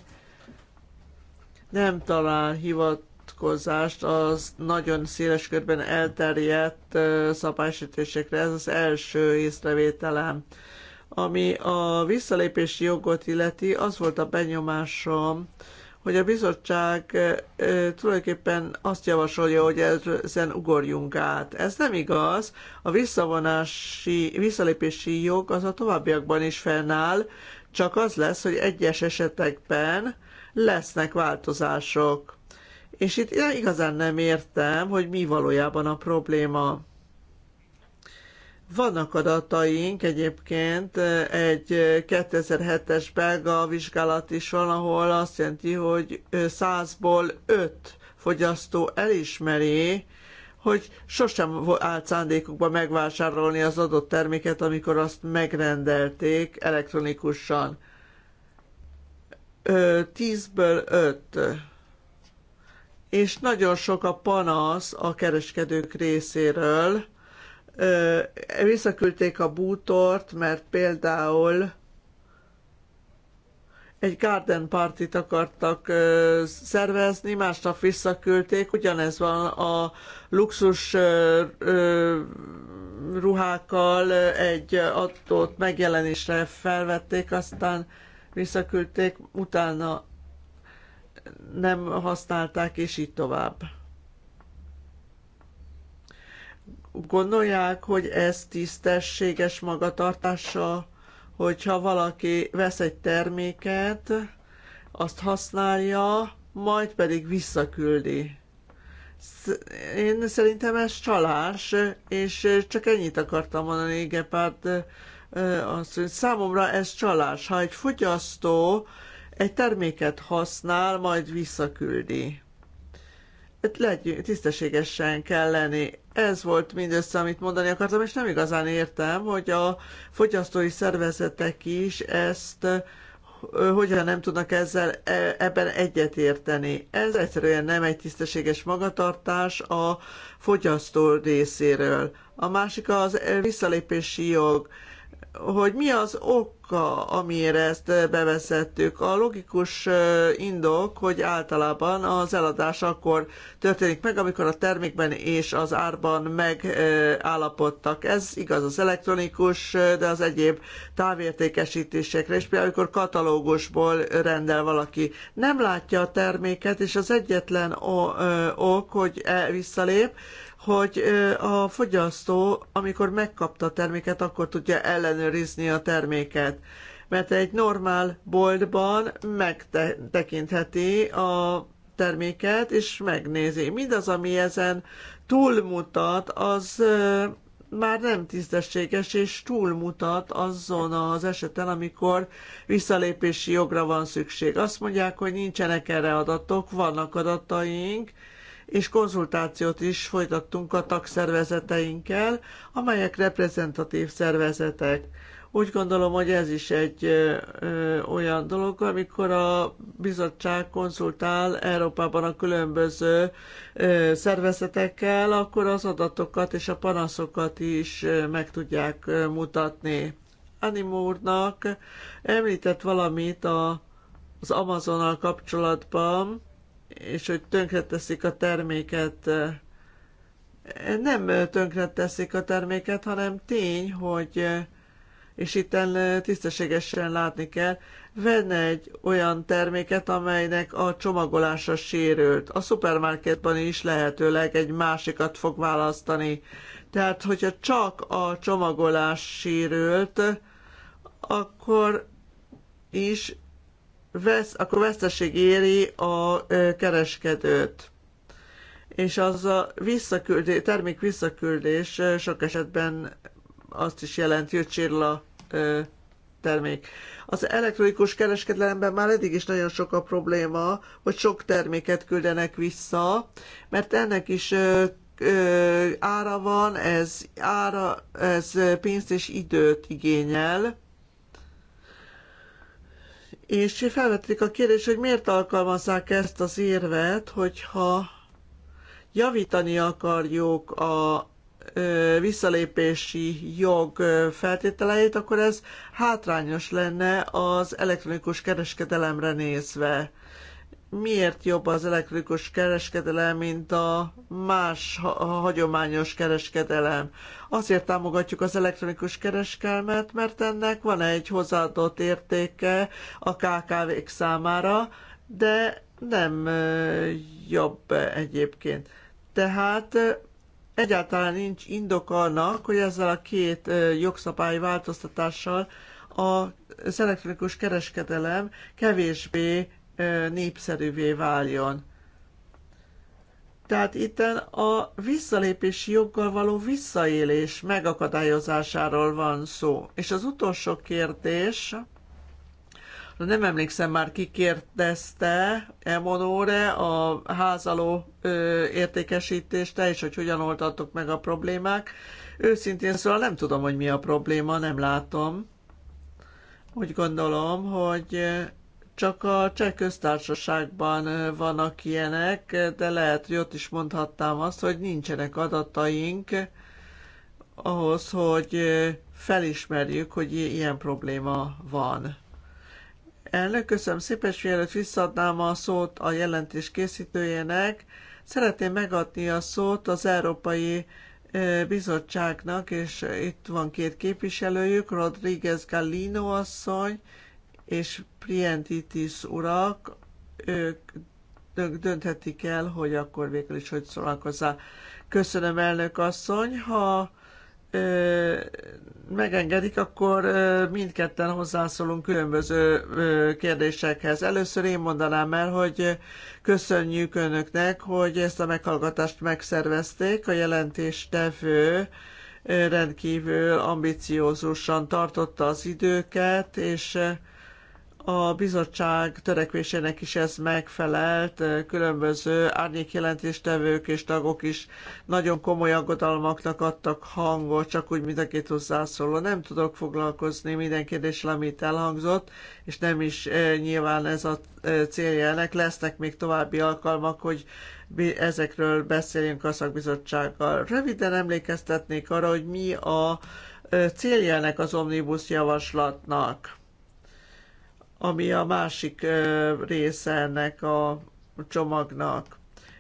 Nem talál hivat vonatkozást az nagyon széles körben elterjedt szabálysítésekre. Ez az első észrevételem. Ami a visszalépési jogot illeti, az volt a benyomásom, hogy a bizottság tulajdonképpen azt javasolja, hogy ezen ugorjunk át. Ez nem igaz. A visszavonási, visszalépési jog az a továbbiakban is fennáll, csak az lesz, hogy egyes esetekben lesznek változások. És itt igazán nem értem, hogy mi valójában a probléma. Vannak adataink egyébként egy 2007-es belga vizsgálat is van, ahol azt jelenti, hogy 100-ból 5 fogyasztó elismeri, hogy sosem állt szándékukba megvásárolni az adott terméket, amikor azt megrendelték elektronikusan. 10-ből 5 és nagyon sok a panasz a kereskedők részéről. Visszaküldték a bútort, mert például egy garden partit akartak ö, szervezni, másnap visszaküldték, ugyanez van a luxus ö, ö, ruhákkal, egy adott megjelenésre felvették, aztán visszaküldték, utána nem használták, és így tovább. Gondolják, hogy ez tisztességes magatartása, hogyha valaki vesz egy terméket, azt használja, majd pedig visszaküldi. Én szerintem ez csalás, és csak ennyit akartam mondani, Gepard, azt, hogy számomra ez csalás. Ha egy fogyasztó egy terméket használ, majd visszaküldi. Legyünk, tisztességesen kell lenni. Ez volt mindössze, amit mondani akartam, és nem igazán értem, hogy a fogyasztói szervezetek is ezt hogyan nem tudnak ezzel e, ebben egyetérteni. Ez egyszerűen nem egy tisztességes magatartás a fogyasztó részéről. A másik az visszalépési jog hogy mi az oka, amire ezt bevezettük. A logikus indok, hogy általában az eladás akkor történik meg, amikor a termékben és az árban megállapodtak. Ez igaz az elektronikus, de az egyéb távértékesítésekre is. Például, amikor katalógusból rendel valaki, nem látja a terméket, és az egyetlen ok, hogy e visszalép, hogy a fogyasztó, amikor megkapta a terméket, akkor tudja ellenőrizni a terméket. Mert egy normál boltban megtekintheti a terméket, és megnézi. Mindaz, ami ezen túlmutat, az már nem tisztességes, és túlmutat azon az eseten, amikor visszalépési jogra van szükség. Azt mondják, hogy nincsenek erre adatok, vannak adataink, és konzultációt is folytattunk a tagszervezeteinkkel, amelyek reprezentatív szervezetek. Úgy gondolom, hogy ez is egy ö, ö, olyan dolog, amikor a bizottság konzultál Európában a különböző ö, szervezetekkel, akkor az adatokat és a panaszokat is ö, meg tudják ö, mutatni. Animó említett valamit a, az Amazonnal kapcsolatban, és hogy tönkreteszik a terméket. Nem tönkreteszik a terméket, hanem tény, hogy és itt tisztességesen látni kell, venne egy olyan terméket, amelynek a csomagolása sérült. A szupermarketban is lehetőleg egy másikat fog választani. Tehát, hogyha csak a csomagolás sérült, akkor is vesz, akkor veszteség éri a kereskedőt. És az a visszaküldés, termék visszaküldés sok esetben azt is jelenti, hogy sérül a termék. Az elektronikus kereskedelemben már eddig is nagyon sok a probléma, hogy sok terméket küldenek vissza, mert ennek is ára van, ez, ára, ez pénzt és időt igényel, és felvetik a kérdés, hogy miért alkalmazzák ezt az érvet, hogyha javítani akarjuk a visszalépési jog feltételeit, akkor ez hátrányos lenne az elektronikus kereskedelemre nézve miért jobb az elektronikus kereskedelem, mint a más ha hagyományos kereskedelem. Azért támogatjuk az elektronikus kereskedelmet, mert ennek van egy hozzáadott értéke a KKV-k számára, de nem jobb egyébként. Tehát egyáltalán nincs indok annak, hogy ezzel a két jogszabály változtatással az elektronikus kereskedelem kevésbé népszerűvé váljon. Tehát itt a visszalépési joggal való visszaélés megakadályozásáról van szó. És az utolsó kérdés, nem emlékszem már ki kérdezte Emonore a házaló ö, értékesítésre, és hogy hogyan oldottuk meg a problémák. Őszintén szóval nem tudom, hogy mi a probléma, nem látom. Úgy gondolom, hogy csak a cseh köztársaságban vannak ilyenek, de lehet, hogy ott is mondhattam azt, hogy nincsenek adataink ahhoz, hogy felismerjük, hogy ilyen probléma van. Elnök, köszönöm szépen, és mielőtt visszaadnám a szót a jelentés készítőjének, szeretném megadni a szót az Európai Bizottságnak, és itt van két képviselőjük, Rodríguez Gallino asszony, és Prientitis urak, ők dönthetik el, hogy akkor végül is hogy szólnak hozzá. Köszönöm, elnök asszony. Ha ö, megengedik, akkor ö, mindketten hozzászólunk különböző ö, kérdésekhez. Először én mondanám el, hogy köszönjük önöknek, hogy ezt a meghallgatást megszervezték. A jelentéstevő rendkívül ambiciózusan tartotta az időket, és ö, a bizottság törekvésének is ez megfelelt, különböző árnyékjelentéstevők és tagok is nagyon komoly aggodalmaknak adtak hangot, csak úgy mind a két hozzászóló. Nem tudok foglalkozni minden kérdéssel, amit elhangzott, és nem is nyilván ez a célja ennek. Lesznek még további alkalmak, hogy ezekről beszéljünk a szakbizottsággal. Röviden emlékeztetnék arra, hogy mi a célja ennek az omnibus javaslatnak ami a másik része ennek a csomagnak.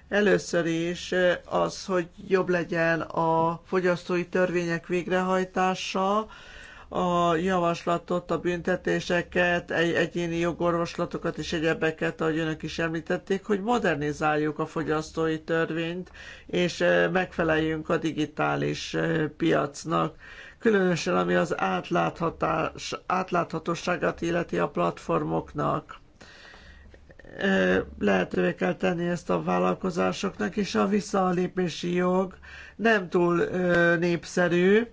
Először is az, hogy jobb legyen a fogyasztói törvények végrehajtása, a javaslatot, a büntetéseket, egy egyéni jogorvoslatokat és egyebeket, ahogy önök is említették, hogy modernizáljuk a fogyasztói törvényt, és megfeleljünk a digitális piacnak különösen ami az átláthatás, átláthatóságát illeti a platformoknak. Lehetővé kell tenni ezt a vállalkozásoknak, és a visszalépési jog nem túl népszerű,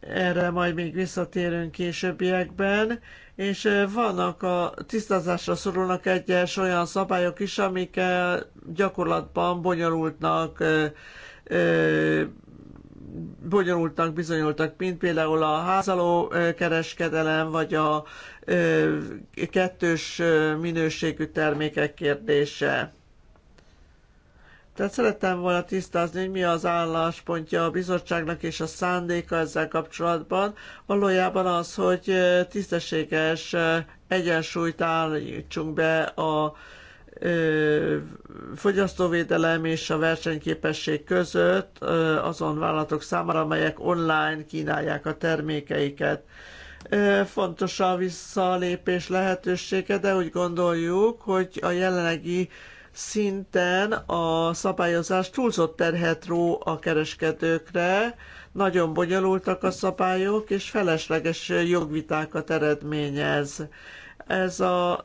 erre majd még visszatérünk későbbiekben, és vannak a tisztázásra szorulnak egyes olyan szabályok is, amik gyakorlatban bonyolultnak bonyolultnak bizonyultak, mint például a házaló kereskedelem, vagy a kettős minőségű termékek kérdése. Tehát szerettem volna tisztázni, hogy mi az álláspontja a bizottságnak és a szándéka ezzel kapcsolatban. Valójában az, hogy tisztességes egyensúlyt állítsunk be a fogyasztóvédelem és a versenyképesség között azon vállalatok számára, amelyek online kínálják a termékeiket. Fontos a visszalépés lehetősége, de úgy gondoljuk, hogy a jelenlegi szinten a szabályozás túlzott terhet ró a kereskedőkre, nagyon bonyolultak a szabályok, és felesleges jogvitákat eredményez. Ez a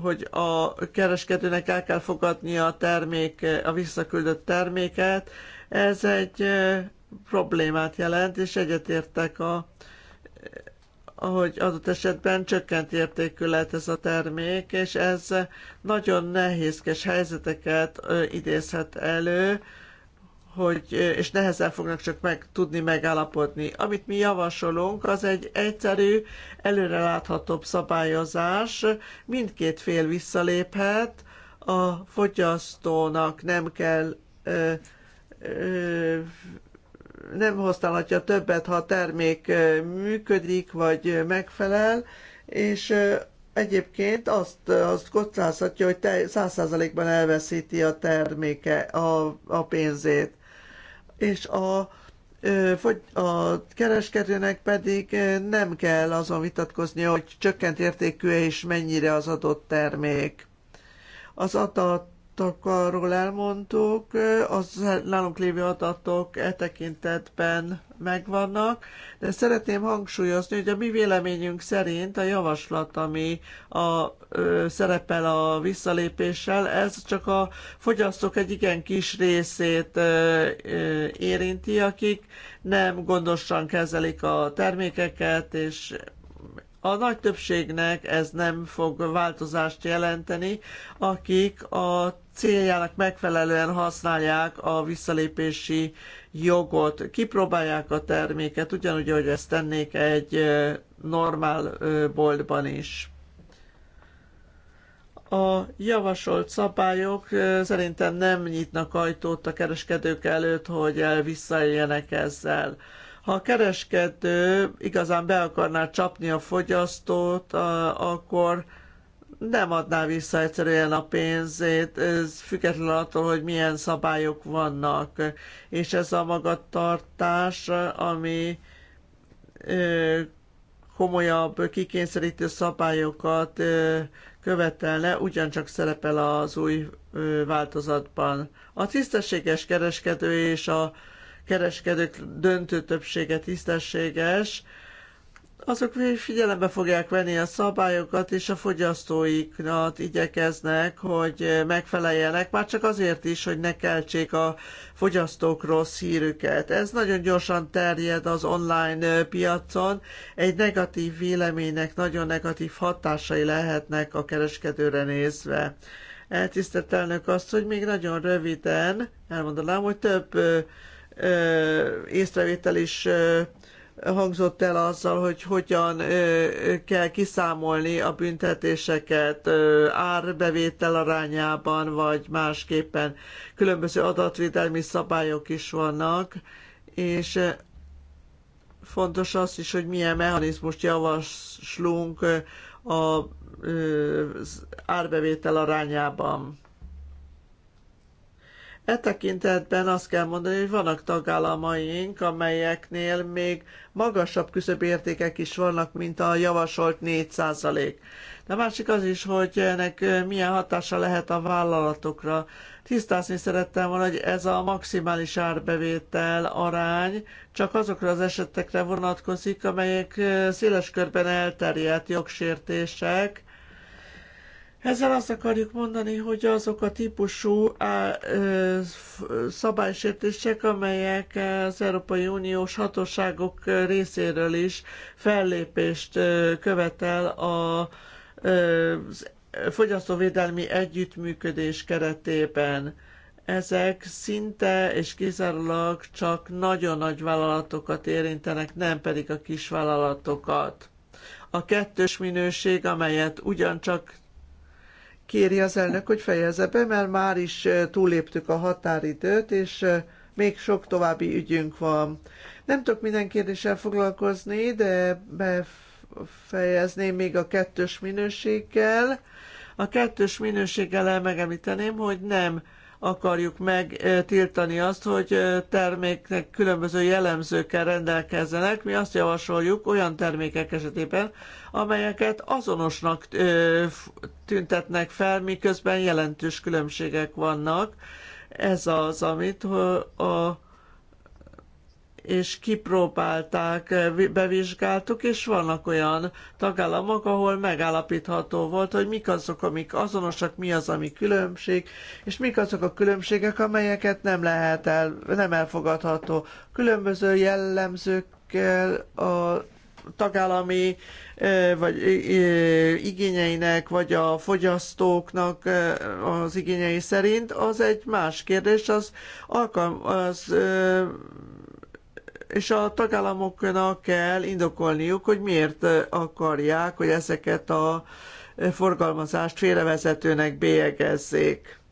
hogy a kereskedőnek el kell fogadnia a termék, a visszaküldött terméket, ez egy problémát jelent, és egyetértek a hogy adott esetben csökkent értékű lehet ez a termék, és ez nagyon nehézkes helyzeteket idézhet elő, hogy, és nehezen fognak csak meg tudni megállapodni. Amit mi javasolunk, az egy egyszerű, előreláthatóbb szabályozás. Mindkét fél visszaléphet, a fogyasztónak nem kell ö, ö, nem használhatja többet, ha a termék működik, vagy megfelel, és egyébként azt, azt kockázhatja, hogy 100 százalékban elveszíti a terméke, a, a pénzét és a a kereskedőnek pedig nem kell azon vitatkoznia, hogy csökkent értékű és mennyire az adott termék. Az adat adatokról elmondtuk, az nálunk lévő adatok e tekintetben megvannak, de szeretném hangsúlyozni, hogy a mi véleményünk szerint a javaslat, ami a, ö, szerepel a visszalépéssel, ez csak a fogyasztók egy igen kis részét ö, ö, érinti, akik nem gondosan kezelik a termékeket, és a nagy többségnek ez nem fog változást jelenteni, akik a céljának megfelelően használják a visszalépési jogot, kipróbálják a terméket, ugyanúgy, ahogy ezt tennék egy normál boltban is. A javasolt szabályok szerintem nem nyitnak ajtót a kereskedők előtt, hogy visszaéljenek ezzel. Ha a kereskedő igazán be akarná csapni a fogyasztót, akkor nem adná vissza egyszerűen a pénzét, ez független attól, hogy milyen szabályok vannak. És ez a magatartás, ami komolyabb, kikényszerítő szabályokat követelne, ugyancsak szerepel az új változatban. A tisztességes kereskedő és a kereskedők döntő többsége tisztességes, azok figyelembe fogják venni a szabályokat, és a fogyasztóiknak igyekeznek, hogy megfeleljenek, már csak azért is, hogy ne keltsék a fogyasztók rossz hírüket. Ez nagyon gyorsan terjed az online piacon, egy negatív véleménynek nagyon negatív hatásai lehetnek a kereskedőre nézve. Eltisztelt elnök azt, hogy még nagyon röviden elmondanám, hogy több észrevétel is hangzott el azzal, hogy hogyan kell kiszámolni a büntetéseket árbevétel arányában, vagy másképpen. Különböző adatvédelmi szabályok is vannak, és fontos az is, hogy milyen mechanizmust javaslunk az árbevétel arányában. E tekintetben azt kell mondani, hogy vannak tagállamaink, amelyeknél még magasabb küszöbértékek is vannak, mint a javasolt 4%. De másik az is, hogy ennek milyen hatása lehet a vállalatokra. Tisztázni szerettem volna, hogy ez a maximális árbevétel arány csak azokra az esetekre vonatkozik, amelyek széles körben elterjedt jogsértések, ezzel azt akarjuk mondani, hogy azok a típusú szabálysértések, amelyek az Európai Uniós hatóságok részéről is fellépést követel a fogyasztóvédelmi együttműködés keretében ezek szinte és kizárólag csak nagyon nagy vállalatokat érintenek, nem pedig a kis vállalatokat. A kettős minőség, amelyet ugyancsak Kéri az elnök, hogy fejezze be, mert már is túléptük a határidőt, és még sok további ügyünk van. Nem tudok minden kérdéssel foglalkozni, de befejezném még a kettős minőséggel. A kettős minőséggel megemlíteném, hogy nem akarjuk megtiltani azt, hogy terméknek különböző jellemzőkkel rendelkezzenek. Mi azt javasoljuk olyan termékek esetében, amelyeket azonosnak tüntetnek fel, miközben jelentős különbségek vannak. Ez az, amit a és kipróbálták, eh, bevizsgáltuk, és vannak olyan tagállamok, ahol megállapítható volt, hogy mik azok, amik azonosak, mi az, ami különbség, és mik azok a különbségek, amelyeket nem lehet el, nem elfogadható. Különböző jellemzőkkel a tagállami eh, vagy eh, igényeinek, vagy a fogyasztóknak az igényei szerint, az egy más kérdés, az, alkalm, az és a tagállamoknak kell indokolniuk, hogy miért akarják, hogy ezeket a forgalmazást félrevezetőnek bélyegezzék.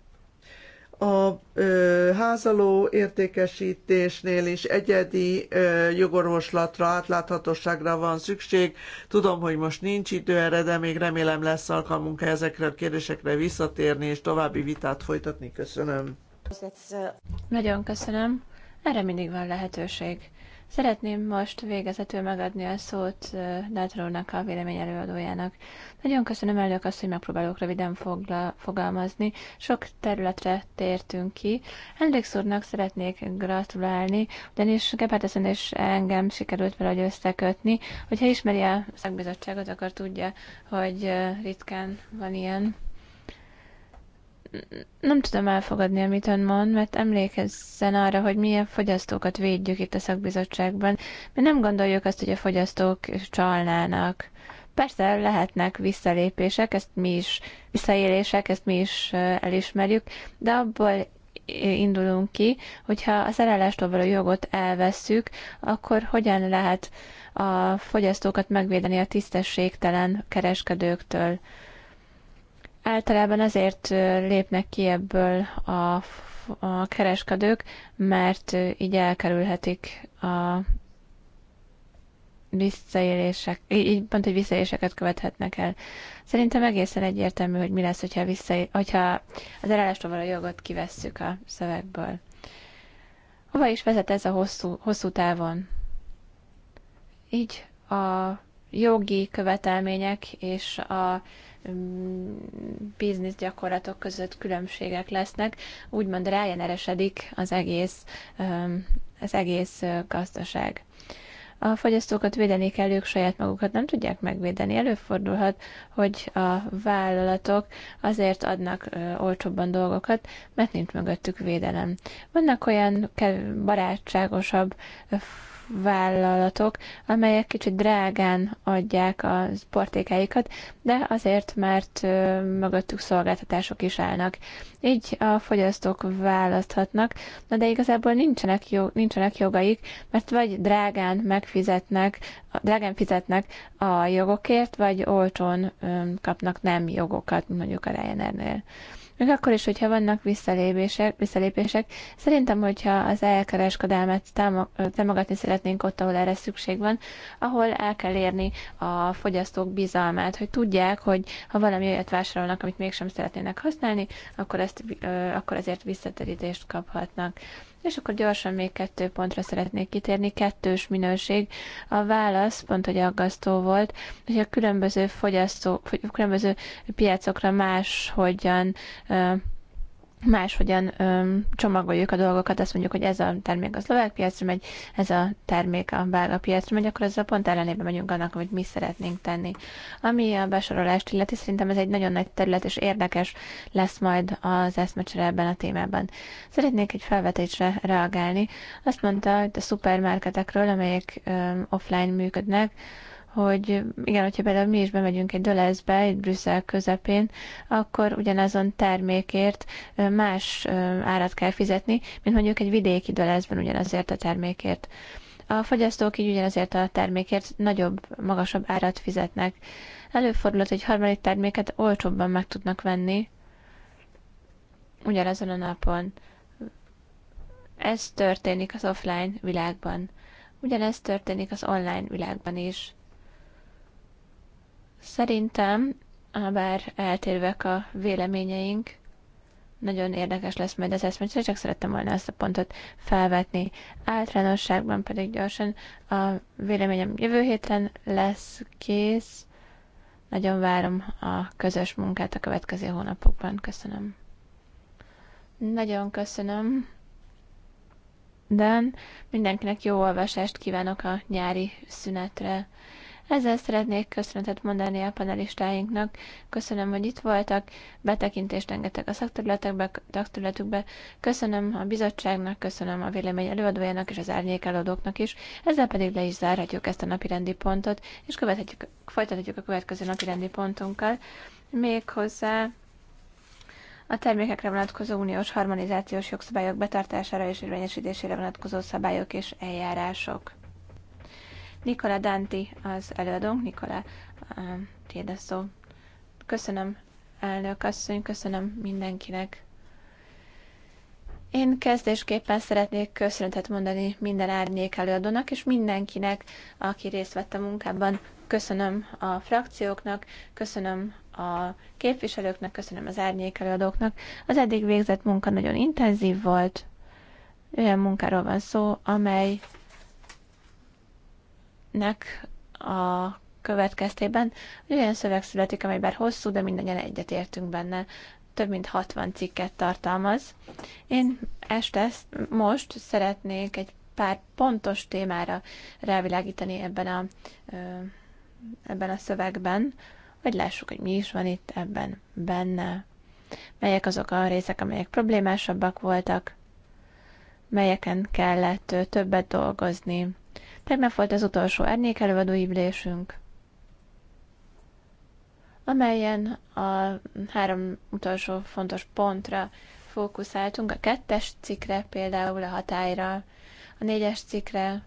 A ö, házaló értékesítésnél is egyedi ö, jogorvoslatra, átláthatóságra van szükség. Tudom, hogy most nincs idő erre, de még remélem lesz alkalmunk ezekre a kérdésekre visszatérni és további vitát folytatni. Köszönöm. Nagyon köszönöm. Erre mindig van lehetőség. Szeretném most végezetül megadni a szót Dátrónak, a vélemény előadójának. Nagyon köszönöm elnök azt, hogy megpróbálok röviden fogla, fogalmazni. Sok területre tértünk ki. Hendrix úrnak szeretnék gratulálni, ugyanis Gepárteszen és engem sikerült vele összekötni. Hogyha ismeri a szakbizottságot, akkor tudja, hogy ritkán van ilyen nem tudom elfogadni, amit ön mond, mert emlékezzen arra, hogy milyen fogyasztókat védjük itt a szakbizottságban. Mi nem gondoljuk azt, hogy a fogyasztók csalnának. Persze lehetnek visszalépések, ezt mi is, visszaélések, ezt mi is elismerjük, de abból indulunk ki, hogyha a szerelástól való jogot elvesszük, akkor hogyan lehet a fogyasztókat megvédeni a tisztességtelen kereskedőktől? általában azért lépnek ki ebből a, a kereskedők, mert így elkerülhetik a visszaélések, így pont, hogy visszaéléseket követhetnek el. Szerintem egészen egyértelmű, hogy mi lesz, hogyha, vissza, hogyha az elállástól való jogot kivesszük a szövegből. Hova is vezet ez a hosszú, hosszú távon? Így a jogi követelmények és a biznisz gyakorlatok között különbségek lesznek, úgymond rájeneresedik az egész, az egész gazdaság. A fogyasztókat védeni kell, ők saját magukat nem tudják megvédeni. Előfordulhat, hogy a vállalatok azért adnak olcsóbban dolgokat, mert nincs mögöttük védelem. Vannak olyan barátságosabb vállalatok, amelyek kicsit drágán adják a portékáikat, de azért, mert mögöttük szolgáltatások is állnak. Így a fogyasztók választhatnak, na de igazából nincsenek, jog, nincsenek jogaik, mert vagy drágán megfizetnek, drágán fizetnek a jogokért, vagy olcsón kapnak nem jogokat, mondjuk a Ryanair-nél. Még akkor is, hogyha vannak visszalépések, visszalépések szerintem, hogyha az elkereskedelmet támogatni szeretnénk ott, ahol erre szükség van, ahol el kell érni a fogyasztók bizalmát, hogy tudják, hogy ha valami olyat vásárolnak, amit mégsem szeretnének használni, akkor, ezt, akkor ezért visszaterítést kaphatnak. És akkor gyorsan még kettő pontra szeretnék kitérni. Kettős minőség. A válasz pont, hogy aggasztó volt, hogy a különböző fogyasztó, különböző piacokra más máshogyan máshogyan öm, csomagoljuk a dolgokat, azt mondjuk, hogy ez a termék a szlovák piacra megy, ez a termék a belga piacra megy, akkor ezzel pont ellenében megyünk annak, amit mi szeretnénk tenni. Ami a besorolást illeti, szerintem ez egy nagyon nagy terület, és érdekes lesz majd az eszmecsere ebben a témában. Szeretnék egy felvetésre reagálni. Azt mondta, hogy a szupermarketekről, amelyek öm, offline működnek, hogy igen, hogyha például mi is bemegyünk egy Dölezbe, egy Brüsszel közepén, akkor ugyanazon termékért más árat kell fizetni, mint mondjuk egy vidéki Dölezben ugyanazért a termékért. A fogyasztók így ugyanazért a termékért nagyobb, magasabb árat fizetnek. Előfordulhat, hogy harmadik terméket olcsóbban meg tudnak venni ugyanazon a napon. Ez történik az offline világban. Ugyanez történik az online világban is. Szerintem, bár eltérvek a véleményeink, nagyon érdekes lesz majd az eszmény, csak szerettem volna ezt a pontot felvetni. Általánosságban pedig gyorsan a véleményem jövő héten lesz kész. Nagyon várom a közös munkát a következő hónapokban. Köszönöm. Nagyon köszönöm. Dan, mindenkinek jó olvasást kívánok a nyári szünetre. Ezzel szeretnék köszönetet mondani a panelistáinknak. Köszönöm, hogy itt voltak, betekintést engedtek a szakterületekbe, szakterületükbe. Köszönöm a bizottságnak, köszönöm a vélemény előadójának és az árnyékelőadóknak is. Ezzel pedig le is zárhatjuk ezt a napirendi pontot, és követhetjük, folytathatjuk a következő napirendi pontunkkal. Méghozzá a termékekre vonatkozó uniós harmonizációs jogszabályok betartására és érvényesítésére vonatkozó szabályok és eljárások. Nikola Danti az előadónk, Nikola, tiéd Köszönöm, elnök asszony, köszönöm mindenkinek. Én kezdésképpen szeretnék köszönetet mondani minden árnyék előadónak, és mindenkinek, aki részt vett a munkában. Köszönöm a frakcióknak, köszönöm a képviselőknek, köszönöm az árnyék előadóknak. Az eddig végzett munka nagyon intenzív volt, olyan munkáról van szó, amely nek a következtében olyan szöveg születik, amely bár hosszú, de mindannyian egyetértünk benne. Több mint 60 cikket tartalmaz. Én este most szeretnék egy pár pontos témára rávilágítani ebben a, ebben a szövegben, hogy lássuk, hogy mi is van itt ebben benne. Melyek azok a részek, amelyek problémásabbak voltak, melyeken kellett többet dolgozni, Tegnap volt az utolsó árnyékelőadói ülésünk, amelyen a három utolsó fontos pontra fókuszáltunk, a kettes cikre például a hatályra, a négyes cikre,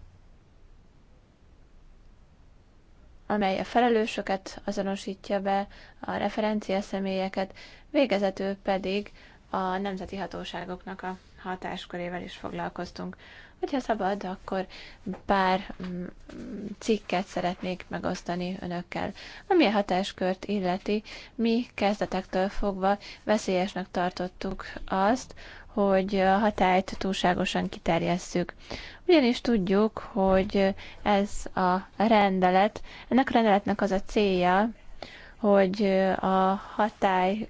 amely a felelősöket azonosítja be, a referencia személyeket, végezetül pedig a nemzeti hatóságoknak a hatáskörével is foglalkoztunk. Hogyha szabad, akkor pár mm, cikket szeretnék megosztani önökkel. Ami a hatáskört illeti, mi kezdetektől fogva veszélyesnek tartottuk azt, hogy a hatályt túlságosan kiterjesszük. Ugyanis tudjuk, hogy ez a rendelet, ennek a rendeletnek az a célja, hogy a hatály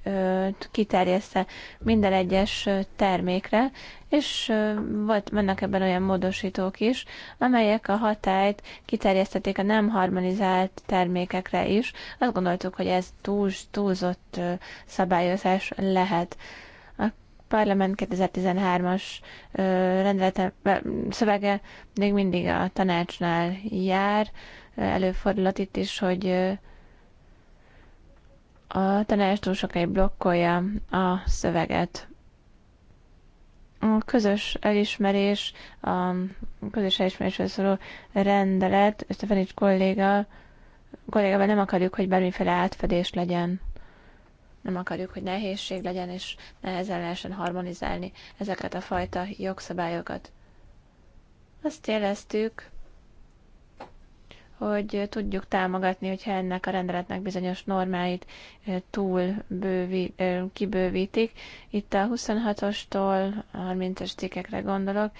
kiterjeszte minden egyes termékre, és volt, vannak ebben olyan módosítók is, amelyek a hatályt kiterjesztették a nem harmonizált termékekre is. Azt gondoltuk, hogy ez túl, túlzott szabályozás lehet. A parlament 2013-as rendelete, szövege még mindig a tanácsnál jár, előfordulat itt is, hogy a tanács túl sokáig blokkolja a szöveget. A közös elismerés, a közös elismerésről szóló rendelet, Stefanics kolléga, kollégával nem akarjuk, hogy bármiféle átfedés legyen nem akarjuk, hogy nehézség legyen, és nehezen lehessen harmonizálni ezeket a fajta jogszabályokat. Azt éreztük, hogy tudjuk támogatni, hogyha ennek a rendeletnek bizonyos normáit túl bővi, kibővítik. Itt a 26-ostól 30-as cikkekre gondolok,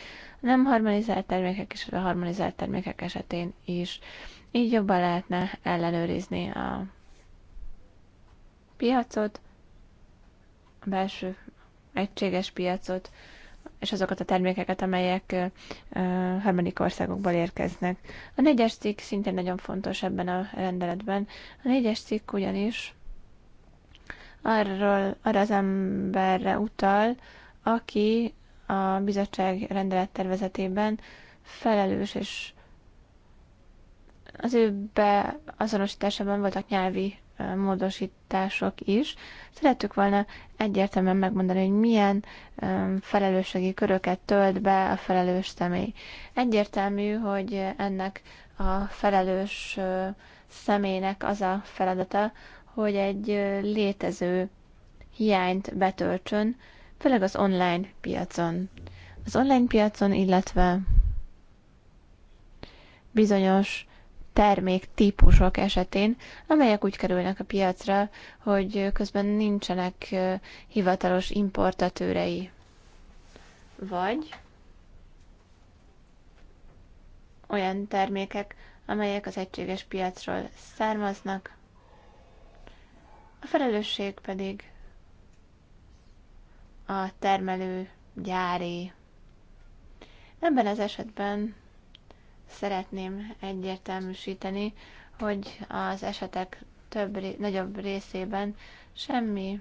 nem harmonizált termékek és a harmonizált termékek esetén is. Így jobban lehetne ellenőrizni a piacot, a belső egységes piacot, és azokat a termékeket, amelyek harmadik országokból érkeznek. A négyes cikk szintén nagyon fontos ebben a rendeletben. A négyes cikk ugyanis arról, arra az emberre utal, aki a bizottság rendelettervezetében felelős, és az ő beazonosításában voltak nyelvi módosítások is. Szerettük volna egyértelműen megmondani, hogy milyen felelősségi köröket tölt be a felelős személy. Egyértelmű, hogy ennek a felelős személynek az a feladata, hogy egy létező hiányt betöltsön, főleg az online piacon. Az online piacon, illetve bizonyos terméktípusok esetén, amelyek úgy kerülnek a piacra, hogy közben nincsenek hivatalos importatőrei. Vagy olyan termékek, amelyek az egységes piacról származnak, a felelősség pedig a termelő gyári. Ebben az esetben szeretném egyértelműsíteni, hogy az esetek több, nagyobb részében semmi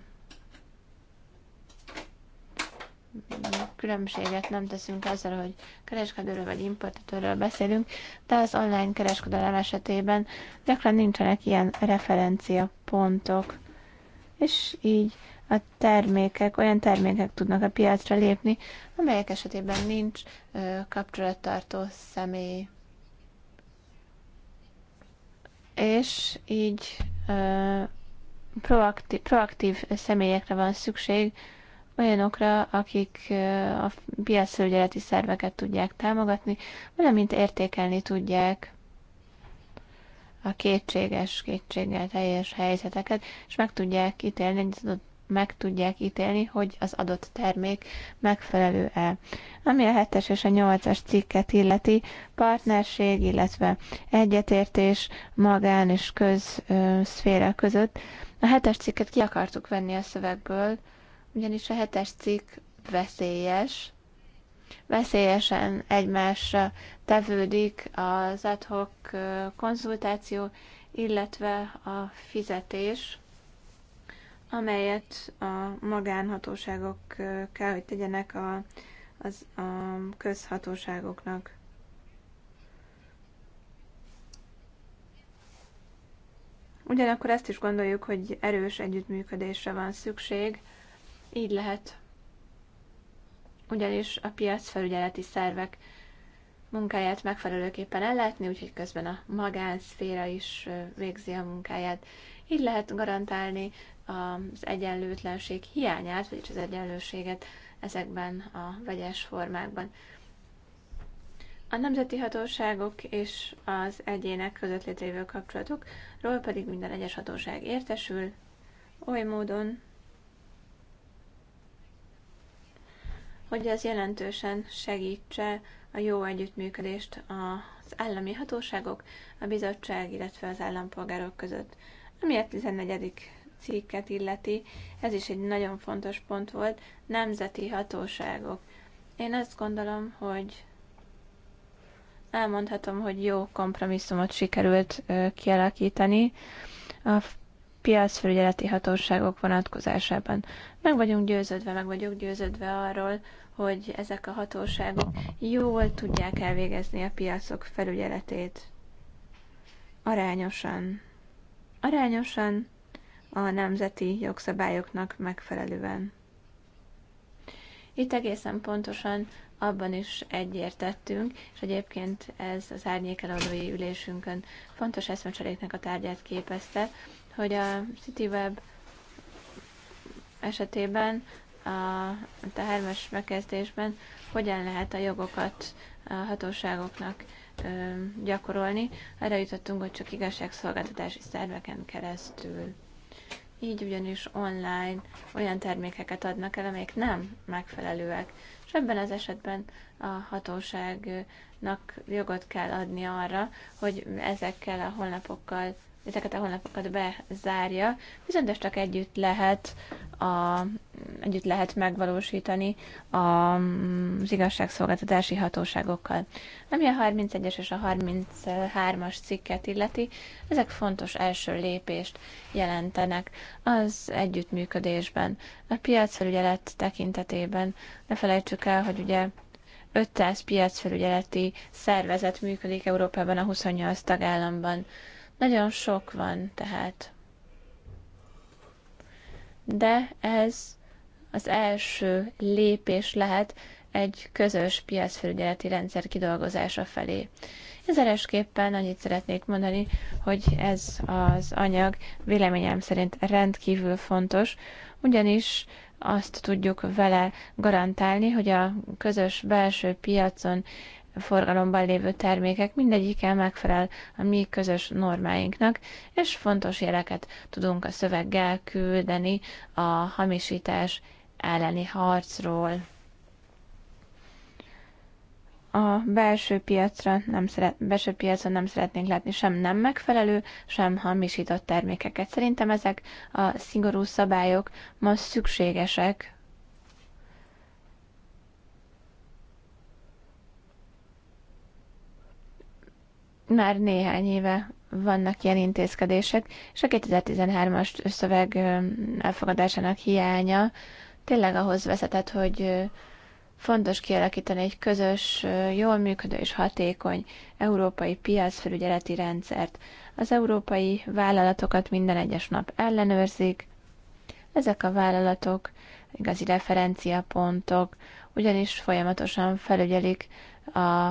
különbséget nem teszünk azzal, hogy kereskedőről vagy importatőről beszélünk, de az online kereskedelem esetében gyakran nincsenek ilyen referenciapontok, és így a termékek, olyan termékek tudnak a piacra lépni, amelyek esetében nincs ö, kapcsolattartó személy és így ö, proaktív, proaktív személyekre van szükség, olyanokra, akik a piacfelügyeleti szerveket tudják támogatni, valamint értékelni tudják a kétséges, kétséggel teljes helyzeteket, és meg tudják ítélni, hogy az adott meg tudják ítélni, hogy az adott termék megfelelő-e. Ami a 7-es és a 8-as cikket illeti, partnerség, illetve egyetértés magán és közszféra között. A 7-es cikket ki akartuk venni a szövegből, ugyanis a 7-es cikk veszélyes, veszélyesen egymásra tevődik az adhok konzultáció, illetve a fizetés amelyet a magánhatóságok kell, hogy tegyenek a, az, a közhatóságoknak. Ugyanakkor ezt is gondoljuk, hogy erős együttműködésre van szükség, így lehet. Ugyanis a piacfelügyeleti szervek munkáját megfelelőképpen ellátni, úgyhogy közben a magánszféra is végzi a munkáját. Így lehet garantálni az egyenlőtlenség hiányát, vagyis az egyenlőséget ezekben a vegyes formákban. A nemzeti hatóságok és az egyének között létrejövő kapcsolatokról pedig minden egyes hatóság értesül, oly módon, hogy ez jelentősen segítse a jó együttműködést az állami hatóságok, a bizottság, illetve az állampolgárok között, ami a 14 cikket illeti, ez is egy nagyon fontos pont volt, nemzeti hatóságok. Én azt gondolom, hogy elmondhatom, hogy jó kompromisszumot sikerült kialakítani a piacfelügyeleti hatóságok vonatkozásában. Meg vagyunk győződve, meg vagyok győződve arról, hogy ezek a hatóságok jól tudják elvégezni a piacok felügyeletét. Arányosan. Arányosan a nemzeti jogszabályoknak megfelelően. Itt egészen pontosan abban is egyértettünk, és egyébként ez az árnyékeladói ülésünkön fontos eszmecseréknek a tárgyát képezte, hogy a CityWeb esetében a, a hármas megkezdésben hogyan lehet a jogokat a hatóságoknak ö, gyakorolni. Erre jutottunk, hogy csak igazságszolgáltatási szerveken keresztül. Így ugyanis online olyan termékeket adnak el, amelyek nem megfelelőek. És ebben az esetben a hatóságnak jogot kell adni arra, hogy ezekkel a honlapokkal ezeket a honlapokat bezárja, viszont ez csak együtt lehet, a, együtt lehet megvalósítani a, az igazságszolgáltatási hatóságokkal. Ami a 31-es és a 33-as cikket illeti, ezek fontos első lépést jelentenek az együttműködésben. A piacfelügyelet tekintetében ne felejtsük el, hogy ugye 500 piacfelügyeleti szervezet működik Európában a 28 tagállamban. Nagyon sok van tehát. De ez az első lépés lehet egy közös piacfelügyeleti rendszer kidolgozása felé. Ezeresképpen annyit szeretnék mondani, hogy ez az anyag véleményem szerint rendkívül fontos, ugyanis azt tudjuk vele garantálni, hogy a közös belső piacon forgalomban lévő termékek mindegyike megfelel a mi közös normáinknak, és fontos jeleket tudunk a szöveggel küldeni a hamisítás elleni harcról. A belső piacra nem szeret, belső piacon nem szeretnénk látni sem nem megfelelő, sem hamisított termékeket. Szerintem ezek a szigorú szabályok ma szükségesek már néhány éve vannak ilyen intézkedések, és a 2013-as szöveg elfogadásának hiánya tényleg ahhoz vezetett, hogy fontos kialakítani egy közös, jól működő és hatékony európai piacfelügyeleti rendszert. Az európai vállalatokat minden egyes nap ellenőrzik. Ezek a vállalatok igazi referenciapontok, ugyanis folyamatosan felügyelik a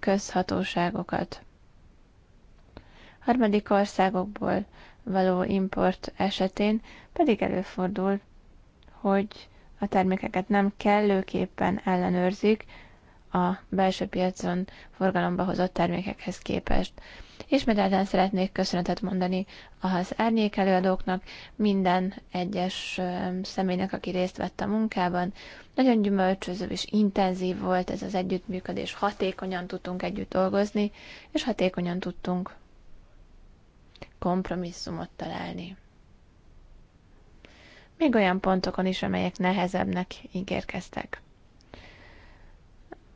közhatóságokat. Harmadik országokból való import esetén pedig előfordul, hogy a termékeket nem kellőképpen ellenőrzik a belső piacon forgalomba hozott termékekhez képest. Ismételten szeretnék köszönetet mondani az árnyék előadóknak, minden egyes személynek, aki részt vett a munkában. Nagyon gyümölcsöző és intenzív volt ez az együttműködés, hatékonyan tudtunk együtt dolgozni, és hatékonyan tudtunk kompromisszumot találni. Még olyan pontokon is, amelyek nehezebbnek ígérkeztek.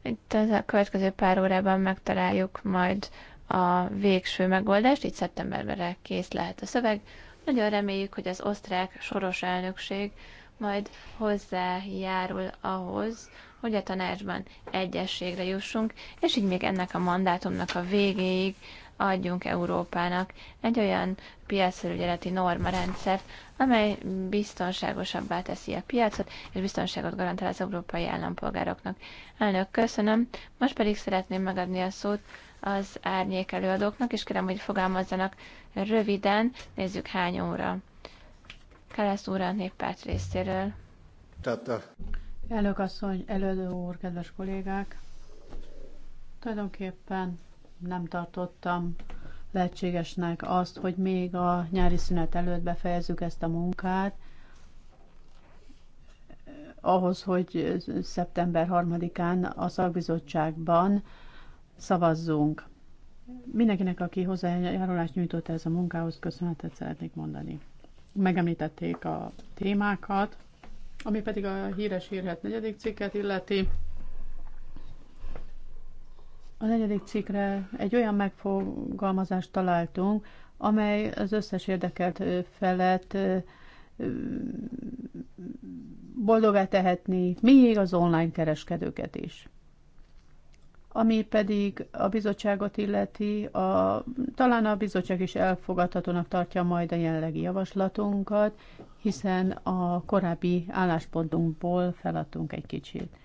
Itt a következő pár órában megtaláljuk majd a végső megoldást, így szeptemberre kész lehet a szöveg. Nagyon reméljük, hogy az osztrák soros elnökség majd hozzájárul ahhoz, hogy a tanácsban egyességre jussunk, és így még ennek a mandátumnak a végéig adjunk Európának egy olyan piacfelügyeleti normarendszert, amely biztonságosabbá teszi a piacot, és biztonságot garantál az európai állampolgároknak. Elnök, köszönöm. Most pedig szeretném megadni a szót az árnyék előadóknak, és kérem, hogy fogalmazzanak röviden, nézzük hány óra. Kelesz úr a néppárt részéről. Tata. Eh, Elnök asszony, elődő úr, kedves kollégák! Tulajdonképpen nem tartottam lehetségesnek azt, hogy még a nyári szünet előtt befejezzük ezt a munkát, ahhoz, hogy szeptember 3-án a szakbizottságban szavazzunk. Mindenkinek, aki hozzájárulást nyújtott ez a munkához, köszönetet szeretnék mondani. Megemlítették a témákat, ami pedig a híres hírhet negyedik cikket illeti. A negyedik cikkre egy olyan megfogalmazást találtunk, amely az összes érdekelt felett boldogá tehetni, még az online kereskedőket is. Ami pedig a bizottságot illeti, a, talán a bizottság is elfogadhatónak tartja majd a jelenlegi javaslatunkat, hiszen a korábbi álláspontunkból feladtunk egy kicsit.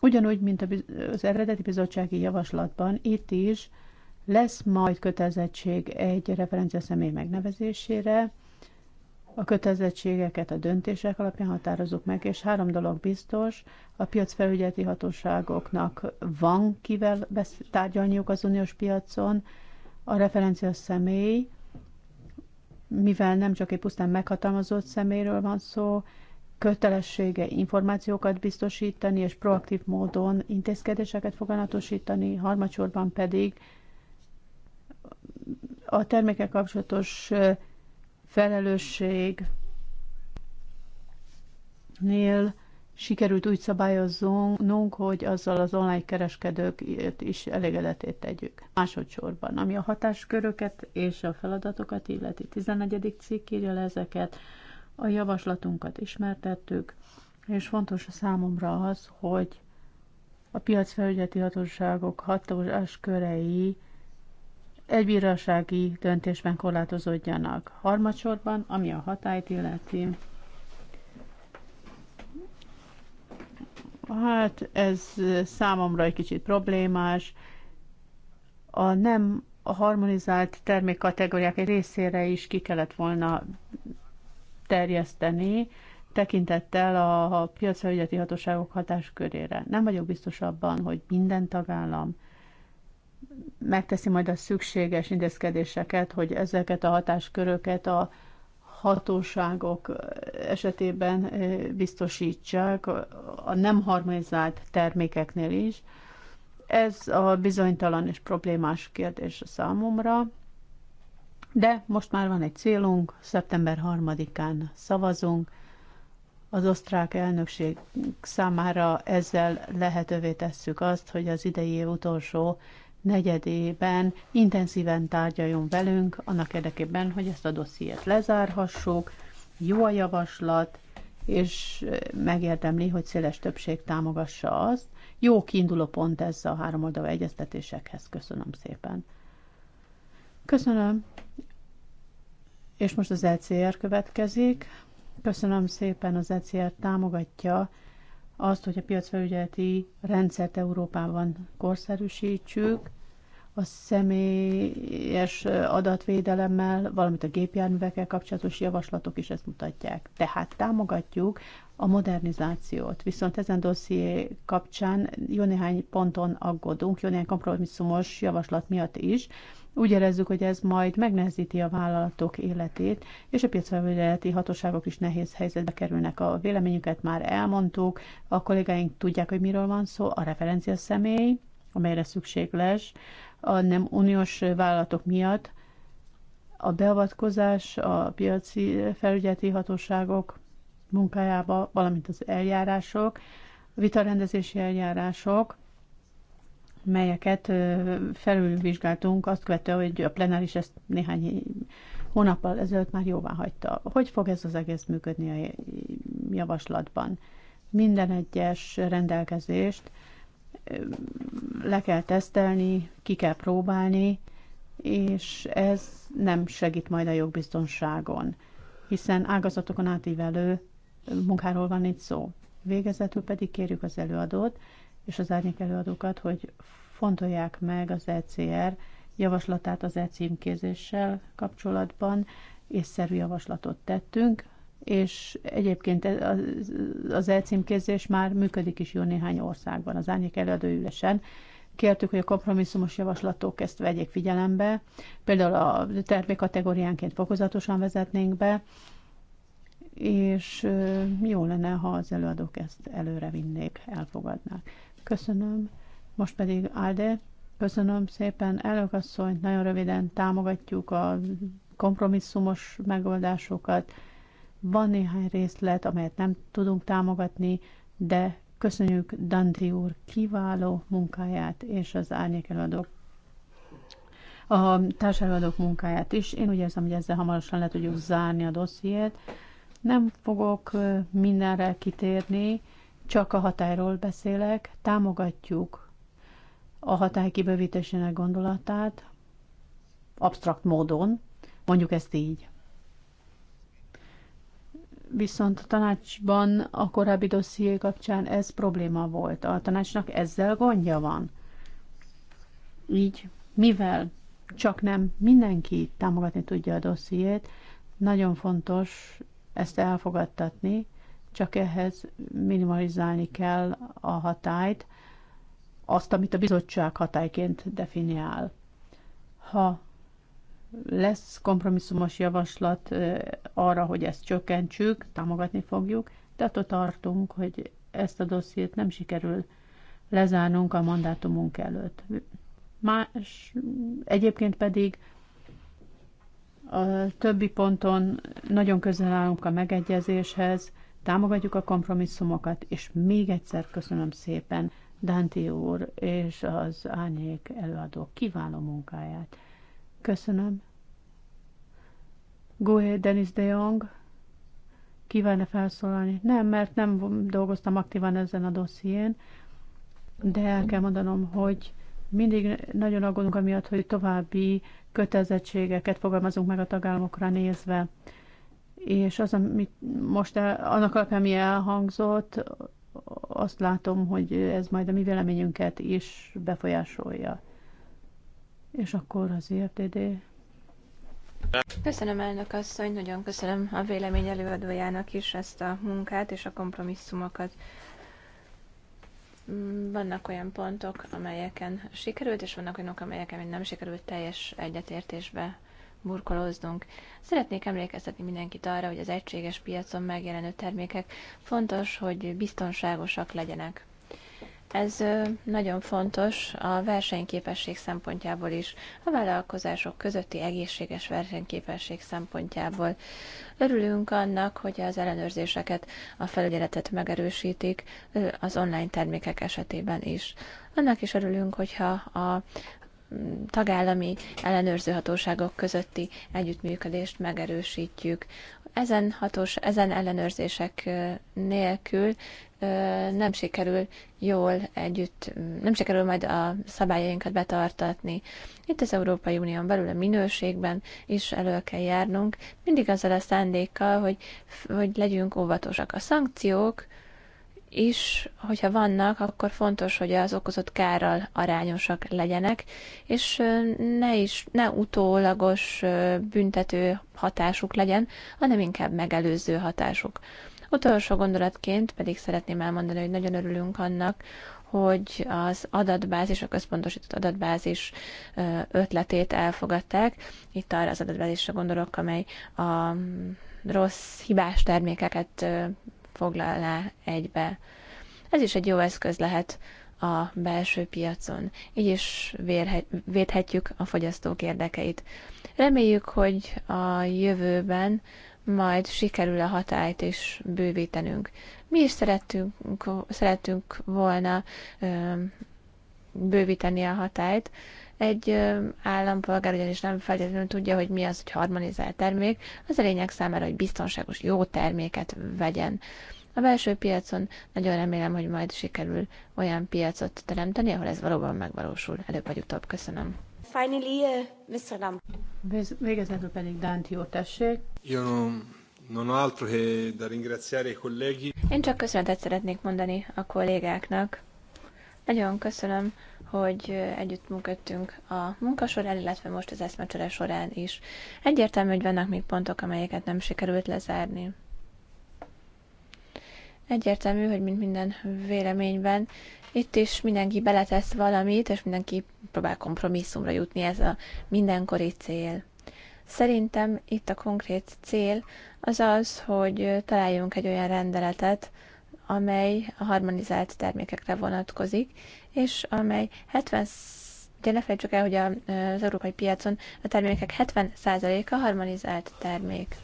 Ugyanúgy, mint az eredeti bizottsági javaslatban, itt is lesz majd kötelezettség egy referencia személy megnevezésére, a kötelezettségeket a döntések alapján határozzuk meg, és három dolog biztos, a piacfelügyeleti hatóságoknak van kivel tárgyalniuk az uniós piacon, a referencia személy, mivel nem csak egy pusztán meghatalmazott személyről van szó, kötelessége információkat biztosítani és proaktív módon intézkedéseket foganatosítani, harmadsorban pedig a termékek kapcsolatos felelősségnél sikerült úgy szabályoznunk, hogy azzal az online kereskedők is elégedetét tegyük. Másodszorban, ami a hatásköröket és a feladatokat illeti, 14. cikk írja le ezeket, a javaslatunkat ismertettük, és fontos a számomra az, hogy a piacfelügyeleti hatóságok hatóságkörei körei egy bírósági döntésben korlátozódjanak. Harmadsorban, ami a hatályt illeti, hát ez számomra egy kicsit problémás. A nem a harmonizált termékkategóriák egy részére is ki kellett volna terjeszteni, tekintettel a piacra ügyeti hatóságok hatáskörére. Nem vagyok biztos abban, hogy minden tagállam megteszi majd a szükséges intézkedéseket, hogy ezeket a hatásköröket a hatóságok esetében biztosítsák a nem harmonizált termékeknél is. Ez a bizonytalan és problémás kérdés a számomra, de most már van egy célunk, szeptember 3-án szavazunk, az osztrák elnökség számára ezzel lehetővé tesszük azt, hogy az idei év utolsó negyedében intenzíven tárgyaljon velünk, annak érdekében, hogy ezt a dossziét lezárhassuk, jó a javaslat, és megérdemli, hogy széles többség támogassa azt. Jó kiinduló pont ez a három oldalú egyeztetésekhez. Köszönöm szépen. Köszönöm. És most az ECR következik. Köszönöm szépen, az ECR támogatja azt, hogy a piacfelügyeleti rendszert Európában korszerűsítsük, a személyes adatvédelemmel, valamint a gépjárművekkel kapcsolatos javaslatok is ezt mutatják. Tehát támogatjuk a modernizációt, viszont ezen dosszié kapcsán jó néhány ponton aggódunk, jó néhány kompromisszumos javaslat miatt is, úgy érezzük, hogy ez majd megnehezíti a vállalatok életét, és a piacfelügyeleti hatóságok is nehéz helyzetbe kerülnek. A véleményüket már elmondtuk, a kollégáink tudják, hogy miről van szó, a referencia személy, amelyre szükség lesz, a nem uniós vállalatok miatt, a beavatkozás a piaci felügyeleti hatóságok munkájába, valamint az eljárások, vitarendezési eljárások, melyeket felülvizsgáltunk, azt követően, hogy a plenáris ezt néhány hónappal ezelőtt már jóvá hagyta. Hogy fog ez az egész működni a javaslatban? Minden egyes rendelkezést le kell tesztelni, ki kell próbálni, és ez nem segít majd a jogbiztonságon, hiszen ágazatokon átívelő munkáról van itt szó. Végezetül pedig kérjük az előadót, és az árnyék előadókat, hogy fontolják meg az ECR javaslatát az e-címkézéssel kapcsolatban, észszerű javaslatot tettünk, és egyébként az e-címkézés már működik is jó néhány országban, az árnyék előadóülesen. Kértük, hogy a kompromisszumos javaslatok ezt vegyék figyelembe, például a kategóriánként fokozatosan vezetnénk be, és jó lenne, ha az előadók ezt előre vinnék, elfogadnák. Köszönöm. Most pedig Alde. Köszönöm szépen, elnök asszony, nagyon röviden támogatjuk a kompromisszumos megoldásokat. Van néhány részlet, amelyet nem tudunk támogatni, de köszönjük Danti úr kiváló munkáját és az árnyékelőadók a társadalmadók munkáját is. Én úgy érzem, hogy ezzel hamarosan le tudjuk zárni a dossziét. Nem fogok mindenre kitérni, csak a hatályról beszélek, támogatjuk a hatály kibővítésének gondolatát, absztrakt módon, mondjuk ezt így. Viszont a tanácsban a korábbi dosszié kapcsán ez probléma volt. A tanácsnak ezzel gondja van. Így, mivel csak nem mindenki támogatni tudja a dossziét, nagyon fontos ezt elfogadtatni, csak ehhez minimalizálni kell a hatályt, azt, amit a bizottság hatályként definiál. Ha lesz kompromisszumos javaslat arra, hogy ezt csökkentsük, támogatni fogjuk, de attól tartunk, hogy ezt a dossziét nem sikerül lezárnunk a mandátumunk előtt. Más, egyébként pedig a többi ponton nagyon közel állunk a megegyezéshez, támogatjuk a kompromisszumokat, és még egyszer köszönöm szépen Danti úr és az árnyék előadó kiváló munkáját. Köszönöm. Gohé Denis de Jong kívánna felszólalni? Nem, mert nem dolgoztam aktívan ezen a dosszién, de el kell mondanom, hogy mindig nagyon aggódunk amiatt, hogy további kötelezettségeket fogalmazunk meg a tagállamokra nézve és az, amit most annak alapján mi elhangzott, azt látom, hogy ez majd a mi véleményünket is befolyásolja. És akkor az IFDD. Köszönöm, elnök asszony, nagyon köszönöm a vélemény előadójának is ezt a munkát és a kompromisszumokat. Vannak olyan pontok, amelyeken sikerült, és vannak olyanok, amelyeken nem sikerült teljes egyetértésbe burkolóznunk. Szeretnék emlékeztetni mindenkit arra, hogy az egységes piacon megjelenő termékek fontos, hogy biztonságosak legyenek. Ez nagyon fontos a versenyképesség szempontjából is, a vállalkozások közötti egészséges versenyképesség szempontjából. Örülünk annak, hogy az ellenőrzéseket, a felügyeletet megerősítik az online termékek esetében is. Annak is örülünk, hogyha a tagállami ellenőrző hatóságok közötti együttműködést megerősítjük. Ezen, hatós, ezen ellenőrzések nélkül nem sikerül jól együtt, nem sikerül majd a szabályainkat betartatni. Itt az Európai Unión belül a minőségben is elő kell járnunk, mindig azzal a szándékkal, hogy, hogy legyünk óvatosak. A szankciók is, hogyha vannak, akkor fontos, hogy az okozott kárral arányosak legyenek, és ne is, ne utólagos büntető hatásuk legyen, hanem inkább megelőző hatásuk. Utolsó gondolatként pedig szeretném elmondani, hogy nagyon örülünk annak, hogy az adatbázis, a központosított adatbázis ötletét elfogadták. Itt arra az adatbázisra gondolok, amely a mm, rossz, hibás termékeket foglalná egybe. Ez is egy jó eszköz lehet a belső piacon. Így is vérhe- védhetjük a fogyasztók érdekeit. Reméljük, hogy a jövőben majd sikerül a hatályt is bővítenünk. Mi is szerettünk, szerettünk volna ö, bővíteni a hatályt, egy állampolgár ugyanis nem feltétlenül tudja, hogy mi az, hogy harmonizált termék. Az a lényeg számára, hogy biztonságos, jó terméket vegyen. A belső piacon nagyon remélem, hogy majd sikerül olyan piacot teremteni, ahol ez valóban megvalósul előbb vagy utóbb. Köszönöm. Finally, uh, Mr. Végezetül pedig Dánti, Jó, non ho altro che da ringraziare i colleghi. Én csak köszönetet szeretnék mondani a kollégáknak. Nagyon köszönöm hogy együtt munködtünk a munka során, illetve most az eszmecsere során is. Egyértelmű, hogy vannak még pontok, amelyeket nem sikerült lezárni. Egyértelmű, hogy mint minden véleményben, itt is mindenki beletesz valamit, és mindenki próbál kompromisszumra jutni, ez a mindenkori cél. Szerintem itt a konkrét cél az az, hogy találjunk egy olyan rendeletet, amely a harmonizált termékekre vonatkozik, és amely 70 Ugye ne felejtsük el, hogy az európai piacon a termékek 70%-a harmonizált termék.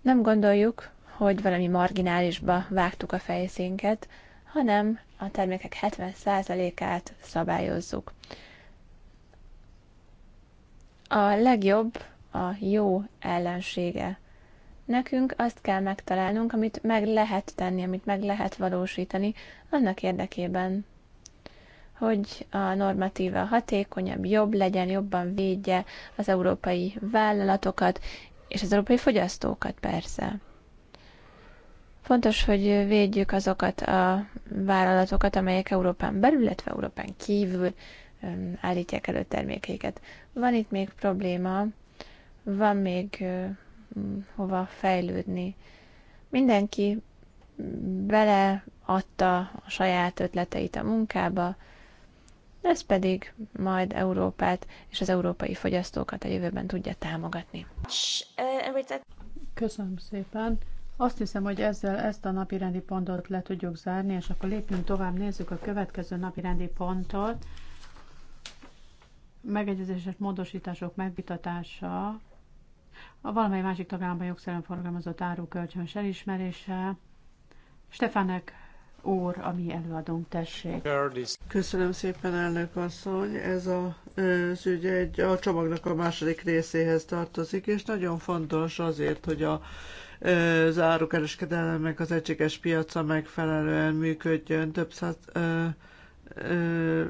Nem gondoljuk, hogy valami marginálisba vágtuk a fejszénket, hanem a termékek 70%-át szabályozzuk. A legjobb a jó ellensége Nekünk azt kell megtalálnunk, amit meg lehet tenni, amit meg lehet valósítani annak érdekében, hogy a normatíva hatékonyabb, jobb legyen, jobban védje az európai vállalatokat, és az európai fogyasztókat persze. Fontos, hogy védjük azokat a vállalatokat, amelyek Európán belül, illetve Európán kívül állítják elő termékeiket. Van itt még probléma, van még Mm, hova fejlődni. Mindenki beleadta a saját ötleteit a munkába, ez pedig majd Európát és az európai fogyasztókat a jövőben tudja támogatni. Köszönöm szépen! Azt hiszem, hogy ezzel ezt a napi rendi pontot le tudjuk zárni, és akkor lépjünk tovább, nézzük a következő napi rendi pontot. Megegyezések, módosítások megvitatása a valamely másik tagállamban jogszerűen forgalmazott áru kölcsönös elismerése. Stefanek úr, a mi előadónk, tessék. Köszönöm szépen, elnök asszony. Ez a, az ügy egy, a csomagnak a második részéhez tartozik, és nagyon fontos azért, hogy a az árukereskedelemnek az egységes piaca megfelelően működjön. Több száz, ö, ö,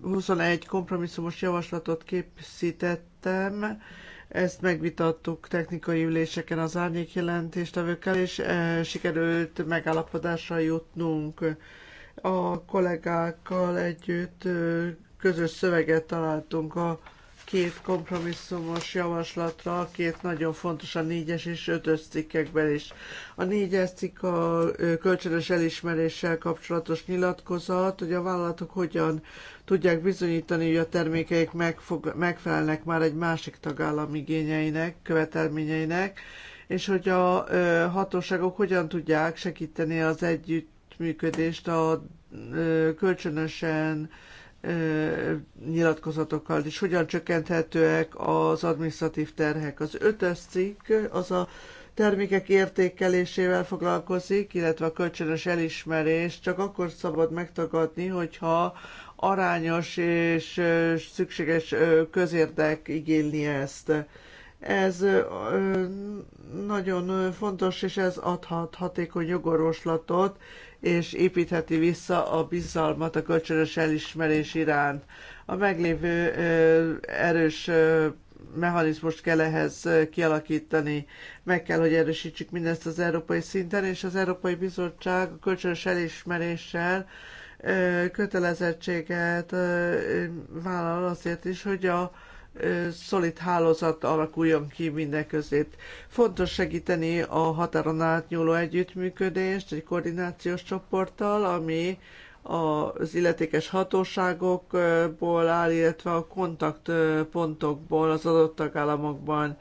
21 kompromisszumos javaslatot készítettem, ezt megvitattuk technikai üléseken az árnyék jelentéstevőkkel, és eh, sikerült megállapodásra jutnunk. A kollégákkal együtt eh, közös szöveget találtunk a két kompromisszumos javaslatra, a két nagyon fontos a négyes és ötös cikkekben is. A négyes cikk a kölcsönös elismeréssel kapcsolatos nyilatkozat, hogy a vállalatok hogyan tudják bizonyítani, hogy a termékeik megfog, megfelelnek már egy másik tagállam igényeinek, követelményeinek, és hogy a hatóságok hogyan tudják segíteni az együttműködést a kölcsönösen nyilatkozatokkal és hogyan csökkenthetőek az administratív terhek. Az ötös cikk az a termékek értékelésével foglalkozik, illetve a kölcsönös elismerés csak akkor szabad megtagadni, hogyha arányos és szükséges közérdek igényli ezt. Ez nagyon fontos, és ez adhat hatékony jogorvoslatot és építheti vissza a bizalmat a kölcsönös elismerés iránt. A meglévő erős mechanizmust kell ehhez kialakítani. Meg kell, hogy erősítsük mindezt az európai szinten, és az Európai Bizottság a kölcsönös elismeréssel kötelezettséget vállal azért is, hogy a szolid hálózat alakuljon ki mindeközét. Fontos segíteni a határon átnyúló együttműködést egy koordinációs csoporttal, ami az illetékes hatóságokból áll, illetve a kontaktpontokból az adott tagállamokban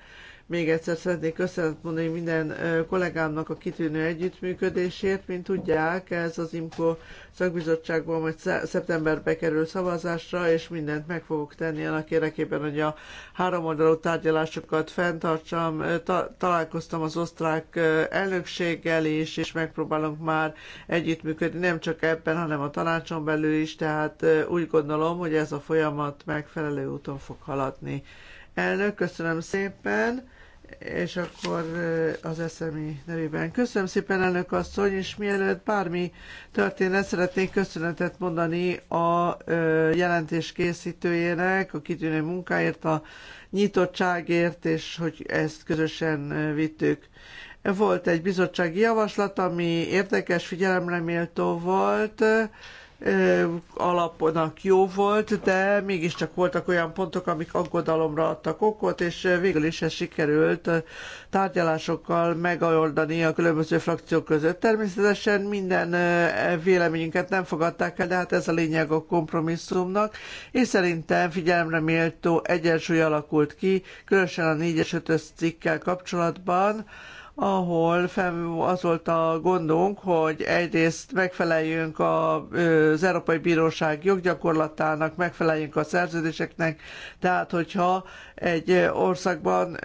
még egyszer szeretnék köszönet mondani minden kollégámnak a kitűnő együttműködésért. Mint tudják, ez az IMKO szakbizottságban majd szeptemberbe kerül szavazásra, és mindent meg fogok tenni annak érdekében, hogy a háromoldalú tárgyalásokat fenntartsam. Ta- találkoztam az osztrák elnökséggel is, és megpróbálunk már együttműködni, nem csak ebben, hanem a tanácson belül is, tehát úgy gondolom, hogy ez a folyamat megfelelő úton fog haladni. Elnök, köszönöm szépen! és akkor az eszemi nevében. Köszönöm szépen, elnök asszony, és mielőtt bármi történet, szeretnék köszönetet mondani a jelentés készítőjének, a kitűnő munkáért, a nyitottságért, és hogy ezt közösen vittük. Volt egy bizottsági javaslat, ami érdekes, figyelemre méltó volt, alaponak jó volt, de mégiscsak voltak olyan pontok, amik aggodalomra adtak okot, és végül is ez sikerült tárgyalásokkal megoldani a különböző frakciók között. Természetesen minden véleményünket nem fogadták el, de hát ez a lényeg a kompromisszumnak, és szerintem figyelemre méltó egyensúly alakult ki, különösen a 4-es 5 cikkel kapcsolatban, ahol fel az volt a gondunk, hogy egyrészt megfeleljünk az Európai Bíróság joggyakorlatának, megfeleljünk a szerződéseknek, tehát hogyha egy országban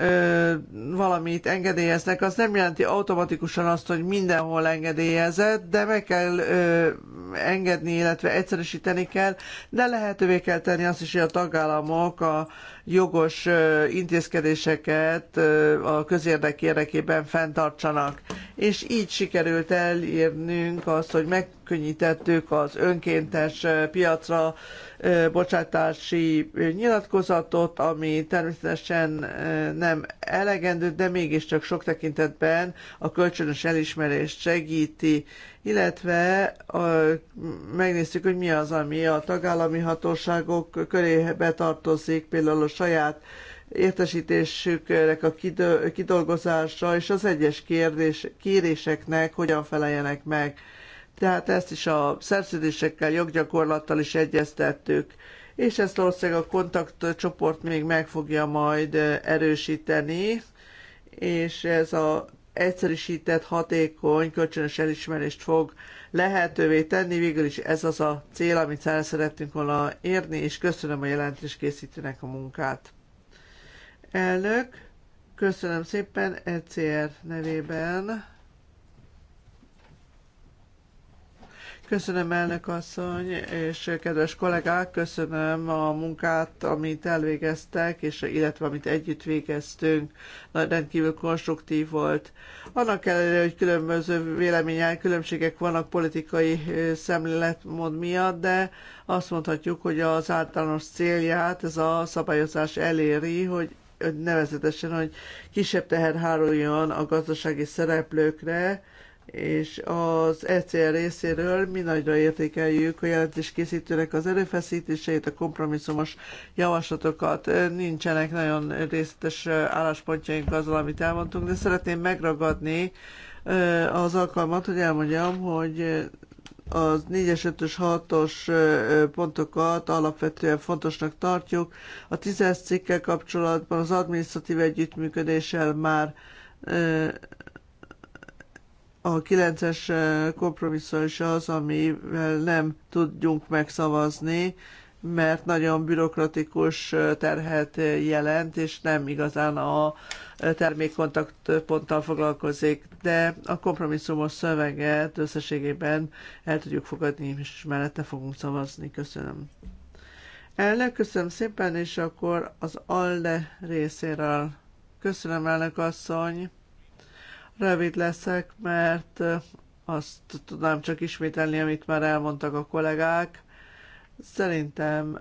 valamit engedélyeznek, az nem jelenti automatikusan azt, hogy mindenhol engedélyezett, de meg kell engedni, illetve egyszerűsíteni kell, de lehetővé kell tenni azt is, hogy a tagállamok a jogos intézkedéseket a közérdek érdekében fenntartsanak és így sikerült elérnünk azt, hogy megkönnyítettük az önkéntes piacra bocsátási nyilatkozatot, ami természetesen nem elegendő, de mégiscsak sok tekintetben a kölcsönös elismerést segíti, illetve megnéztük, hogy mi az, ami a tagállami hatóságok körébe tartozik, például a saját értesítésüknek a kidolgozása és az egyes kérdés, kéréseknek hogyan feleljenek meg. Tehát ezt is a szerződésekkel, joggyakorlattal is egyeztettük, és ezt valószínűleg a kontaktcsoport még meg fogja majd erősíteni, és ez a egyszerűsített, hatékony, kölcsönös elismerést fog lehetővé tenni. Végül is ez az a cél, amit el szerettünk volna érni, és köszönöm a jelentéskészítőnek a munkát. Elnök, köszönöm szépen ECR nevében. Köszönöm, elnök asszony, és kedves kollégák, köszönöm a munkát, amit elvégeztek, és illetve amit együtt végeztünk. Nagy rendkívül konstruktív volt. Annak ellenére, hogy különböző vélemények, különbségek vannak politikai szemléletmód miatt, de azt mondhatjuk, hogy az általános célját ez a szabályozás eléri, hogy nevezetesen, hogy kisebb teher háruljon a gazdasági szereplőkre, és az ECR részéről mi nagyra értékeljük a készítőnek az erőfeszítéseit, a kompromisszumos javaslatokat. Nincsenek nagyon részletes álláspontjaink azzal, amit elmondtunk, de szeretném megragadni az alkalmat, hogy elmondjam, hogy az 4-es, 5-ös, 6-os pontokat alapvetően fontosnak tartjuk. A 10-es cikkel kapcsolatban az adminisztratív együttműködéssel már a 9-es kompromisszum is az, amivel nem tudjunk megszavazni, mert nagyon bürokratikus terhet jelent, és nem igazán a termékkontaktponttal foglalkozik, de a kompromisszumos szöveget összességében el tudjuk fogadni, és mellette fogunk szavazni. Köszönöm. Elnök, köszönöm szépen, és akkor az ALDE részéről. Köszönöm, elnök asszony. Rövid leszek, mert azt tudnám csak ismételni, amit már elmondtak a kollégák Szerintem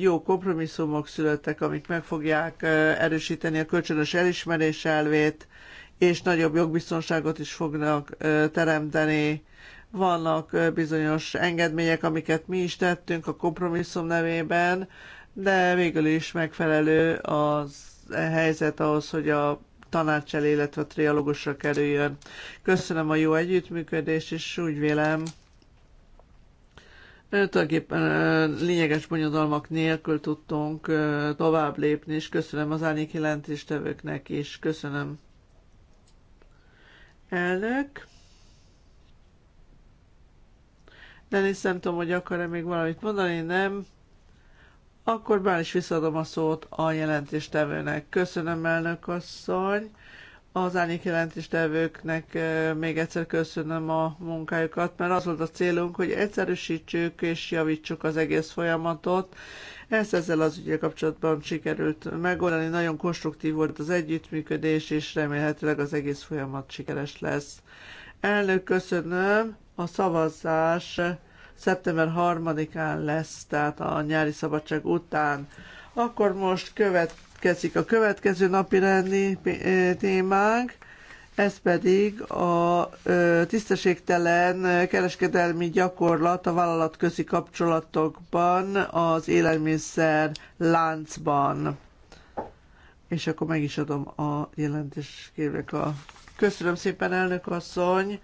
jó kompromisszumok születtek, amik meg fogják erősíteni a kölcsönös elismerés elvét, és nagyobb jogbiztonságot is fognak teremteni. Vannak bizonyos engedmények, amiket mi is tettünk a kompromisszum nevében, de végül is megfelelő az e helyzet ahhoz, hogy a tanácsel, illetve a trialogusra kerüljön. Köszönöm a jó együttműködést, és úgy vélem, Tulajdonképpen lényeges bonyodalmak nélkül tudtunk tovább lépni, és köszönöm az árnyék jelentéstevőknek is. Köszönöm. Elnök. Denis, nem tudom, hogy akar-e még valamit mondani, nem? Akkor már is visszaadom a szót a jelentéstevőnek. Köszönöm, elnök asszony. Az árnyék jelentéstevőknek még egyszer köszönöm a munkájukat, mert az volt a célunk, hogy egyszerűsítsük és javítsuk az egész folyamatot. Ezt ezzel az ügyel kapcsolatban sikerült megoldani, nagyon konstruktív volt az együttműködés, és remélhetőleg az egész folyamat sikeres lesz. Elnök, köszönöm. A szavazás szeptember 3-án lesz, tehát a nyári szabadság után. Akkor most követ következik a következő napi rendi eh, témánk, ez pedig a tisztességtelen kereskedelmi gyakorlat a vállalatközi kapcsolatokban, az élelmiszer láncban. És akkor meg is adom a jelentéskérvek a... Köszönöm szépen, elnök asszony!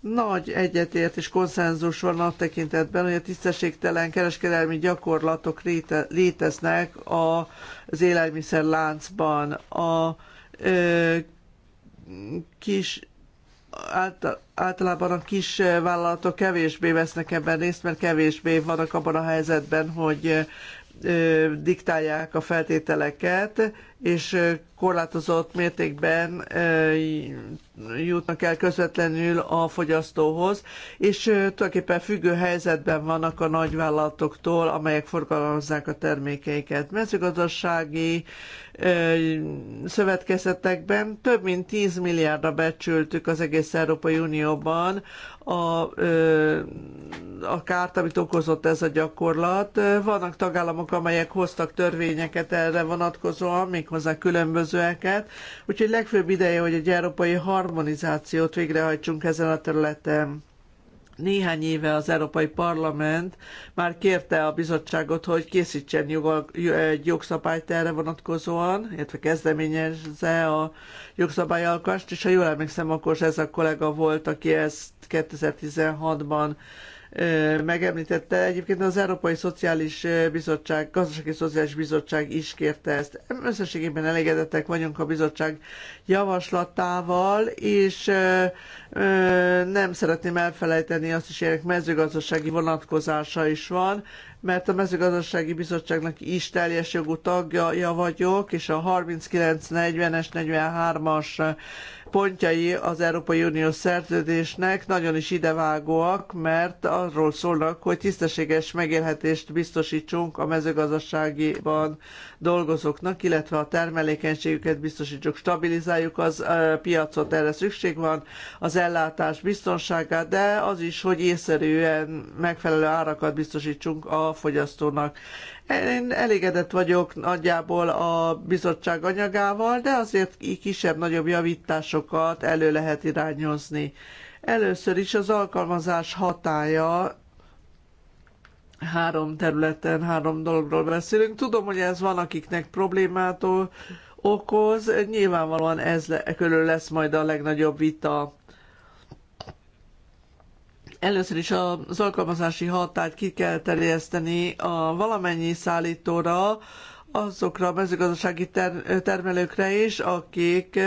nagy egyetért és konszenzus van a tekintetben, hogy a tisztességtelen kereskedelmi gyakorlatok léte, léteznek a, az élelmiszer láncban. A ö, kis által, általában a kis vállalatok kevésbé vesznek ebben részt, mert kevésbé vannak abban a helyzetben, hogy diktálják a feltételeket, és korlátozott mértékben jutnak el közvetlenül a fogyasztóhoz, és tulajdonképpen függő helyzetben vannak a nagyvállalatoktól, amelyek forgalmazzák a termékeiket. Mezőgazdasági szövetkezetekben több mint 10 milliárdra becsültük az egész Európai Unióban a, a kárt, amit okozott ez a gyakorlat. Vannak tagállamok, amelyek hoztak törvényeket erre vonatkozóan, méghozzá különbözőeket, úgyhogy legfőbb ideje, hogy egy európai harmonizációt végrehajtsunk ezen a területen néhány éve az Európai Parlament már kérte a bizottságot, hogy készítsen egy jogszabályt erre vonatkozóan, illetve kezdeményezze a jogszabályalkást, és ha jól emlékszem, akkor ez a kollega volt, aki ezt 2016-ban megemlítette. Egyébként az Európai Szociális Bizottság, Gazdasági Szociális Bizottság is kérte ezt. Összességében elégedettek vagyunk a bizottság javaslatával, és nem szeretném elfelejteni azt is, hogy mezőgazdasági vonatkozása is van, mert a mezőgazdasági bizottságnak is teljes jogú tagja vagyok, és a 39-40-es, 43-as pontjai az Európai Unió szerződésnek nagyon is idevágóak, mert arról szólnak, hogy tisztességes megélhetést biztosítsunk a mezőgazdaságiban dolgozóknak, illetve a termelékenységüket biztosítsuk, stabilizáljuk az piacot, erre szükség van, az ellátás biztonságát, de az is, hogy észszerűen megfelelő árakat biztosítsunk a fogyasztónak. Én elégedett vagyok nagyjából a bizottság anyagával, de azért kisebb-nagyobb javításokat elő lehet irányozni. Először is az alkalmazás hatája három területen, három dologról beszélünk. Tudom, hogy ez van, akiknek problémát okoz. Nyilvánvalóan ez le, körül lesz majd a legnagyobb vita. Először is az alkalmazási hatát ki kell terjeszteni a valamennyi szállítóra, azokra a mezőgazdasági termelőkre is, akik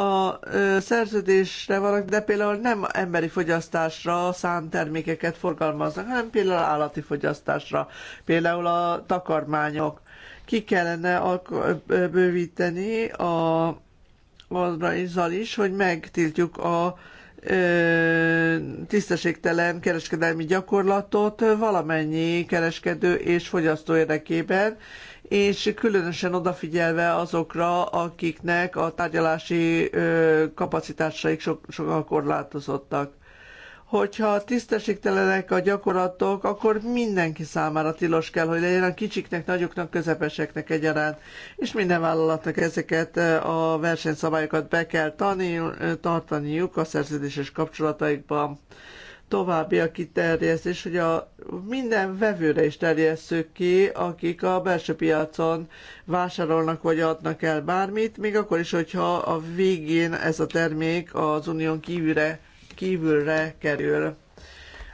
a szerződésre vannak, de például nem emberi fogyasztásra szánt termékeket forgalmaznak, hanem például állati fogyasztásra, például a takarmányok. Ki kellene bővíteni a, azzal is, hogy megtiltjuk a tisztességtelen kereskedelmi gyakorlatot valamennyi kereskedő és fogyasztó érdekében, és különösen odafigyelve azokra, akiknek a tárgyalási kapacitásaik so- sokkal korlátozottak hogyha tisztességtelenek a gyakorlatok, akkor mindenki számára tilos kell, hogy legyen a kicsiknek, nagyoknak, közepeseknek egyaránt, és minden vállalatnak ezeket a versenyszabályokat be kell tanítaniuk tartaniuk a szerződéses kapcsolataikban további a kiterjesztés, hogy a minden vevőre is terjesszük ki, akik a belső piacon vásárolnak vagy adnak el bármit, még akkor is, hogyha a végén ez a termék az unión kívülre, kívülre kerül.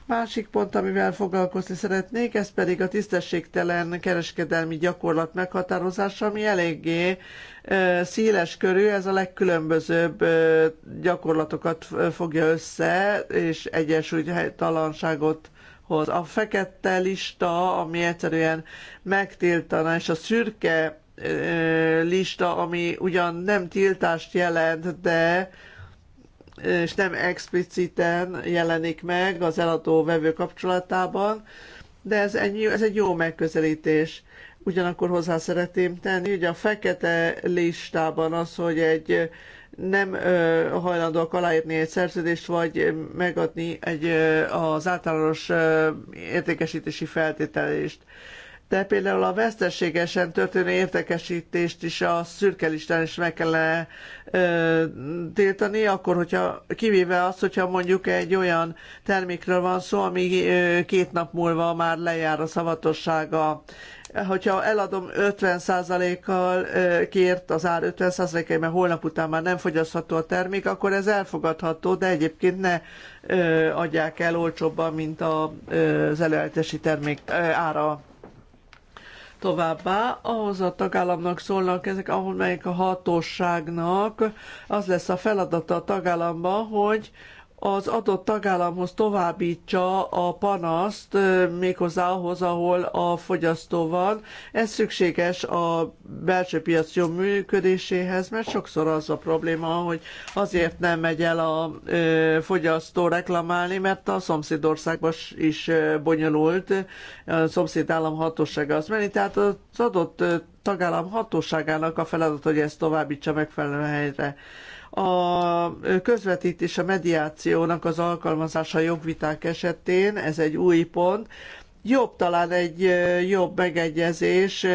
Másik pont, amivel foglalkozni szeretnék, ez pedig a tisztességtelen kereskedelmi gyakorlat meghatározása, ami eléggé széles körű, ez a legkülönbözőbb gyakorlatokat fogja össze, és egyensúlytalanságot hoz. A fekete lista, ami egyszerűen megtiltana, és a szürke lista, ami ugyan nem tiltást jelent, de és nem expliciten jelenik meg az eladó-vevő kapcsolatában, de ez, ennyi, ez egy jó megközelítés. Ugyanakkor hozzá szeretném tenni, hogy a fekete listában az, hogy egy nem ö, hajlandóak aláírni egy szerződést, vagy megadni egy, ö, az általános ö, értékesítési feltételést de például a veszteségesen történő értekesítést is a szürke listán is meg kellene ö, tiltani, akkor hogyha kivéve azt, hogyha mondjuk egy olyan termékről van szó, ami ö, két nap múlva már lejár a szavatossága, hogyha eladom 50%-kal kért az ár 50%-ai, mert holnap után már nem fogyasztható a termék, akkor ez elfogadható, de egyébként ne adják el olcsóbban, mint az előállítási termék ára. Továbbá ahhoz a tagállamnak szólnak ezek, ahol melyik a hatóságnak az lesz a feladata a tagállamban, hogy az adott tagállamhoz továbbítsa a panaszt méghozzá ahhoz, ahol a fogyasztó van. Ez szükséges a belső piac jó működéséhez, mert sokszor az a probléma, hogy azért nem megy el a fogyasztó reklamálni, mert a szomszédországban is bonyolult, a szomszéd állam hatósága az menni, tehát az adott tagállam hatóságának a feladat, hogy ezt továbbítsa megfelelő helyre. A közvetítés a mediációnak az alkalmazása jogviták esetén, ez egy új pont, jobb talán egy jobb megegyezés,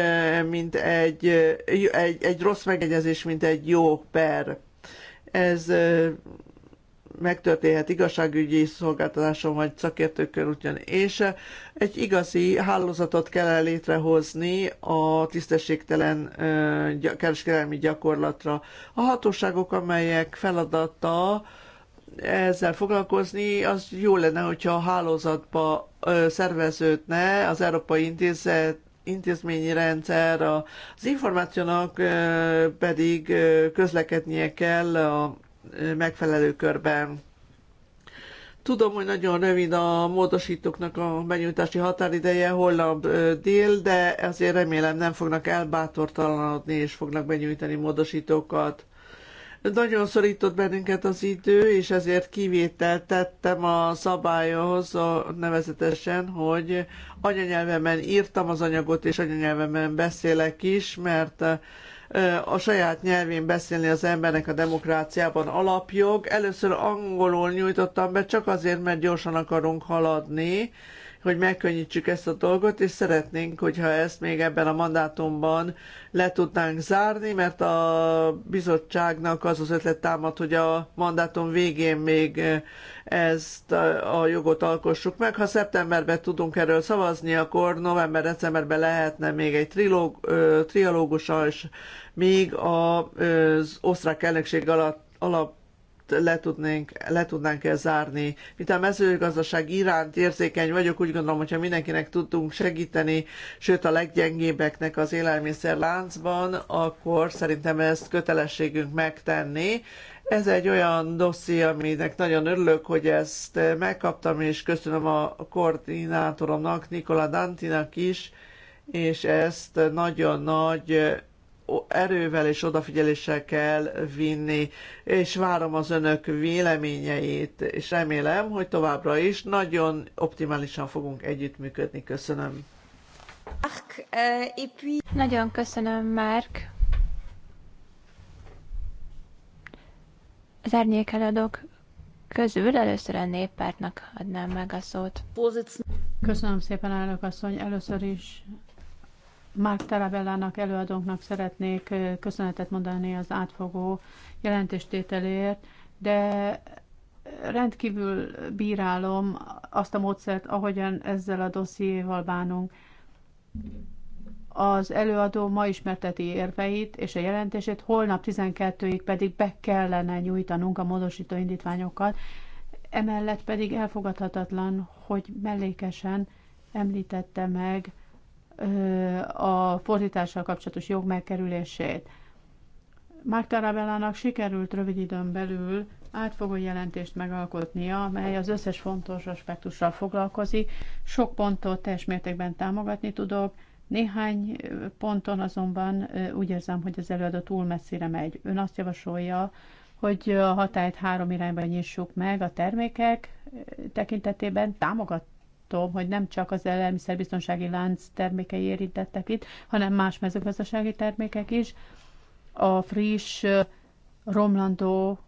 mint egy, egy, egy rossz megegyezés, mint egy jó per. Ez megtörténhet igazságügyi szolgáltatáson vagy szakértőkör útján, és egy igazi hálózatot kell létrehozni a tisztességtelen kereskedelmi gyakorlatra. A hatóságok, amelyek feladata ezzel foglalkozni, az jó lenne, hogyha a hálózatba szerveződne az Európai Intézet intézményi rendszer, az információnak pedig közlekednie kell a megfelelő körben. Tudom, hogy nagyon rövid a módosítóknak a benyújtási határideje, holnap dél, de azért remélem nem fognak elbátortalanodni és fognak benyújtani módosítókat. Nagyon szorított bennünket az idő, és ezért kivételt tettem a szabályhoz, a, nevezetesen, hogy anyanyelvemen írtam az anyagot, és anyanyelvemen beszélek is, mert a saját nyelvén beszélni az embernek a demokráciában alapjog. Először angolul nyújtottam be, csak azért, mert gyorsan akarunk haladni, hogy megkönnyítsük ezt a dolgot, és szeretnénk, hogyha ezt még ebben a mandátumban le tudnánk zárni, mert a bizottságnak az az ötlet támad, hogy a mandátum végén még ezt a jogot alkossuk meg. Ha szeptemberben tudunk erről szavazni, akkor november-decemberben lehetne még egy trilóg, trialógusa, és még az osztrák elnökség alatt alap le, tudnénk, le tudnánk-e zárni. Mint a mezőgazdaság iránt érzékeny vagyok, úgy gondolom, hogyha mindenkinek tudtunk segíteni, sőt a leggyengébbeknek az élelmiszerláncban, akkor szerintem ezt kötelességünk megtenni. Ez egy olyan dosszi, aminek nagyon örülök, hogy ezt megkaptam, és köszönöm a koordinátoromnak, Nikola Dantinak is, és ezt nagyon nagy erővel és odafigyeléssel kell vinni, és várom az önök véleményeit, és remélem, hogy továbbra is nagyon optimálisan fogunk együttműködni. Köszönöm. Eh, nagyon köszönöm, Márk. Az árnyékeladók közül először a néppártnak adnám meg a szót. Köszönöm szépen, elnök asszony. Először is Mark Tarabellának előadónknak szeretnék köszönetet mondani az átfogó jelentéstételért, de rendkívül bírálom azt a módszert, ahogyan ezzel a dossziéval bánunk. Az előadó ma ismerteti érveit és a jelentését, holnap 12-ig pedig be kellene nyújtanunk a módosító indítványokat, emellett pedig elfogadhatatlan, hogy mellékesen említette meg a fordítással kapcsolatos jog megkerülését. Mark Tarabellának sikerült rövid időn belül átfogó jelentést megalkotnia, mely az összes fontos aspektussal foglalkozik. Sok pontot teljes mértékben támogatni tudok, néhány ponton azonban úgy érzem, hogy az előadó túl messzire megy. Ön azt javasolja, hogy a hatályt három irányban nyissuk meg a termékek tekintetében, támogat, látom, hogy nem csak az elelmiszerbiztonsági lánc termékei érintettek itt, hanem más mezőgazdasági termékek is. A friss, romlandó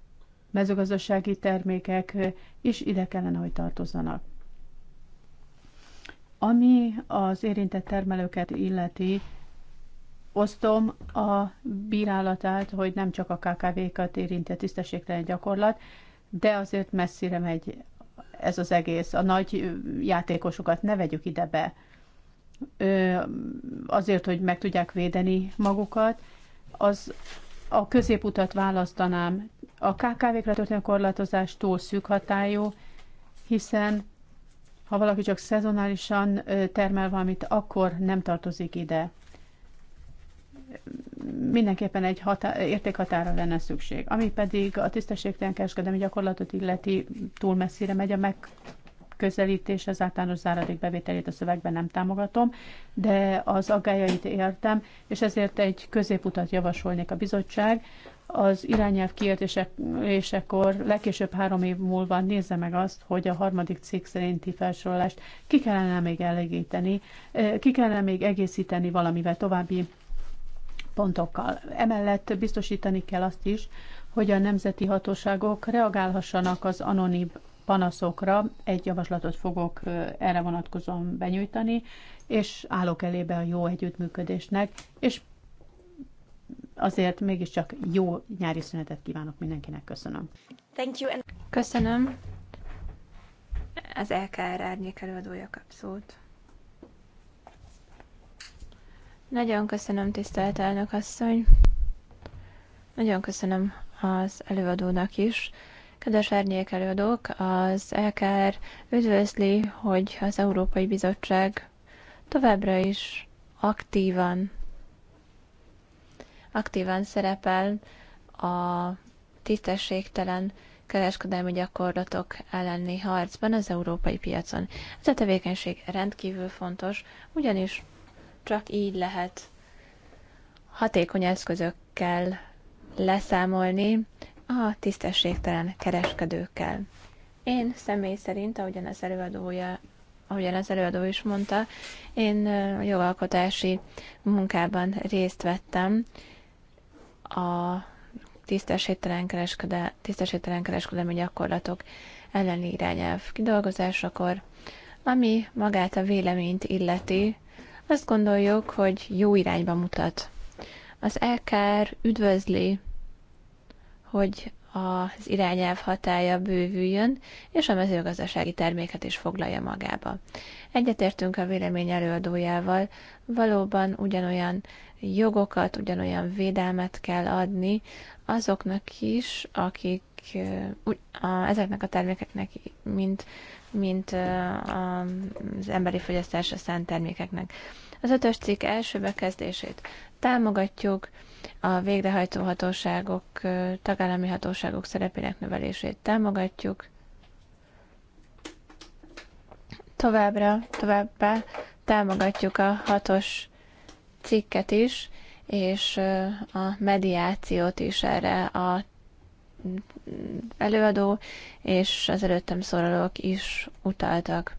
mezőgazdasági termékek is ide kellene, hogy tartozzanak. Ami az érintett termelőket illeti, osztom a bírálatát, hogy nem csak a KKV-kat érintett tisztességtelen gyakorlat, de azért messzire megy ez az egész. A nagy játékosokat ne vegyük ide be azért, hogy meg tudják védeni magukat, az a középutat választanám. A KKV-kra történő korlátozás túl szűk hatályú, hiszen ha valaki csak szezonálisan termel valamit, akkor nem tartozik ide mindenképpen egy hatá- értékhatára lenne szükség. Ami pedig a tisztességtelen kereskedelmi gyakorlatot illeti, túl messzire megy a megközelítés, az általános záradék bevételét a szövegben nem támogatom, de az aggájait értem, és ezért egy középutat javasolnék a bizottság. Az irányelv kiértésekor legkésőbb három év múlva nézze meg azt, hogy a harmadik cikk szerinti felsorolást ki kellene még elégíteni, eh, ki kellene még egészíteni valamivel további pontokkal. Emellett biztosítani kell azt is, hogy a nemzeti hatóságok reagálhassanak az anonim panaszokra. Egy javaslatot fogok erre vonatkozóan benyújtani, és állok elébe a jó együttműködésnek, és azért mégiscsak jó nyári szünetet kívánok mindenkinek. Köszönöm. Thank you. and Köszönöm. Az LKR árnyék előadója kap szót. Nagyon köszönöm, tisztelt elnök asszony. Nagyon köszönöm az előadónak is. Kedves árnyék előadók, az LKR üdvözli, hogy az Európai Bizottság továbbra is aktívan, aktívan szerepel a tisztességtelen kereskedelmi gyakorlatok elleni harcban az európai piacon. Ez a tevékenység rendkívül fontos, ugyanis csak így lehet hatékony eszközökkel leszámolni a tisztességtelen kereskedőkkel. Én személy szerint, ahogyan az előadója ahogyan az előadó is mondta, én jogalkotási munkában részt vettem a tisztességtelen, kereskedelmi gyakorlatok elleni irányelv kidolgozásakor, ami magát a véleményt illeti, azt gondoljuk, hogy jó irányba mutat. Az LKR üdvözli, hogy az irányelv hatája bővüljön, és a mezőgazdasági terméket is foglalja magába. Egyetértünk a vélemény előadójával, valóban ugyanolyan jogokat, ugyanolyan védelmet kell adni azoknak is, akik ezeknek a termékeknek, mint, mint az emberi fogyasztásra szánt termékeknek. Az ötös cikk első bekezdését támogatjuk, a végrehajtó hatóságok, tagállami hatóságok szerepének növelését támogatjuk. Továbbra, továbbá támogatjuk a hatos cikket is, és a mediációt is erre a előadó és az előttem szorolók is utaltak.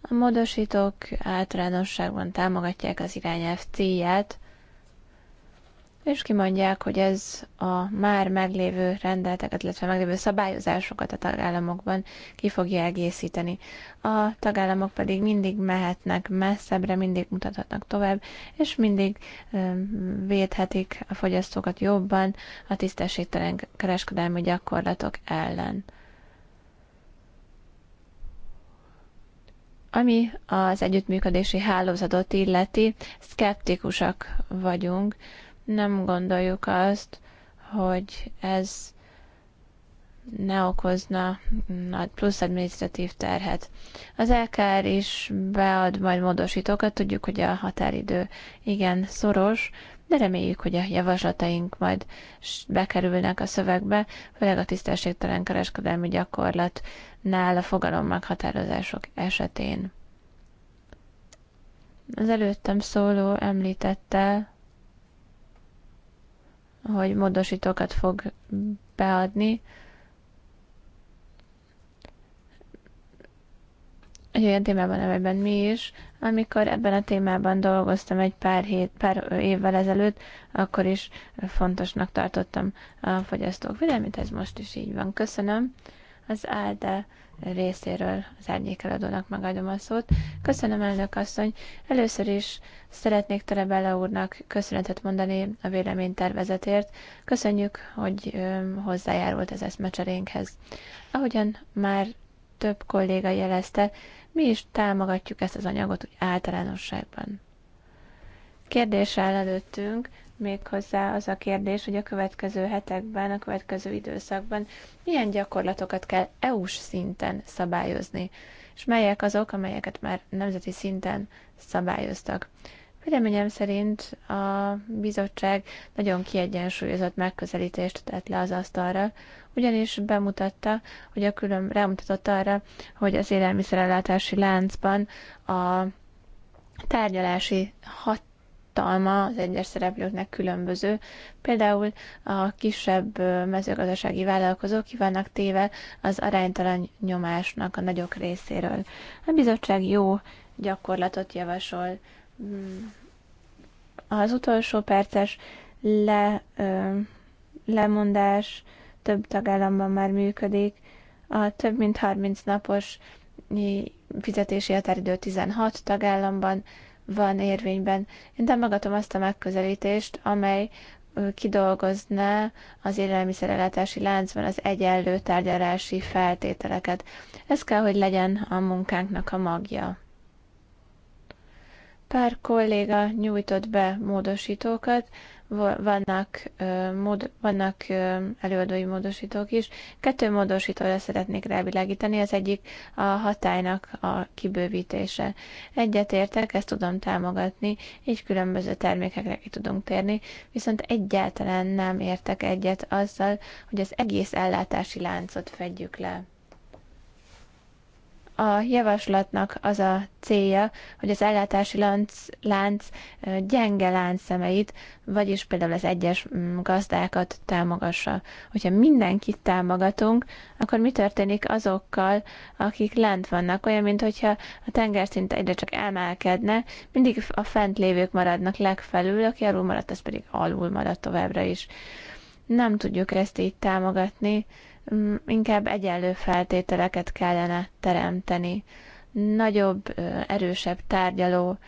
A módosítók általánosságban támogatják az irányelv célját, és kimondják, hogy ez a már meglévő rendeleteket, illetve meglévő szabályozásokat a tagállamokban ki fogja egészíteni. A tagállamok pedig mindig mehetnek messzebbre, mindig mutathatnak tovább, és mindig védhetik a fogyasztókat jobban a tisztességtelen kereskedelmi gyakorlatok ellen. Ami az együttműködési hálózatot illeti, szkeptikusak vagyunk, nem gondoljuk azt, hogy ez ne okozna nagy plusz adminisztratív terhet. Az LKR is bead majd módosítókat, tudjuk, hogy a határidő igen szoros, de reméljük, hogy a javaslataink majd bekerülnek a szövegbe, főleg a tisztességtelen kereskedelmi gyakorlatnál a fogalom meghatározások esetén. Az előttem szóló említette hogy módosítókat fog beadni. Egy olyan témában, amelyben mi is, amikor ebben a témában dolgoztam egy pár, hét, pár évvel ezelőtt, akkor is fontosnak tartottam a fogyasztók védelmét, ez most is így van. Köszönöm az ALDE részéről az árnyékeladónak megadom a szót. Köszönöm, elnök asszony. Először is szeretnék Terebella úrnak köszönetet mondani a véleménytervezetért. Köszönjük, hogy hozzájárult az eszmecserénkhez. Ahogyan már több kolléga jelezte, mi is támogatjuk ezt az anyagot úgy általánosságban. Kérdés áll előttünk, méghozzá az a kérdés, hogy a következő hetekben, a következő időszakban milyen gyakorlatokat kell EU-s szinten szabályozni, és melyek azok, amelyeket már nemzeti szinten szabályoztak. Véleményem szerint a bizottság nagyon kiegyensúlyozott megközelítést tett le az asztalra, ugyanis bemutatta, hogy a külön, rámutatott arra, hogy az élelmiszerellátási láncban a tárgyalási hat tartalma az egyes szereplőknek különböző. Például a kisebb mezőgazdasági vállalkozók kívánnak téve az aránytalan nyomásnak a nagyok részéről. A bizottság jó gyakorlatot javasol. Mm, az utolsó perces le, ö, lemondás több tagállamban már működik. A több mint 30 napos fizetési határidő 16 tagállamban, van érvényben. Én támogatom azt a megközelítést, amely kidolgozná az élelmiszerelátási láncban az egyenlő tárgyalási feltételeket. Ez kell, hogy legyen a munkánknak a magja. Pár kolléga nyújtott be módosítókat, vannak, mód, vannak előadói módosítók is. Kettő módosítóra szeretnék rávilágítani, az egyik a hatálynak a kibővítése. Egyetértek, ezt tudom támogatni, így különböző termékekre ki tudunk térni, viszont egyáltalán nem értek egyet azzal, hogy az egész ellátási láncot fedjük le. A javaslatnak az a célja, hogy az ellátási lánc, lánc gyenge láncszemeit, vagyis például az egyes mm, gazdákat támogassa. Hogyha mindenkit támogatunk, akkor mi történik azokkal, akik lent vannak? Olyan, mint hogyha a tengerszint egyre csak emelkedne, mindig a fent lévők maradnak legfelül, aki alul maradt, az pedig alul marad továbbra is. Nem tudjuk ezt így támogatni Mm, inkább egyenlő feltételeket kellene teremteni. Nagyobb, erősebb tárgyaló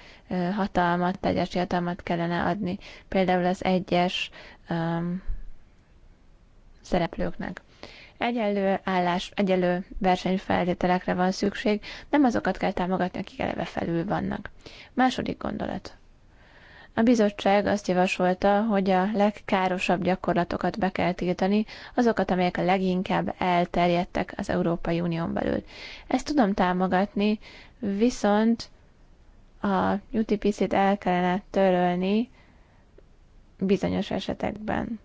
hatalmat, tegyes hatalmat kellene adni, például az egyes um, szereplőknek egyenlő állás, egyenlő versenyfeltételekre van szükség, nem azokat kell támogatni, akik eleve felül vannak. Második gondolat. A bizottság azt javasolta, hogy a legkárosabb gyakorlatokat be kell tiltani, azokat, amelyek a leginkább elterjedtek az Európai Unión belül. Ezt tudom támogatni, viszont a UTPC-t el kellene törölni bizonyos esetekben.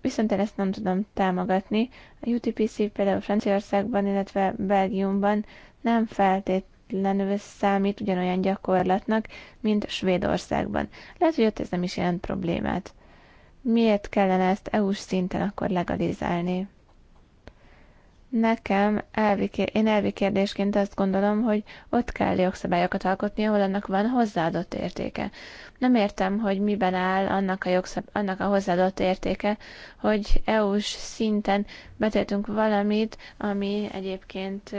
Viszont én ezt nem tudom támogatni. A UTPC például Franciaországban, illetve Belgiumban nem feltétlenül feltétlenül számít ugyanolyan gyakorlatnak, mint Svédországban. Lehet, hogy ott ez nem is jelent problémát. Miért kellene ezt EU-s szinten akkor legalizálni? Nekem elvi, én elvi kérdésként azt gondolom, hogy ott kell jogszabályokat alkotni, ahol annak van hozzáadott értéke. Nem értem, hogy miben áll annak a, jogszab, annak a hozzáadott értéke, hogy EU-s szinten betöltünk valamit, ami egyébként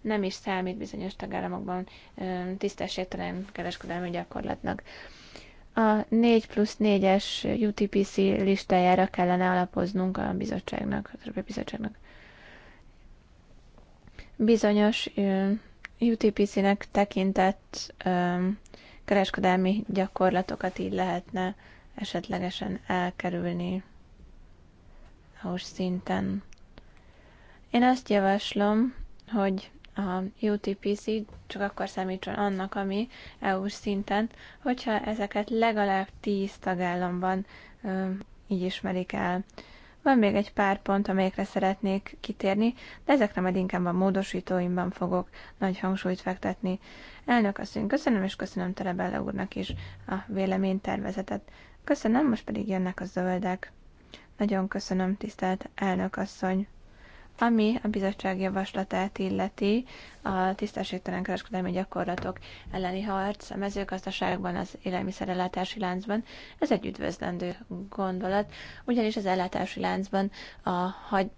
nem is számít bizonyos tagállamokban tisztességtelen kereskedelmi gyakorlatnak a 4 plusz 4-es UTPC listájára kellene alapoznunk a bizottságnak, a bizottságnak bizonyos UTPC-nek tekintett kereskedelmi gyakorlatokat így lehetne esetlegesen elkerülni EU-s szinten. Én azt javaslom, hogy a UTPC csak akkor számítson annak, ami EU-s szinten, hogyha ezeket legalább 10 tagállamban ö, így ismerik el. Van még egy pár pont, amelyekre szeretnék kitérni, de ezekre majd inkább a módosítóimban fogok nagy hangsúlyt fektetni. Elnök asszony, köszönöm, és köszönöm Terebella úrnak is a véleménytervezetet. Köszönöm, most pedig jönnek a zöldek. Nagyon köszönöm, tisztelt elnök asszony. Ami a bizottság javaslatát illeti, a tisztességtelen kereskedelmi gyakorlatok elleni harc a mezőgazdaságban, az élelmiszerellátási láncban, ez egy üdvözlendő gondolat, ugyanis az ellátási láncban a, hagy,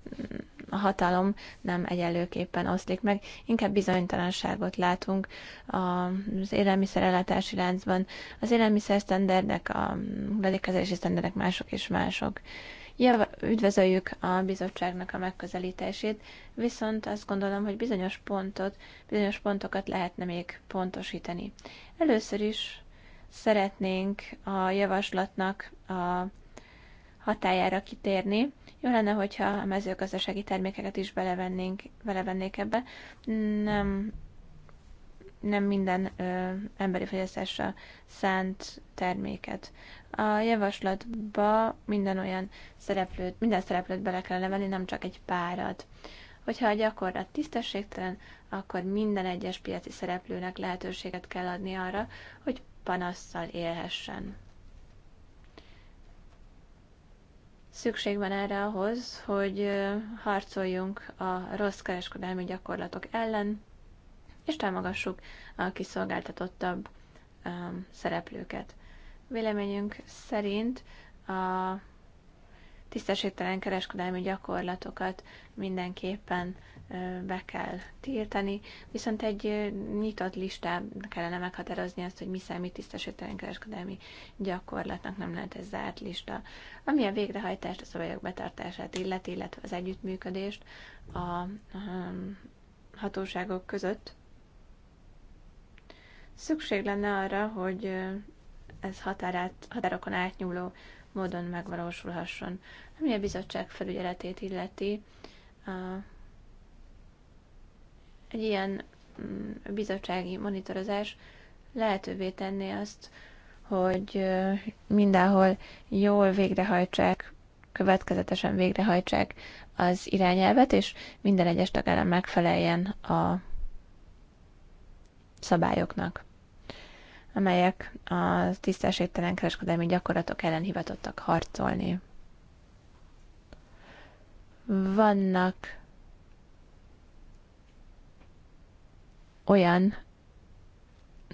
a hatalom nem egyenlőképpen oszlik meg, inkább bizonytalanságot látunk az élelmiszerellátási láncban, az élelmiszer sztenderdek, a hulladékkezelési sztenderdek mások és mások. Jav, üdvözöljük a bizottságnak a megközelítését, viszont azt gondolom, hogy bizonyos pontot, bizonyos pontokat lehetne még pontosítani. Először is szeretnénk a javaslatnak a hatájára kitérni. Jó lenne, hogyha a mezőgazdasági termékeket is belevennénk, belevennék ebbe. Nem nem minden ö, emberi fogyasztásra szánt terméket. A javaslatba minden olyan szereplőt, minden szereplőt bele kell nevelni, nem csak egy párat. Hogyha a gyakorlat tisztességtelen, akkor minden egyes piaci szereplőnek lehetőséget kell adni arra, hogy panasszal élhessen. Szükség van erre ahhoz, hogy harcoljunk a rossz kereskedelmi gyakorlatok ellen, és támogassuk a kiszolgáltatottabb um, szereplőket. Véleményünk szerint a tisztességtelen kereskedelmi gyakorlatokat mindenképpen be kell tiltani, viszont egy nyitott listán kellene meghatározni azt, hogy mi számít tisztességtelen kereskedelmi gyakorlatnak, nem lehet ez zárt lista. Ami a végrehajtást, a szabályok betartását illeti, illetve az együttműködést a um, hatóságok között, Szükség lenne arra, hogy ez határát, határokon átnyúló módon megvalósulhasson. Ami a bizottság felügyeletét illeti, a, egy ilyen mm, bizottsági monitorozás lehetővé tenné azt, hogy mindenhol jól végrehajtsák, következetesen végrehajtsák az irányelvet, és minden egyes tagállam megfeleljen a szabályoknak, amelyek a tisztességtelen kereskedelmi gyakorlatok ellen hivatottak harcolni. Vannak olyan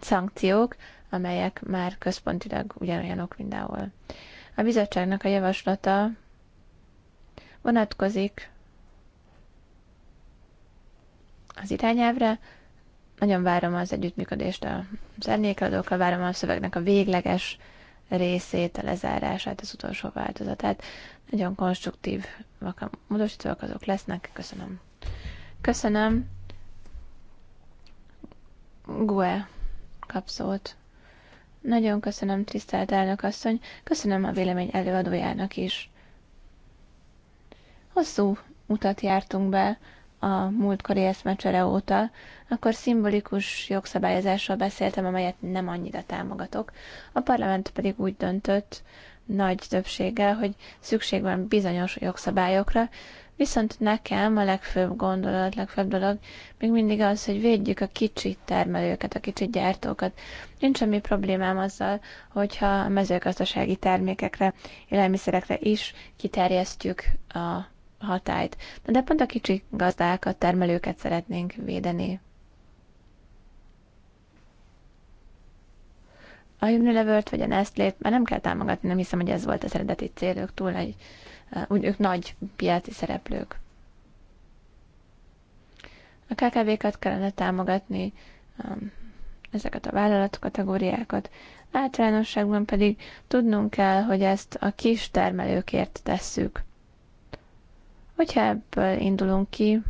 szankciók, amelyek már központilag ugyanolyanok mindenhol. A bizottságnak a javaslata vonatkozik az irányelvre, nagyon várom az együttműködést a zenékeladókkal, várom a szövegnek a végleges részét, a lezárását, az utolsó változatát. Nagyon konstruktív a módosítók azok lesznek. Köszönöm. Köszönöm. Gue kapszót. Nagyon köszönöm, tisztelt elnök asszony. Köszönöm a vélemény előadójának is. Hosszú utat jártunk be, a múltkori eszmecsere óta, akkor szimbolikus jogszabályozásról beszéltem, amelyet nem annyira támogatok. A parlament pedig úgy döntött nagy többséggel, hogy szükség van bizonyos jogszabályokra, viszont nekem a legfőbb gondolat, legfőbb dolog még mindig az, hogy védjük a kicsi termelőket, a kicsi gyártókat. Nincs semmi problémám azzal, hogyha a mezőgazdasági termékekre, élelmiszerekre is kiterjesztjük a hatályt. De pont a kicsi gazdákat, termelőket szeretnénk védeni. A Unilevert vagy a nestlé már nem kell támogatni, nem hiszem, hogy ez volt az eredeti cél, ők túl egy eh, úgy ők nagy piaci szereplők. A KKV-kat kellene támogatni, um, ezeket a vállalat kategóriákat. Általánosságban pedig tudnunk kell, hogy ezt a kis termelőkért tesszük. Hogyha ebből indulunk ki,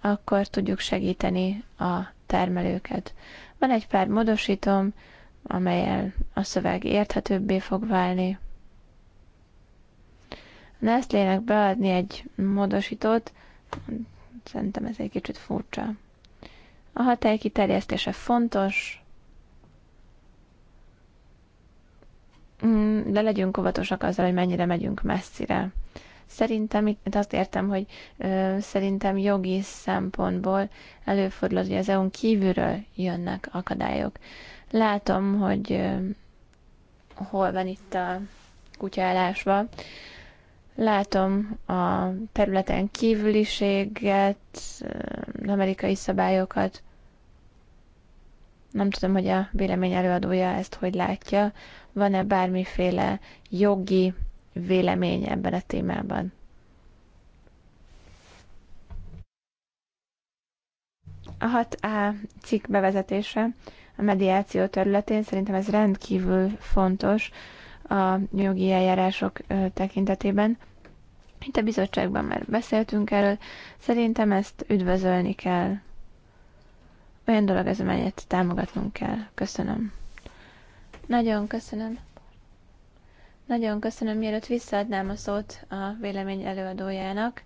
akkor tudjuk segíteni a termelőket. Van egy pár módosítom, amelyel a szöveg érthetőbbé fog válni. Nestlének beadni egy módosítót, szerintem ez egy kicsit furcsa. A hatály kiterjesztése fontos, Mm, de legyünk óvatosak azzal, hogy mennyire megyünk messzire. Szerintem itt azt értem, hogy ö, szerintem jogi szempontból előfordul, hogy az EU-n kívülről jönnek akadályok. Látom, hogy ö, hol van itt a kutyálásba. Látom a területen kívüliséget, amerikai szabályokat. Nem tudom, hogy a vélemény előadója ezt hogy látja van-e bármiféle jogi vélemény ebben a témában? A 6A cikk bevezetése a mediáció területén szerintem ez rendkívül fontos a jogi eljárások tekintetében. Itt a bizottságban már beszéltünk erről, szerintem ezt üdvözölni kell. Olyan dolog ez, amelyet támogatnunk kell. Köszönöm. Nagyon köszönöm. Nagyon köszönöm, mielőtt visszaadnám a szót a vélemény előadójának.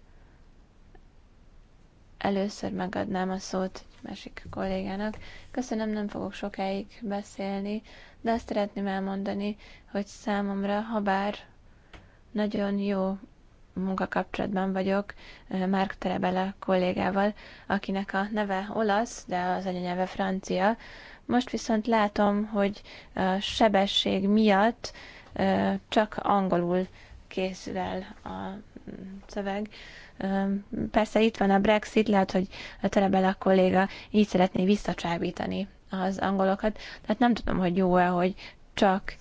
Először megadnám a szót egy másik kollégának. Köszönöm, nem fogok sokáig beszélni, de azt szeretném elmondani, hogy számomra, ha bár nagyon jó munkakapcsolatban vagyok eh, Márk Terebele kollégával, akinek a neve olasz, de az anyanyelve francia, most viszont látom, hogy a sebesség miatt csak angolul készül el a szöveg. Persze itt van a Brexit, lehet, hogy a Terebella kolléga így szeretné visszacsábítani az angolokat. Tehát nem tudom, hogy jó-e, hogy csak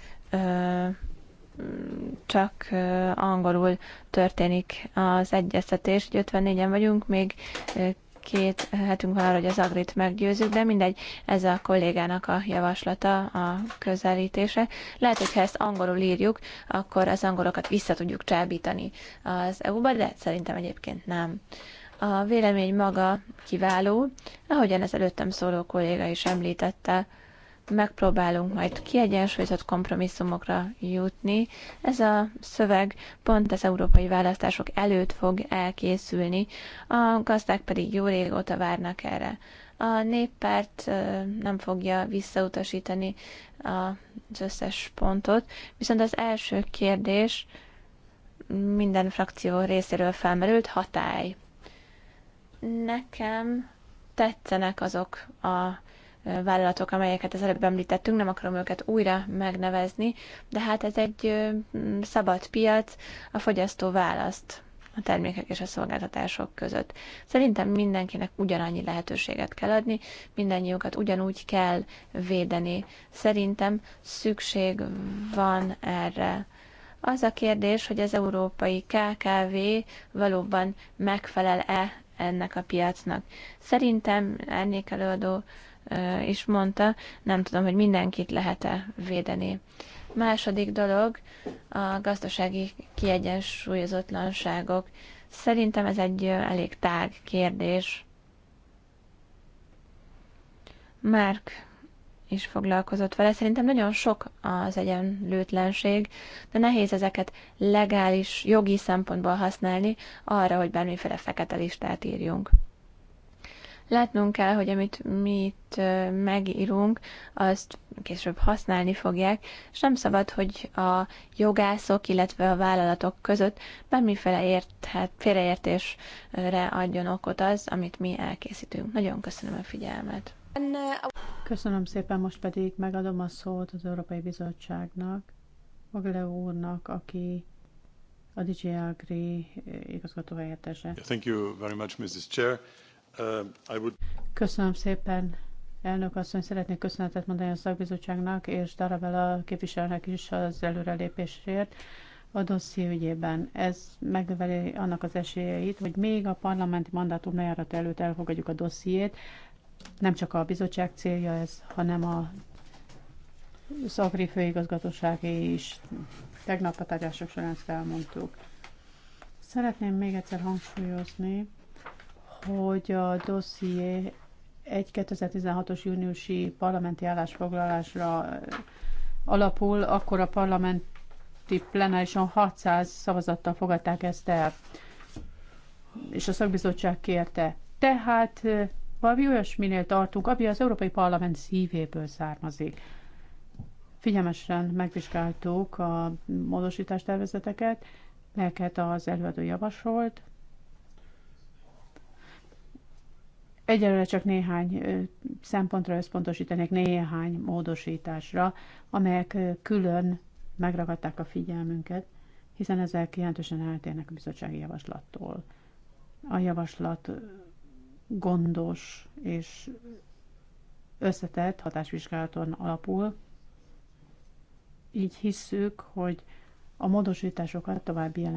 csak angolul történik az egyeztetés. 54-en vagyunk, még két hetünk van arra, hogy az agrit meggyőzzük, de mindegy, ez a kollégának a javaslata, a közelítése. Lehet, hogy ha ezt angolul írjuk, akkor az angolokat vissza tudjuk csábítani az EU-ba, de szerintem egyébként nem. A vélemény maga kiváló, ahogyan ez előttem szóló kolléga is említette, megpróbálunk majd kiegyensúlyozott kompromisszumokra jutni. Ez a szöveg pont az európai választások előtt fog elkészülni, a gazdák pedig jó régóta várnak erre. A néppárt nem fogja visszautasítani az összes pontot, viszont az első kérdés minden frakció részéről felmerült hatály. Nekem tetszenek azok a vállalatok, amelyeket az előbb említettünk, nem akarom őket újra megnevezni, de hát ez egy szabad piac, a fogyasztó választ a termékek és a szolgáltatások között. Szerintem mindenkinek ugyanannyi lehetőséget kell adni, mindannyiukat ugyanúgy kell védeni. Szerintem szükség van erre. Az a kérdés, hogy az európai KKV valóban megfelel-e ennek a piacnak. Szerintem ennék előadó is mondta, nem tudom, hogy mindenkit lehet-e védeni. Második dolog a gazdasági kiegyensúlyozatlanságok. Szerintem ez egy elég tág kérdés. Márk is foglalkozott vele. Szerintem nagyon sok az egyenlőtlenség, de nehéz ezeket legális, jogi szempontból használni arra, hogy bármiféle fekete listát írjunk. Látnunk kell, hogy amit mi itt megírunk, azt később használni fogják, és nem szabad, hogy a jogászok, illetve a vállalatok között bármiféle érthet, félreértésre adjon okot az, amit mi elkészítünk. Nagyon köszönöm a figyelmet. Köszönöm szépen, most pedig megadom a szót az Európai Bizottságnak, Magle úrnak, aki a DJ Agri igazgató helyettese. Thank you very much, Mrs. Chair. Um, Köszönöm szépen, elnök asszony. Szeretnék köszönetet mondani a szakbizottságnak és Darabella képviselőnek is az előrelépésért a dosszi ügyében. Ez megnöveli annak az esélyeit, hogy még a parlamenti mandátum lejárat előtt elfogadjuk a dossziét. Nem csak a bizottság célja ez, hanem a Szakri főigazgatóságé is. Tegnap a tárgyások során ezt elmondtuk. Szeretném még egyszer hangsúlyozni, hogy a dosszié egy 2016-os júniusi parlamenti állásfoglalásra eh, alapul, akkor a parlamenti plenárison 600 szavazattal fogadták ezt el, és a szakbizottság kérte. Tehát eh, valami olyasminél tartunk, ami az Európai Parlament szívéből származik. Figyelmesen megvizsgáltuk a módosítástervezeteket, melyeket az előadó javasolt, Egyelőre csak néhány szempontra összpontosítanék, néhány módosításra, amelyek külön megragadták a figyelmünket, hiszen ezek jelentősen eltérnek a bizottsági javaslattól. A javaslat gondos és összetett hatásvizsgálaton alapul, így hisszük, hogy a módosításokat további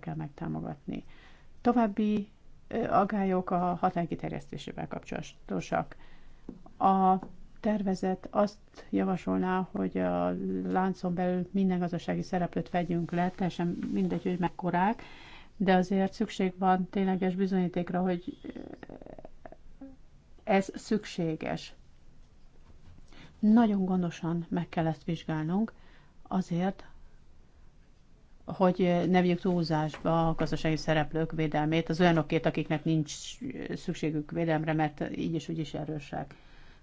kell megtámogatni. További agályok a hatály kiterjesztésével kapcsolatosak. A tervezet azt javasolná, hogy a láncon belül minden gazdasági szereplőt vegyünk le, teljesen mindegy, hogy mekkorák, de azért szükség van tényleges bizonyítékra, hogy ez szükséges. Nagyon gondosan meg kell ezt vizsgálnunk, azért, hogy ne vigyük túlzásba a gazdasági szereplők védelmét, az olyanokét, akiknek nincs szükségük védelemre, mert így is úgy is erősek.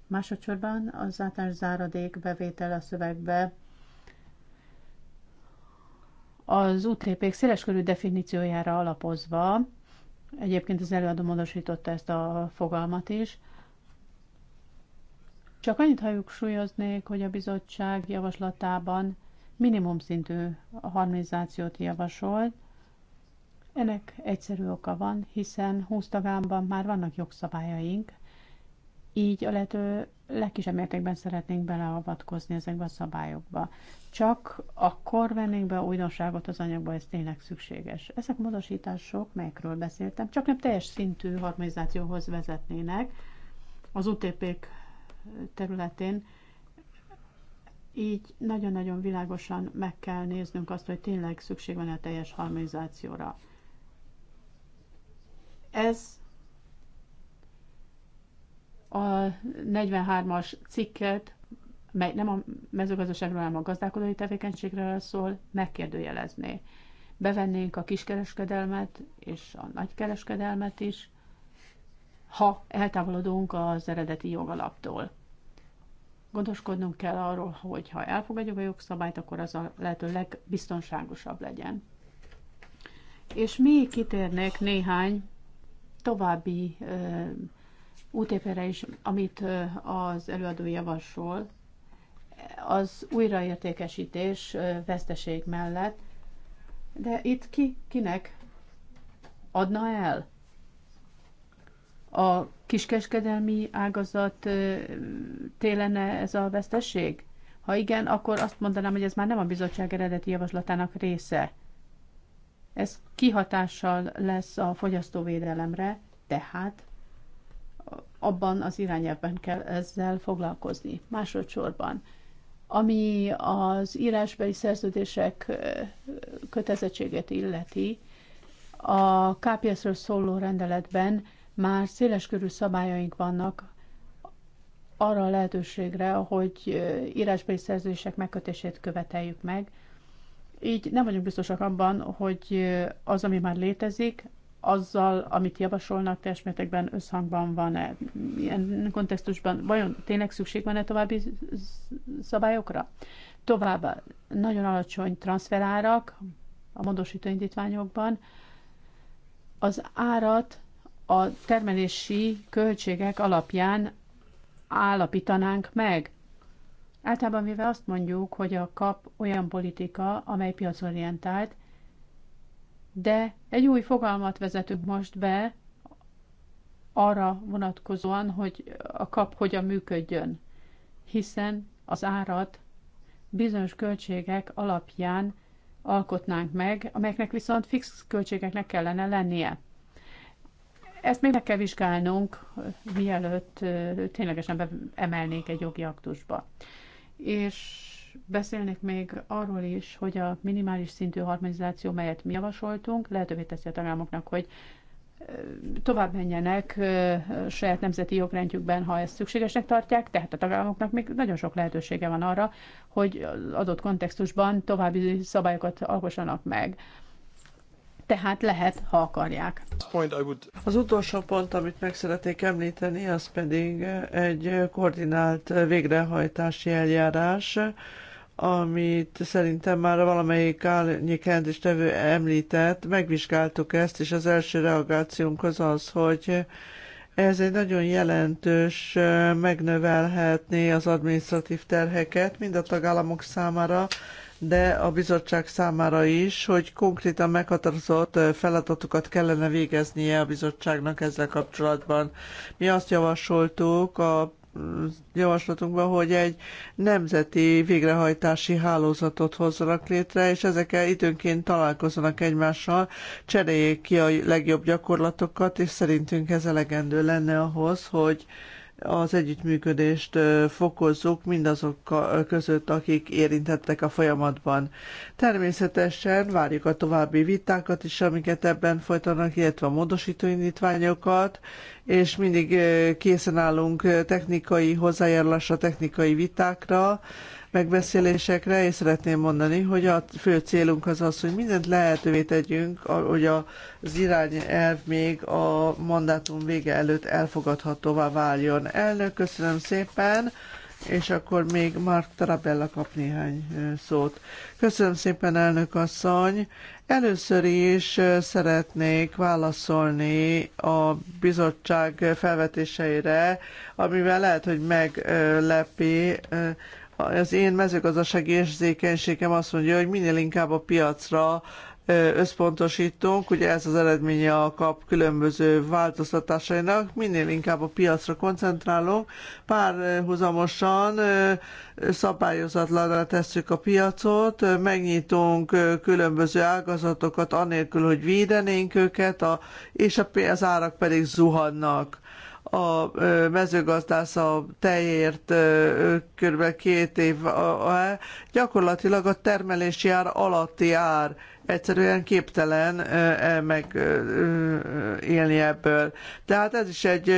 Másodszorban az általános záradék bevétel a szövegbe az útlépék széleskörű definíciójára alapozva, egyébként az előadó módosította ezt a fogalmat is, csak annyit halljuk súlyoznék, hogy a bizottság javaslatában minimum szintű harmonizációt javasol. Ennek egyszerű oka van, hiszen 20 tagámban már vannak jogszabályaink, így a lehető legkisebb mértékben szeretnénk beleavatkozni ezekbe a szabályokba. Csak akkor vennénk be újdonságot az anyagba, ez tényleg szükséges. Ezek a módosítások, melyekről beszéltem, csak nem teljes szintű harmonizációhoz vezetnének az utp területén, így nagyon-nagyon világosan meg kell néznünk azt, hogy tényleg szükség van a teljes harmonizációra. Ez a 43-as cikket, mely nem a mezőgazdaságról, hanem a gazdálkodói tevékenységről szól, megkérdőjelezné. Bevennénk a kiskereskedelmet és a nagykereskedelmet is, ha eltávolodunk az eredeti jogalaptól. Gondoskodnunk kell arról, hogy ha elfogadjuk a jogszabályt, akkor az a lehető legbiztonságosabb legyen. És még kitérnék néhány további útépére is, amit az előadó javasol, az újraértékesítés veszteség mellett, de itt ki, kinek adna el? A kiskeskedelmi ágazat télene ez a veszteség? Ha igen, akkor azt mondanám, hogy ez már nem a bizottság eredeti javaslatának része. Ez kihatással lesz a fogyasztóvédelemre, tehát abban az irányelvben kell ezzel foglalkozni. Másodszorban, ami az írásbeli szerződések kötelezettséget illeti, a KPS-ről szóló rendeletben már széleskörű szabályaink vannak arra a lehetőségre, hogy írásbeli szerződések megkötését követeljük meg. Így nem vagyunk biztosak abban, hogy az, ami már létezik, azzal, amit javasolnak, teljes mértékben összhangban van-e? Ilyen kontextusban vajon tényleg szükség van-e további szabályokra? Továbbá nagyon alacsony transferárak a módosító indítványokban. Az árat a termelési költségek alapján állapítanánk meg. Általában mivel azt mondjuk, hogy a kap olyan politika, amely piacorientált, de egy új fogalmat vezetünk most be arra vonatkozóan, hogy a kap hogyan működjön, hiszen az árat bizonyos költségek alapján alkotnánk meg, amelyeknek viszont fix költségeknek kellene lennie. Ezt még meg kell vizsgálnunk, mielőtt ténylegesen emelnék egy jogi aktusba. És beszélnék még arról is, hogy a minimális szintű harmonizáció, melyet mi javasoltunk, lehetővé teszi a tagállamoknak, hogy tovább menjenek saját nemzeti jogrendjükben, ha ezt szükségesnek tartják, tehát a tagállamoknak még nagyon sok lehetősége van arra, hogy adott kontextusban további szabályokat alkossanak meg tehát lehet, ha akarják. Az utolsó pont, amit meg szeretnék említeni, az pedig egy koordinált végrehajtási eljárás, amit szerintem már valamelyik is tevő említett, megvizsgáltuk ezt, és az első reagációnk az az, hogy ez egy nagyon jelentős, megnövelhetné az adminisztratív terheket, mind a tagállamok számára, de a bizottság számára is, hogy konkrétan meghatározott feladatokat kellene végeznie a bizottságnak ezzel kapcsolatban. Mi azt javasoltuk a javaslatunkban, hogy egy nemzeti végrehajtási hálózatot hozzanak létre, és ezekkel időnként találkozzanak egymással, cseréljék ki a legjobb gyakorlatokat, és szerintünk ez elegendő lenne ahhoz, hogy az együttműködést fokozzuk mindazok között, akik érintettek a folyamatban. Természetesen várjuk a további vitákat is, amiket ebben folytanak, illetve a módosító indítványokat, és mindig készen állunk technikai hozzájárulásra, technikai vitákra, megbeszélésekre, és szeretném mondani, hogy a fő célunk az az, hogy mindent lehetővé tegyünk, hogy az irányelv még a mandátum vége előtt elfogadhatóvá váljon. Elnök, köszönöm szépen! és akkor még Mark Tarabella kap néhány szót. Köszönöm szépen, elnök asszony! Először is szeretnék válaszolni a bizottság felvetéseire, amivel lehet, hogy meglepi az én mezőgazdasági érzékenységem azt mondja, hogy minél inkább a piacra összpontosítunk, ugye ez az eredménye a kap különböző változtatásainak, minél inkább a piacra koncentrálunk, párhuzamosan szabályozatlanra tesszük a piacot, megnyitunk különböző ágazatokat anélkül, hogy védenénk őket, a, és a, az árak pedig zuhannak a mezőgazdász a tejért kb. két év gyakorlatilag a termelési ár alatti ár egyszerűen képtelen e, megélni ebből. Tehát ez is egy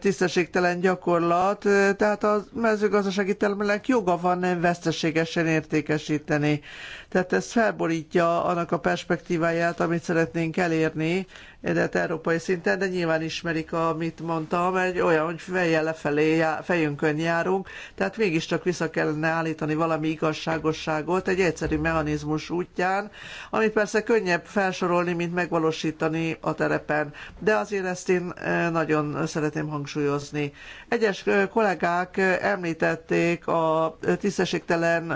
tisztességtelen gyakorlat, tehát a mezőgazdasági termelek joga van nem veszteségesen értékesíteni. Tehát ez felborítja annak a perspektíváját, amit szeretnénk elérni, de európai szinten, de nyilván ismerik, amit mondtam, egy olyan, hogy fejjel lefelé, já, fejünkön járunk, tehát mégiscsak vissza kellene állítani valami igazságosságot egy egyszerű mechanizmus útján, amit persze könnyebb felsorolni, mint megvalósítani a terepen, de azért ezt én e, nagyon szeretném hangsúlyozni. Egyes e, kollégák e, említették a tisztességtelen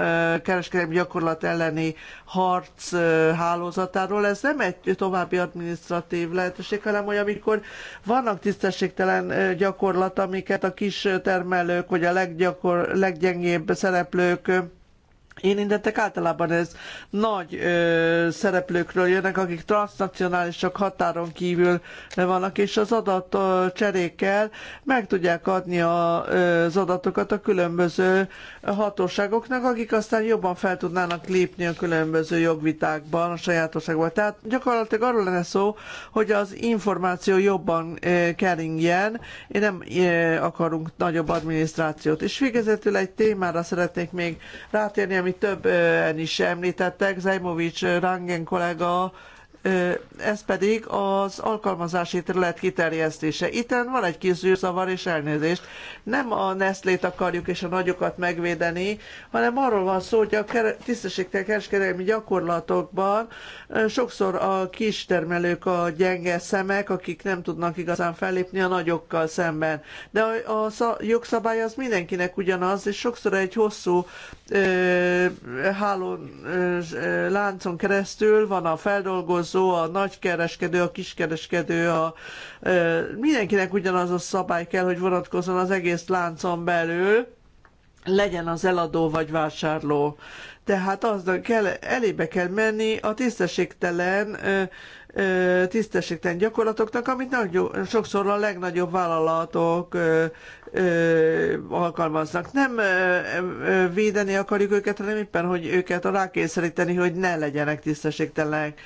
kereskedelmi gyakorlat elleni harc hálózatáról, ez nem egy további adminisztratív pozitív lehetőség, hanem hogy amikor vannak tisztességtelen gyakorlat, amiket a kis termelők vagy a leggyakor, leggyengébb szereplők Érintettek általában ez nagy ö, szereplőkről jönnek, akik transnacionálisak határon kívül vannak, és az adat cserékkel meg tudják adni a, ö, az adatokat a különböző hatóságoknak, akik aztán jobban fel tudnának lépni a különböző jogvitákban, a sajátosságban. Tehát gyakorlatilag arról lenne szó, hogy az információ jobban ö, keringjen, és nem ö, akarunk nagyobb adminisztrációt. És végezetül egy témára szeretnék még rátérni, amit többen is említettek, Zajmovics Rangen kollega ez pedig az alkalmazási terület kiterjesztése. Itten van egy kis zűrzavar és elnézést. Nem a Nestlét akarjuk és a nagyokat megvédeni, hanem arról van szó, hogy a tisztességtel kereskedelmi gyakorlatokban sokszor a kis termelők a gyenge szemek, akik nem tudnak igazán fellépni a nagyokkal szemben. De a, jogszabály az mindenkinek ugyanaz, és sokszor egy hosszú hálón, láncon keresztül van a feldolgozó, vállalkozó, a nagykereskedő, a kiskereskedő, a, mindenkinek ugyanaz a szabály kell, hogy vonatkozzon az egész láncon belül, legyen az eladó vagy vásárló. Tehát az kell, elébe kell menni a tisztességtelen, tisztességtelen gyakorlatoknak, amit nagyon, sokszor a legnagyobb vállalatok alkalmaznak. Nem védeni akarjuk őket, hanem éppen, hogy őket rákényszeríteni, hogy ne legyenek tisztességtelenek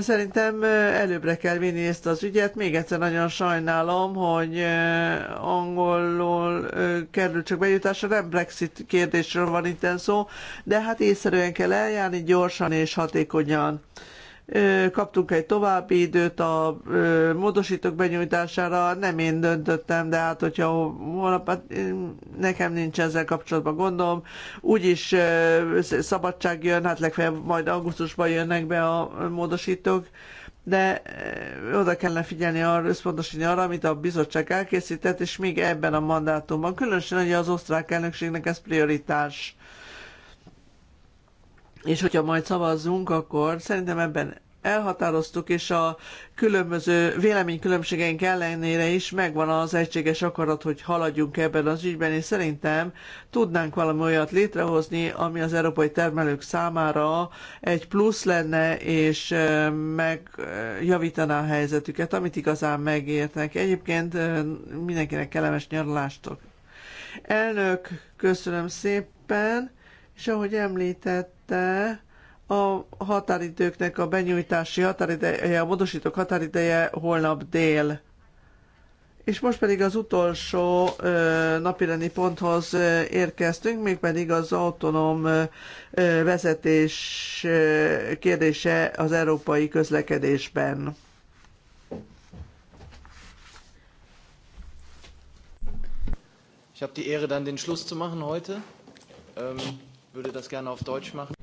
Szerintem előbbre kell vinni ezt az ügyet. Még egyszer nagyon sajnálom, hogy angolul kerül csak bejutásra. Nem Brexit kérdésről van itt szó, de hát észszerűen kell eljárni, gyorsan és hatékonyan. Kaptunk egy további időt a módosítók benyújtására, nem én döntöttem, de hát hogyha holnap, hát nekem nincs ezzel kapcsolatban gondom, úgyis szabadság jön, hát legfeljebb majd augusztusban jönnek be a módosítók, de oda kellene figyelni arra, összpontosítani arra, amit a bizottság elkészített, és még ebben a mandátumban. Különösen, hogy az osztrák elnökségnek ez prioritás és hogyha majd szavazzunk, akkor szerintem ebben elhatároztuk, és a különböző véleménykülönbségeink ellenére is megvan az egységes akarat, hogy haladjunk ebben az ügyben, és szerintem tudnánk valami olyat létrehozni, ami az európai termelők számára egy plusz lenne, és megjavítaná a helyzetüket, amit igazán megértnek. Egyébként mindenkinek kellemes nyaralástok. Elnök, köszönöm szépen! És ahogy említette, a határidőknek a benyújtási határideje, a módosítók határideje holnap dél. És most pedig az utolsó ö, napireni ponthoz ö, érkeztünk, mégpedig az autonóm ö, vezetés ö, kérdése az európai közlekedésben. Ich habe die Ehre, dann den Schluss zu machen heute. Ähm würde das gerne auf Deutsch machen.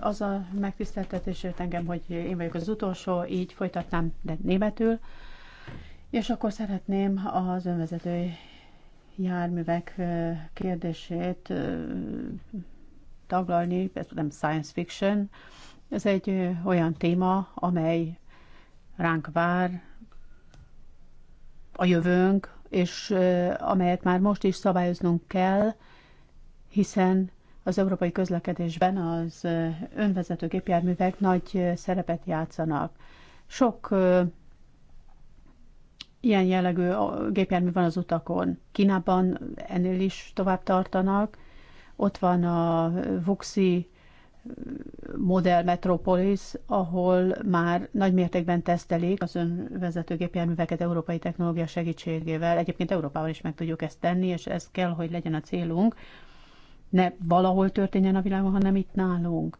Az a megtiszteltetésért engem, hogy én vagyok az utolsó, így folytatnám, de németül. És akkor szeretném az önvezető járművek kérdését taglalni, ez nem science fiction, ez egy olyan téma, amely ránk vár, a jövőnk, és amelyet már most is szabályoznunk kell, hiszen az európai közlekedésben az önvezető gépjárművek nagy szerepet játszanak. Sok ilyen jellegű gépjármű van az utakon. Kínában ennél is tovább tartanak. Ott van a Vuxi Model Metropolis, ahol már nagy mértékben tesztelik az önvezető gépjárműveket európai technológia segítségével. Egyébként Európában is meg tudjuk ezt tenni, és ez kell, hogy legyen a célunk ne valahol történjen a világon, hanem itt nálunk.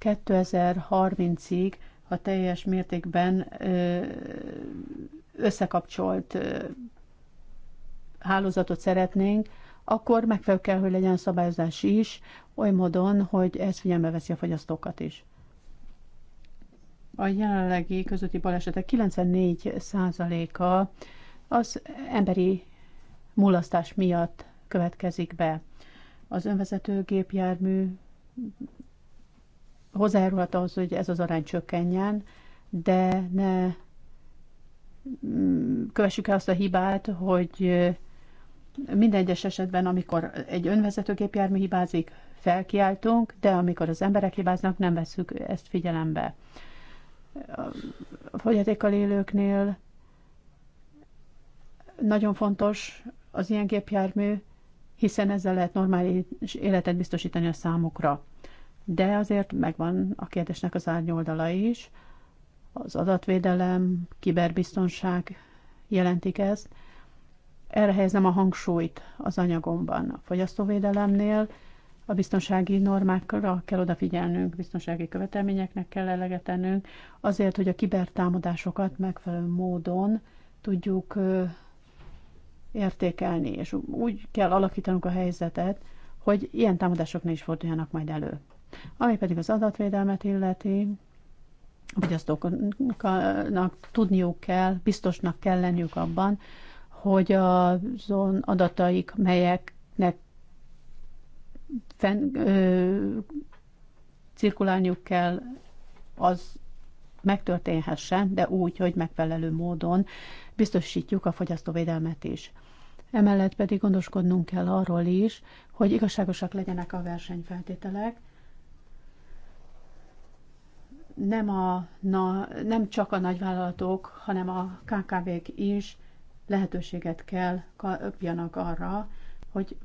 2030-ig a teljes mértékben összekapcsolt hálózatot szeretnénk, akkor megfelelő kell, hogy legyen szabályozás is, oly módon, hogy ez figyelme veszi a fogyasztókat is. A jelenlegi közötti balesetek 94%-a az emberi mulasztás miatt következik be az önvezető gépjármű hozzájárulhat ahhoz, hogy ez az arány csökkenjen, de ne mm, kövessük el azt a hibát, hogy minden egyes esetben, amikor egy önvezető gépjármű hibázik, felkiáltunk, de amikor az emberek hibáznak, nem veszük ezt figyelembe. A fogyatékkal élőknél nagyon fontos az ilyen gépjármű, hiszen ezzel lehet normális életet biztosítani a számukra. De azért megvan a kérdésnek az árnyoldala is, az adatvédelem, kiberbiztonság jelentik ezt. Erre helyezem a hangsúlyt az anyagomban. A fogyasztóvédelemnél a biztonsági normákra kell odafigyelnünk, biztonsági követelményeknek kell elegetennünk, azért, hogy a kibertámadásokat megfelelő módon tudjuk értékelni, és úgy kell alakítanunk a helyzetet, hogy ilyen támadások ne is forduljanak majd elő. Ami pedig az adatvédelmet illeti, a fogyasztóknak tudniuk kell, biztosnak kell lenniük abban, hogy azon adataik, melyeknek fenn, ö, cirkulálniuk kell, az megtörténhessen, de úgy, hogy megfelelő módon biztosítjuk a fogyasztóvédelmet is. Emellett pedig gondoskodnunk kell arról is, hogy igazságosak legyenek a versenyfeltételek, nem, a, na, nem csak a nagyvállalatok, hanem a KKV-k is lehetőséget kell kapjanak arra, hogy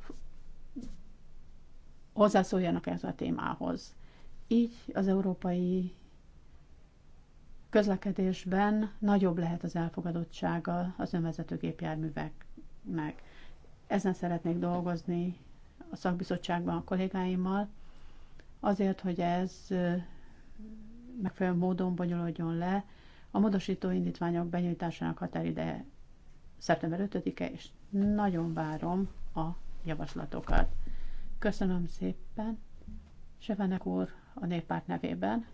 hozzászóljanak ez a témához. Így az európai közlekedésben nagyobb lehet az elfogadottsága az önvezető gépjárművek meg. Ezen szeretnék dolgozni a szakbizottságban a kollégáimmal, azért, hogy ez megfelelő módon bonyolódjon le. A módosító indítványok benyújtásának határideje szeptember 5-e, és nagyon várom a javaslatokat. Köszönöm szépen. Sevenek úr a néppárt nevében.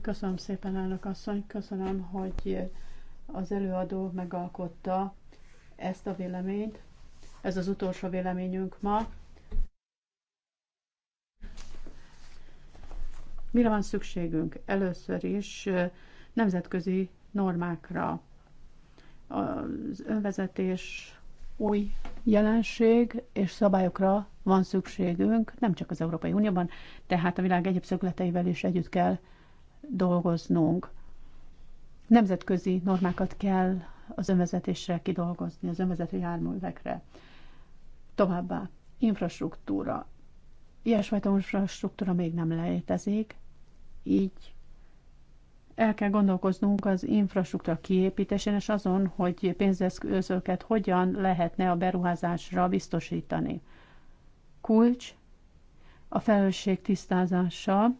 Köszönöm szépen, elnök asszony, köszönöm, hogy az előadó megalkotta ezt a véleményt. Ez az utolsó véleményünk ma. Mire van szükségünk? Először is nemzetközi normákra. Az önvezetés új jelenség és szabályokra van szükségünk, nem csak az Európai Unióban, tehát a világ egyéb szögleteivel is együtt kell dolgoznunk. Nemzetközi normákat kell az önvezetésre kidolgozni, az önvezető járművekre. Továbbá, infrastruktúra. Ilyesfajta infrastruktúra még nem létezik, így el kell gondolkoznunk az infrastruktúra kiépítésén, és azon, hogy pénzeszközöket hogyan lehetne a beruházásra biztosítani. Kulcs a felelősség tisztázása,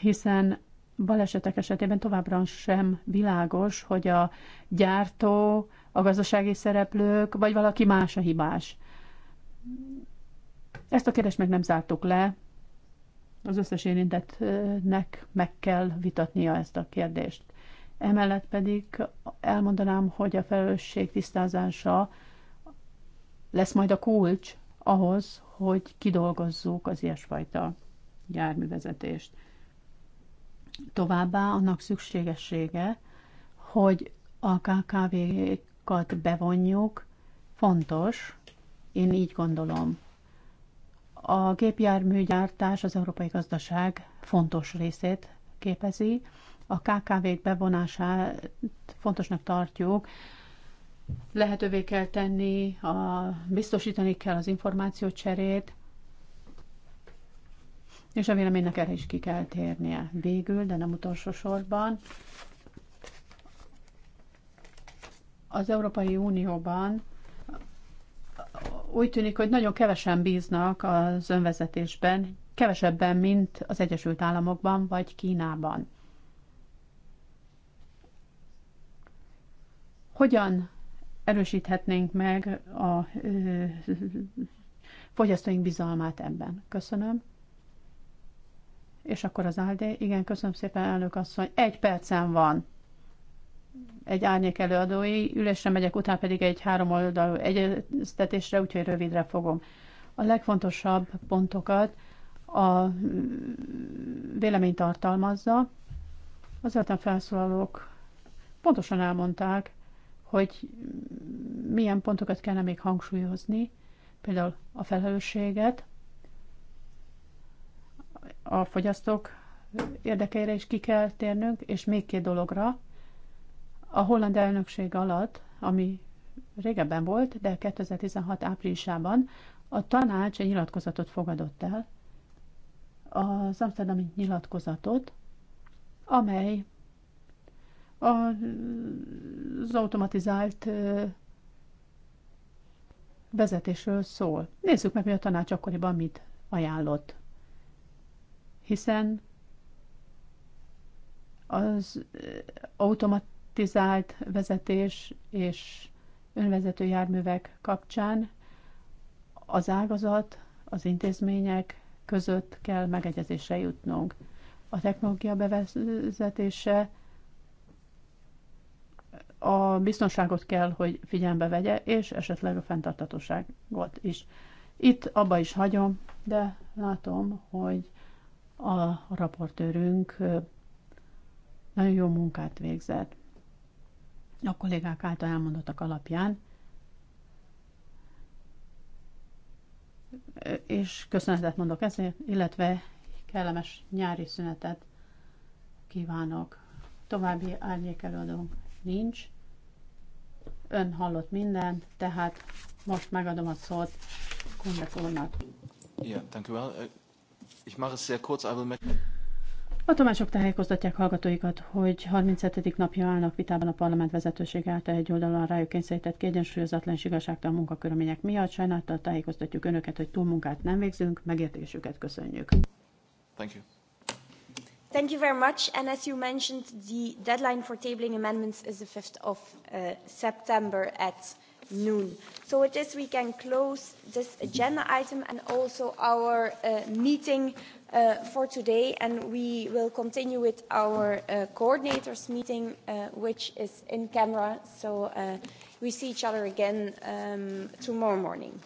hiszen balesetek esetében továbbra sem világos, hogy a gyártó, a gazdasági szereplők, vagy valaki más a hibás. Ezt a kérdést meg nem zártuk le. Az összes érintettnek meg kell vitatnia ezt a kérdést. Emellett pedig elmondanám, hogy a felelősség tisztázása lesz majd a kulcs ahhoz, hogy kidolgozzuk az ilyesfajta járművezetést. Továbbá annak szükségessége, hogy a KKV-kat bevonjuk, fontos, én így gondolom. A gépjárműgyártás az európai gazdaság fontos részét képezi. A KKV-k bevonását fontosnak tartjuk, lehetővé kell tenni, a, biztosítani kell az információcserét, és a véleménynek erre is ki kell térnie végül, de nem utolsó sorban. Az Európai Unióban úgy tűnik, hogy nagyon kevesen bíznak az önvezetésben, kevesebben, mint az Egyesült Államokban vagy Kínában. Hogyan erősíthetnénk meg a ö, fogyasztóink bizalmát ebben? Köszönöm. És akkor az Áldé, igen, köszönöm szépen, elnök asszony, egy percen van. Egy árnyék előadói ülésre megyek, utána pedig egy három oldalú egyeztetésre, úgyhogy rövidre fogom. A legfontosabb pontokat a vélemény tartalmazza. Az a felszólalók pontosan elmondták, hogy milyen pontokat kellene még hangsúlyozni, például a felelősséget, a fogyasztók érdekeire is ki kell térnünk, és még két dologra. A holland elnökség alatt, ami régebben volt, de 2016 áprilisában a tanács egy nyilatkozatot fogadott el, az Amsterdami nyilatkozatot, amely az automatizált vezetésről szól. Nézzük meg, hogy a tanács akkoriban mit ajánlott hiszen az eh, automatizált vezetés és önvezető járművek kapcsán az ágazat, az intézmények között kell megegyezésre jutnunk. A technológia bevezetése a biztonságot kell, hogy figyelembe vegye, és esetleg a fenntartatóságot is. Itt abba is hagyom, de látom, hogy a raportőrünk nagyon jó munkát végzett. A kollégák által elmondottak alapján, és köszönetet mondok ezért, illetve kellemes nyári szünetet kívánok. További árnyék nincs. Ön hallott mindent, tehát most megadom a szót Kundek úrnak. Igen, thank you. Well, uh, Ich mache es sehr kurz, aber... A tomások tájékoztatják hallgatóikat, hogy 37. napja állnak vitában a parlament vezetőség által egy oldalon rájuk kényszerített kiegyensúlyozatlan és igazságtalan munkakörülmények miatt. Sajnáltal tájékoztatjuk önöket, hogy túlmunkát nem végzünk, megértésüket köszönjük. Thank you. Thank you very much. And as you mentioned, the deadline for tabling amendments is the 5th of uh, September at noon. So with this, we can close this agenda item and also our uh, meeting uh, for today. And we will continue with our uh, coordinators meeting, uh, which is in camera. So uh, we see each other again um, tomorrow morning.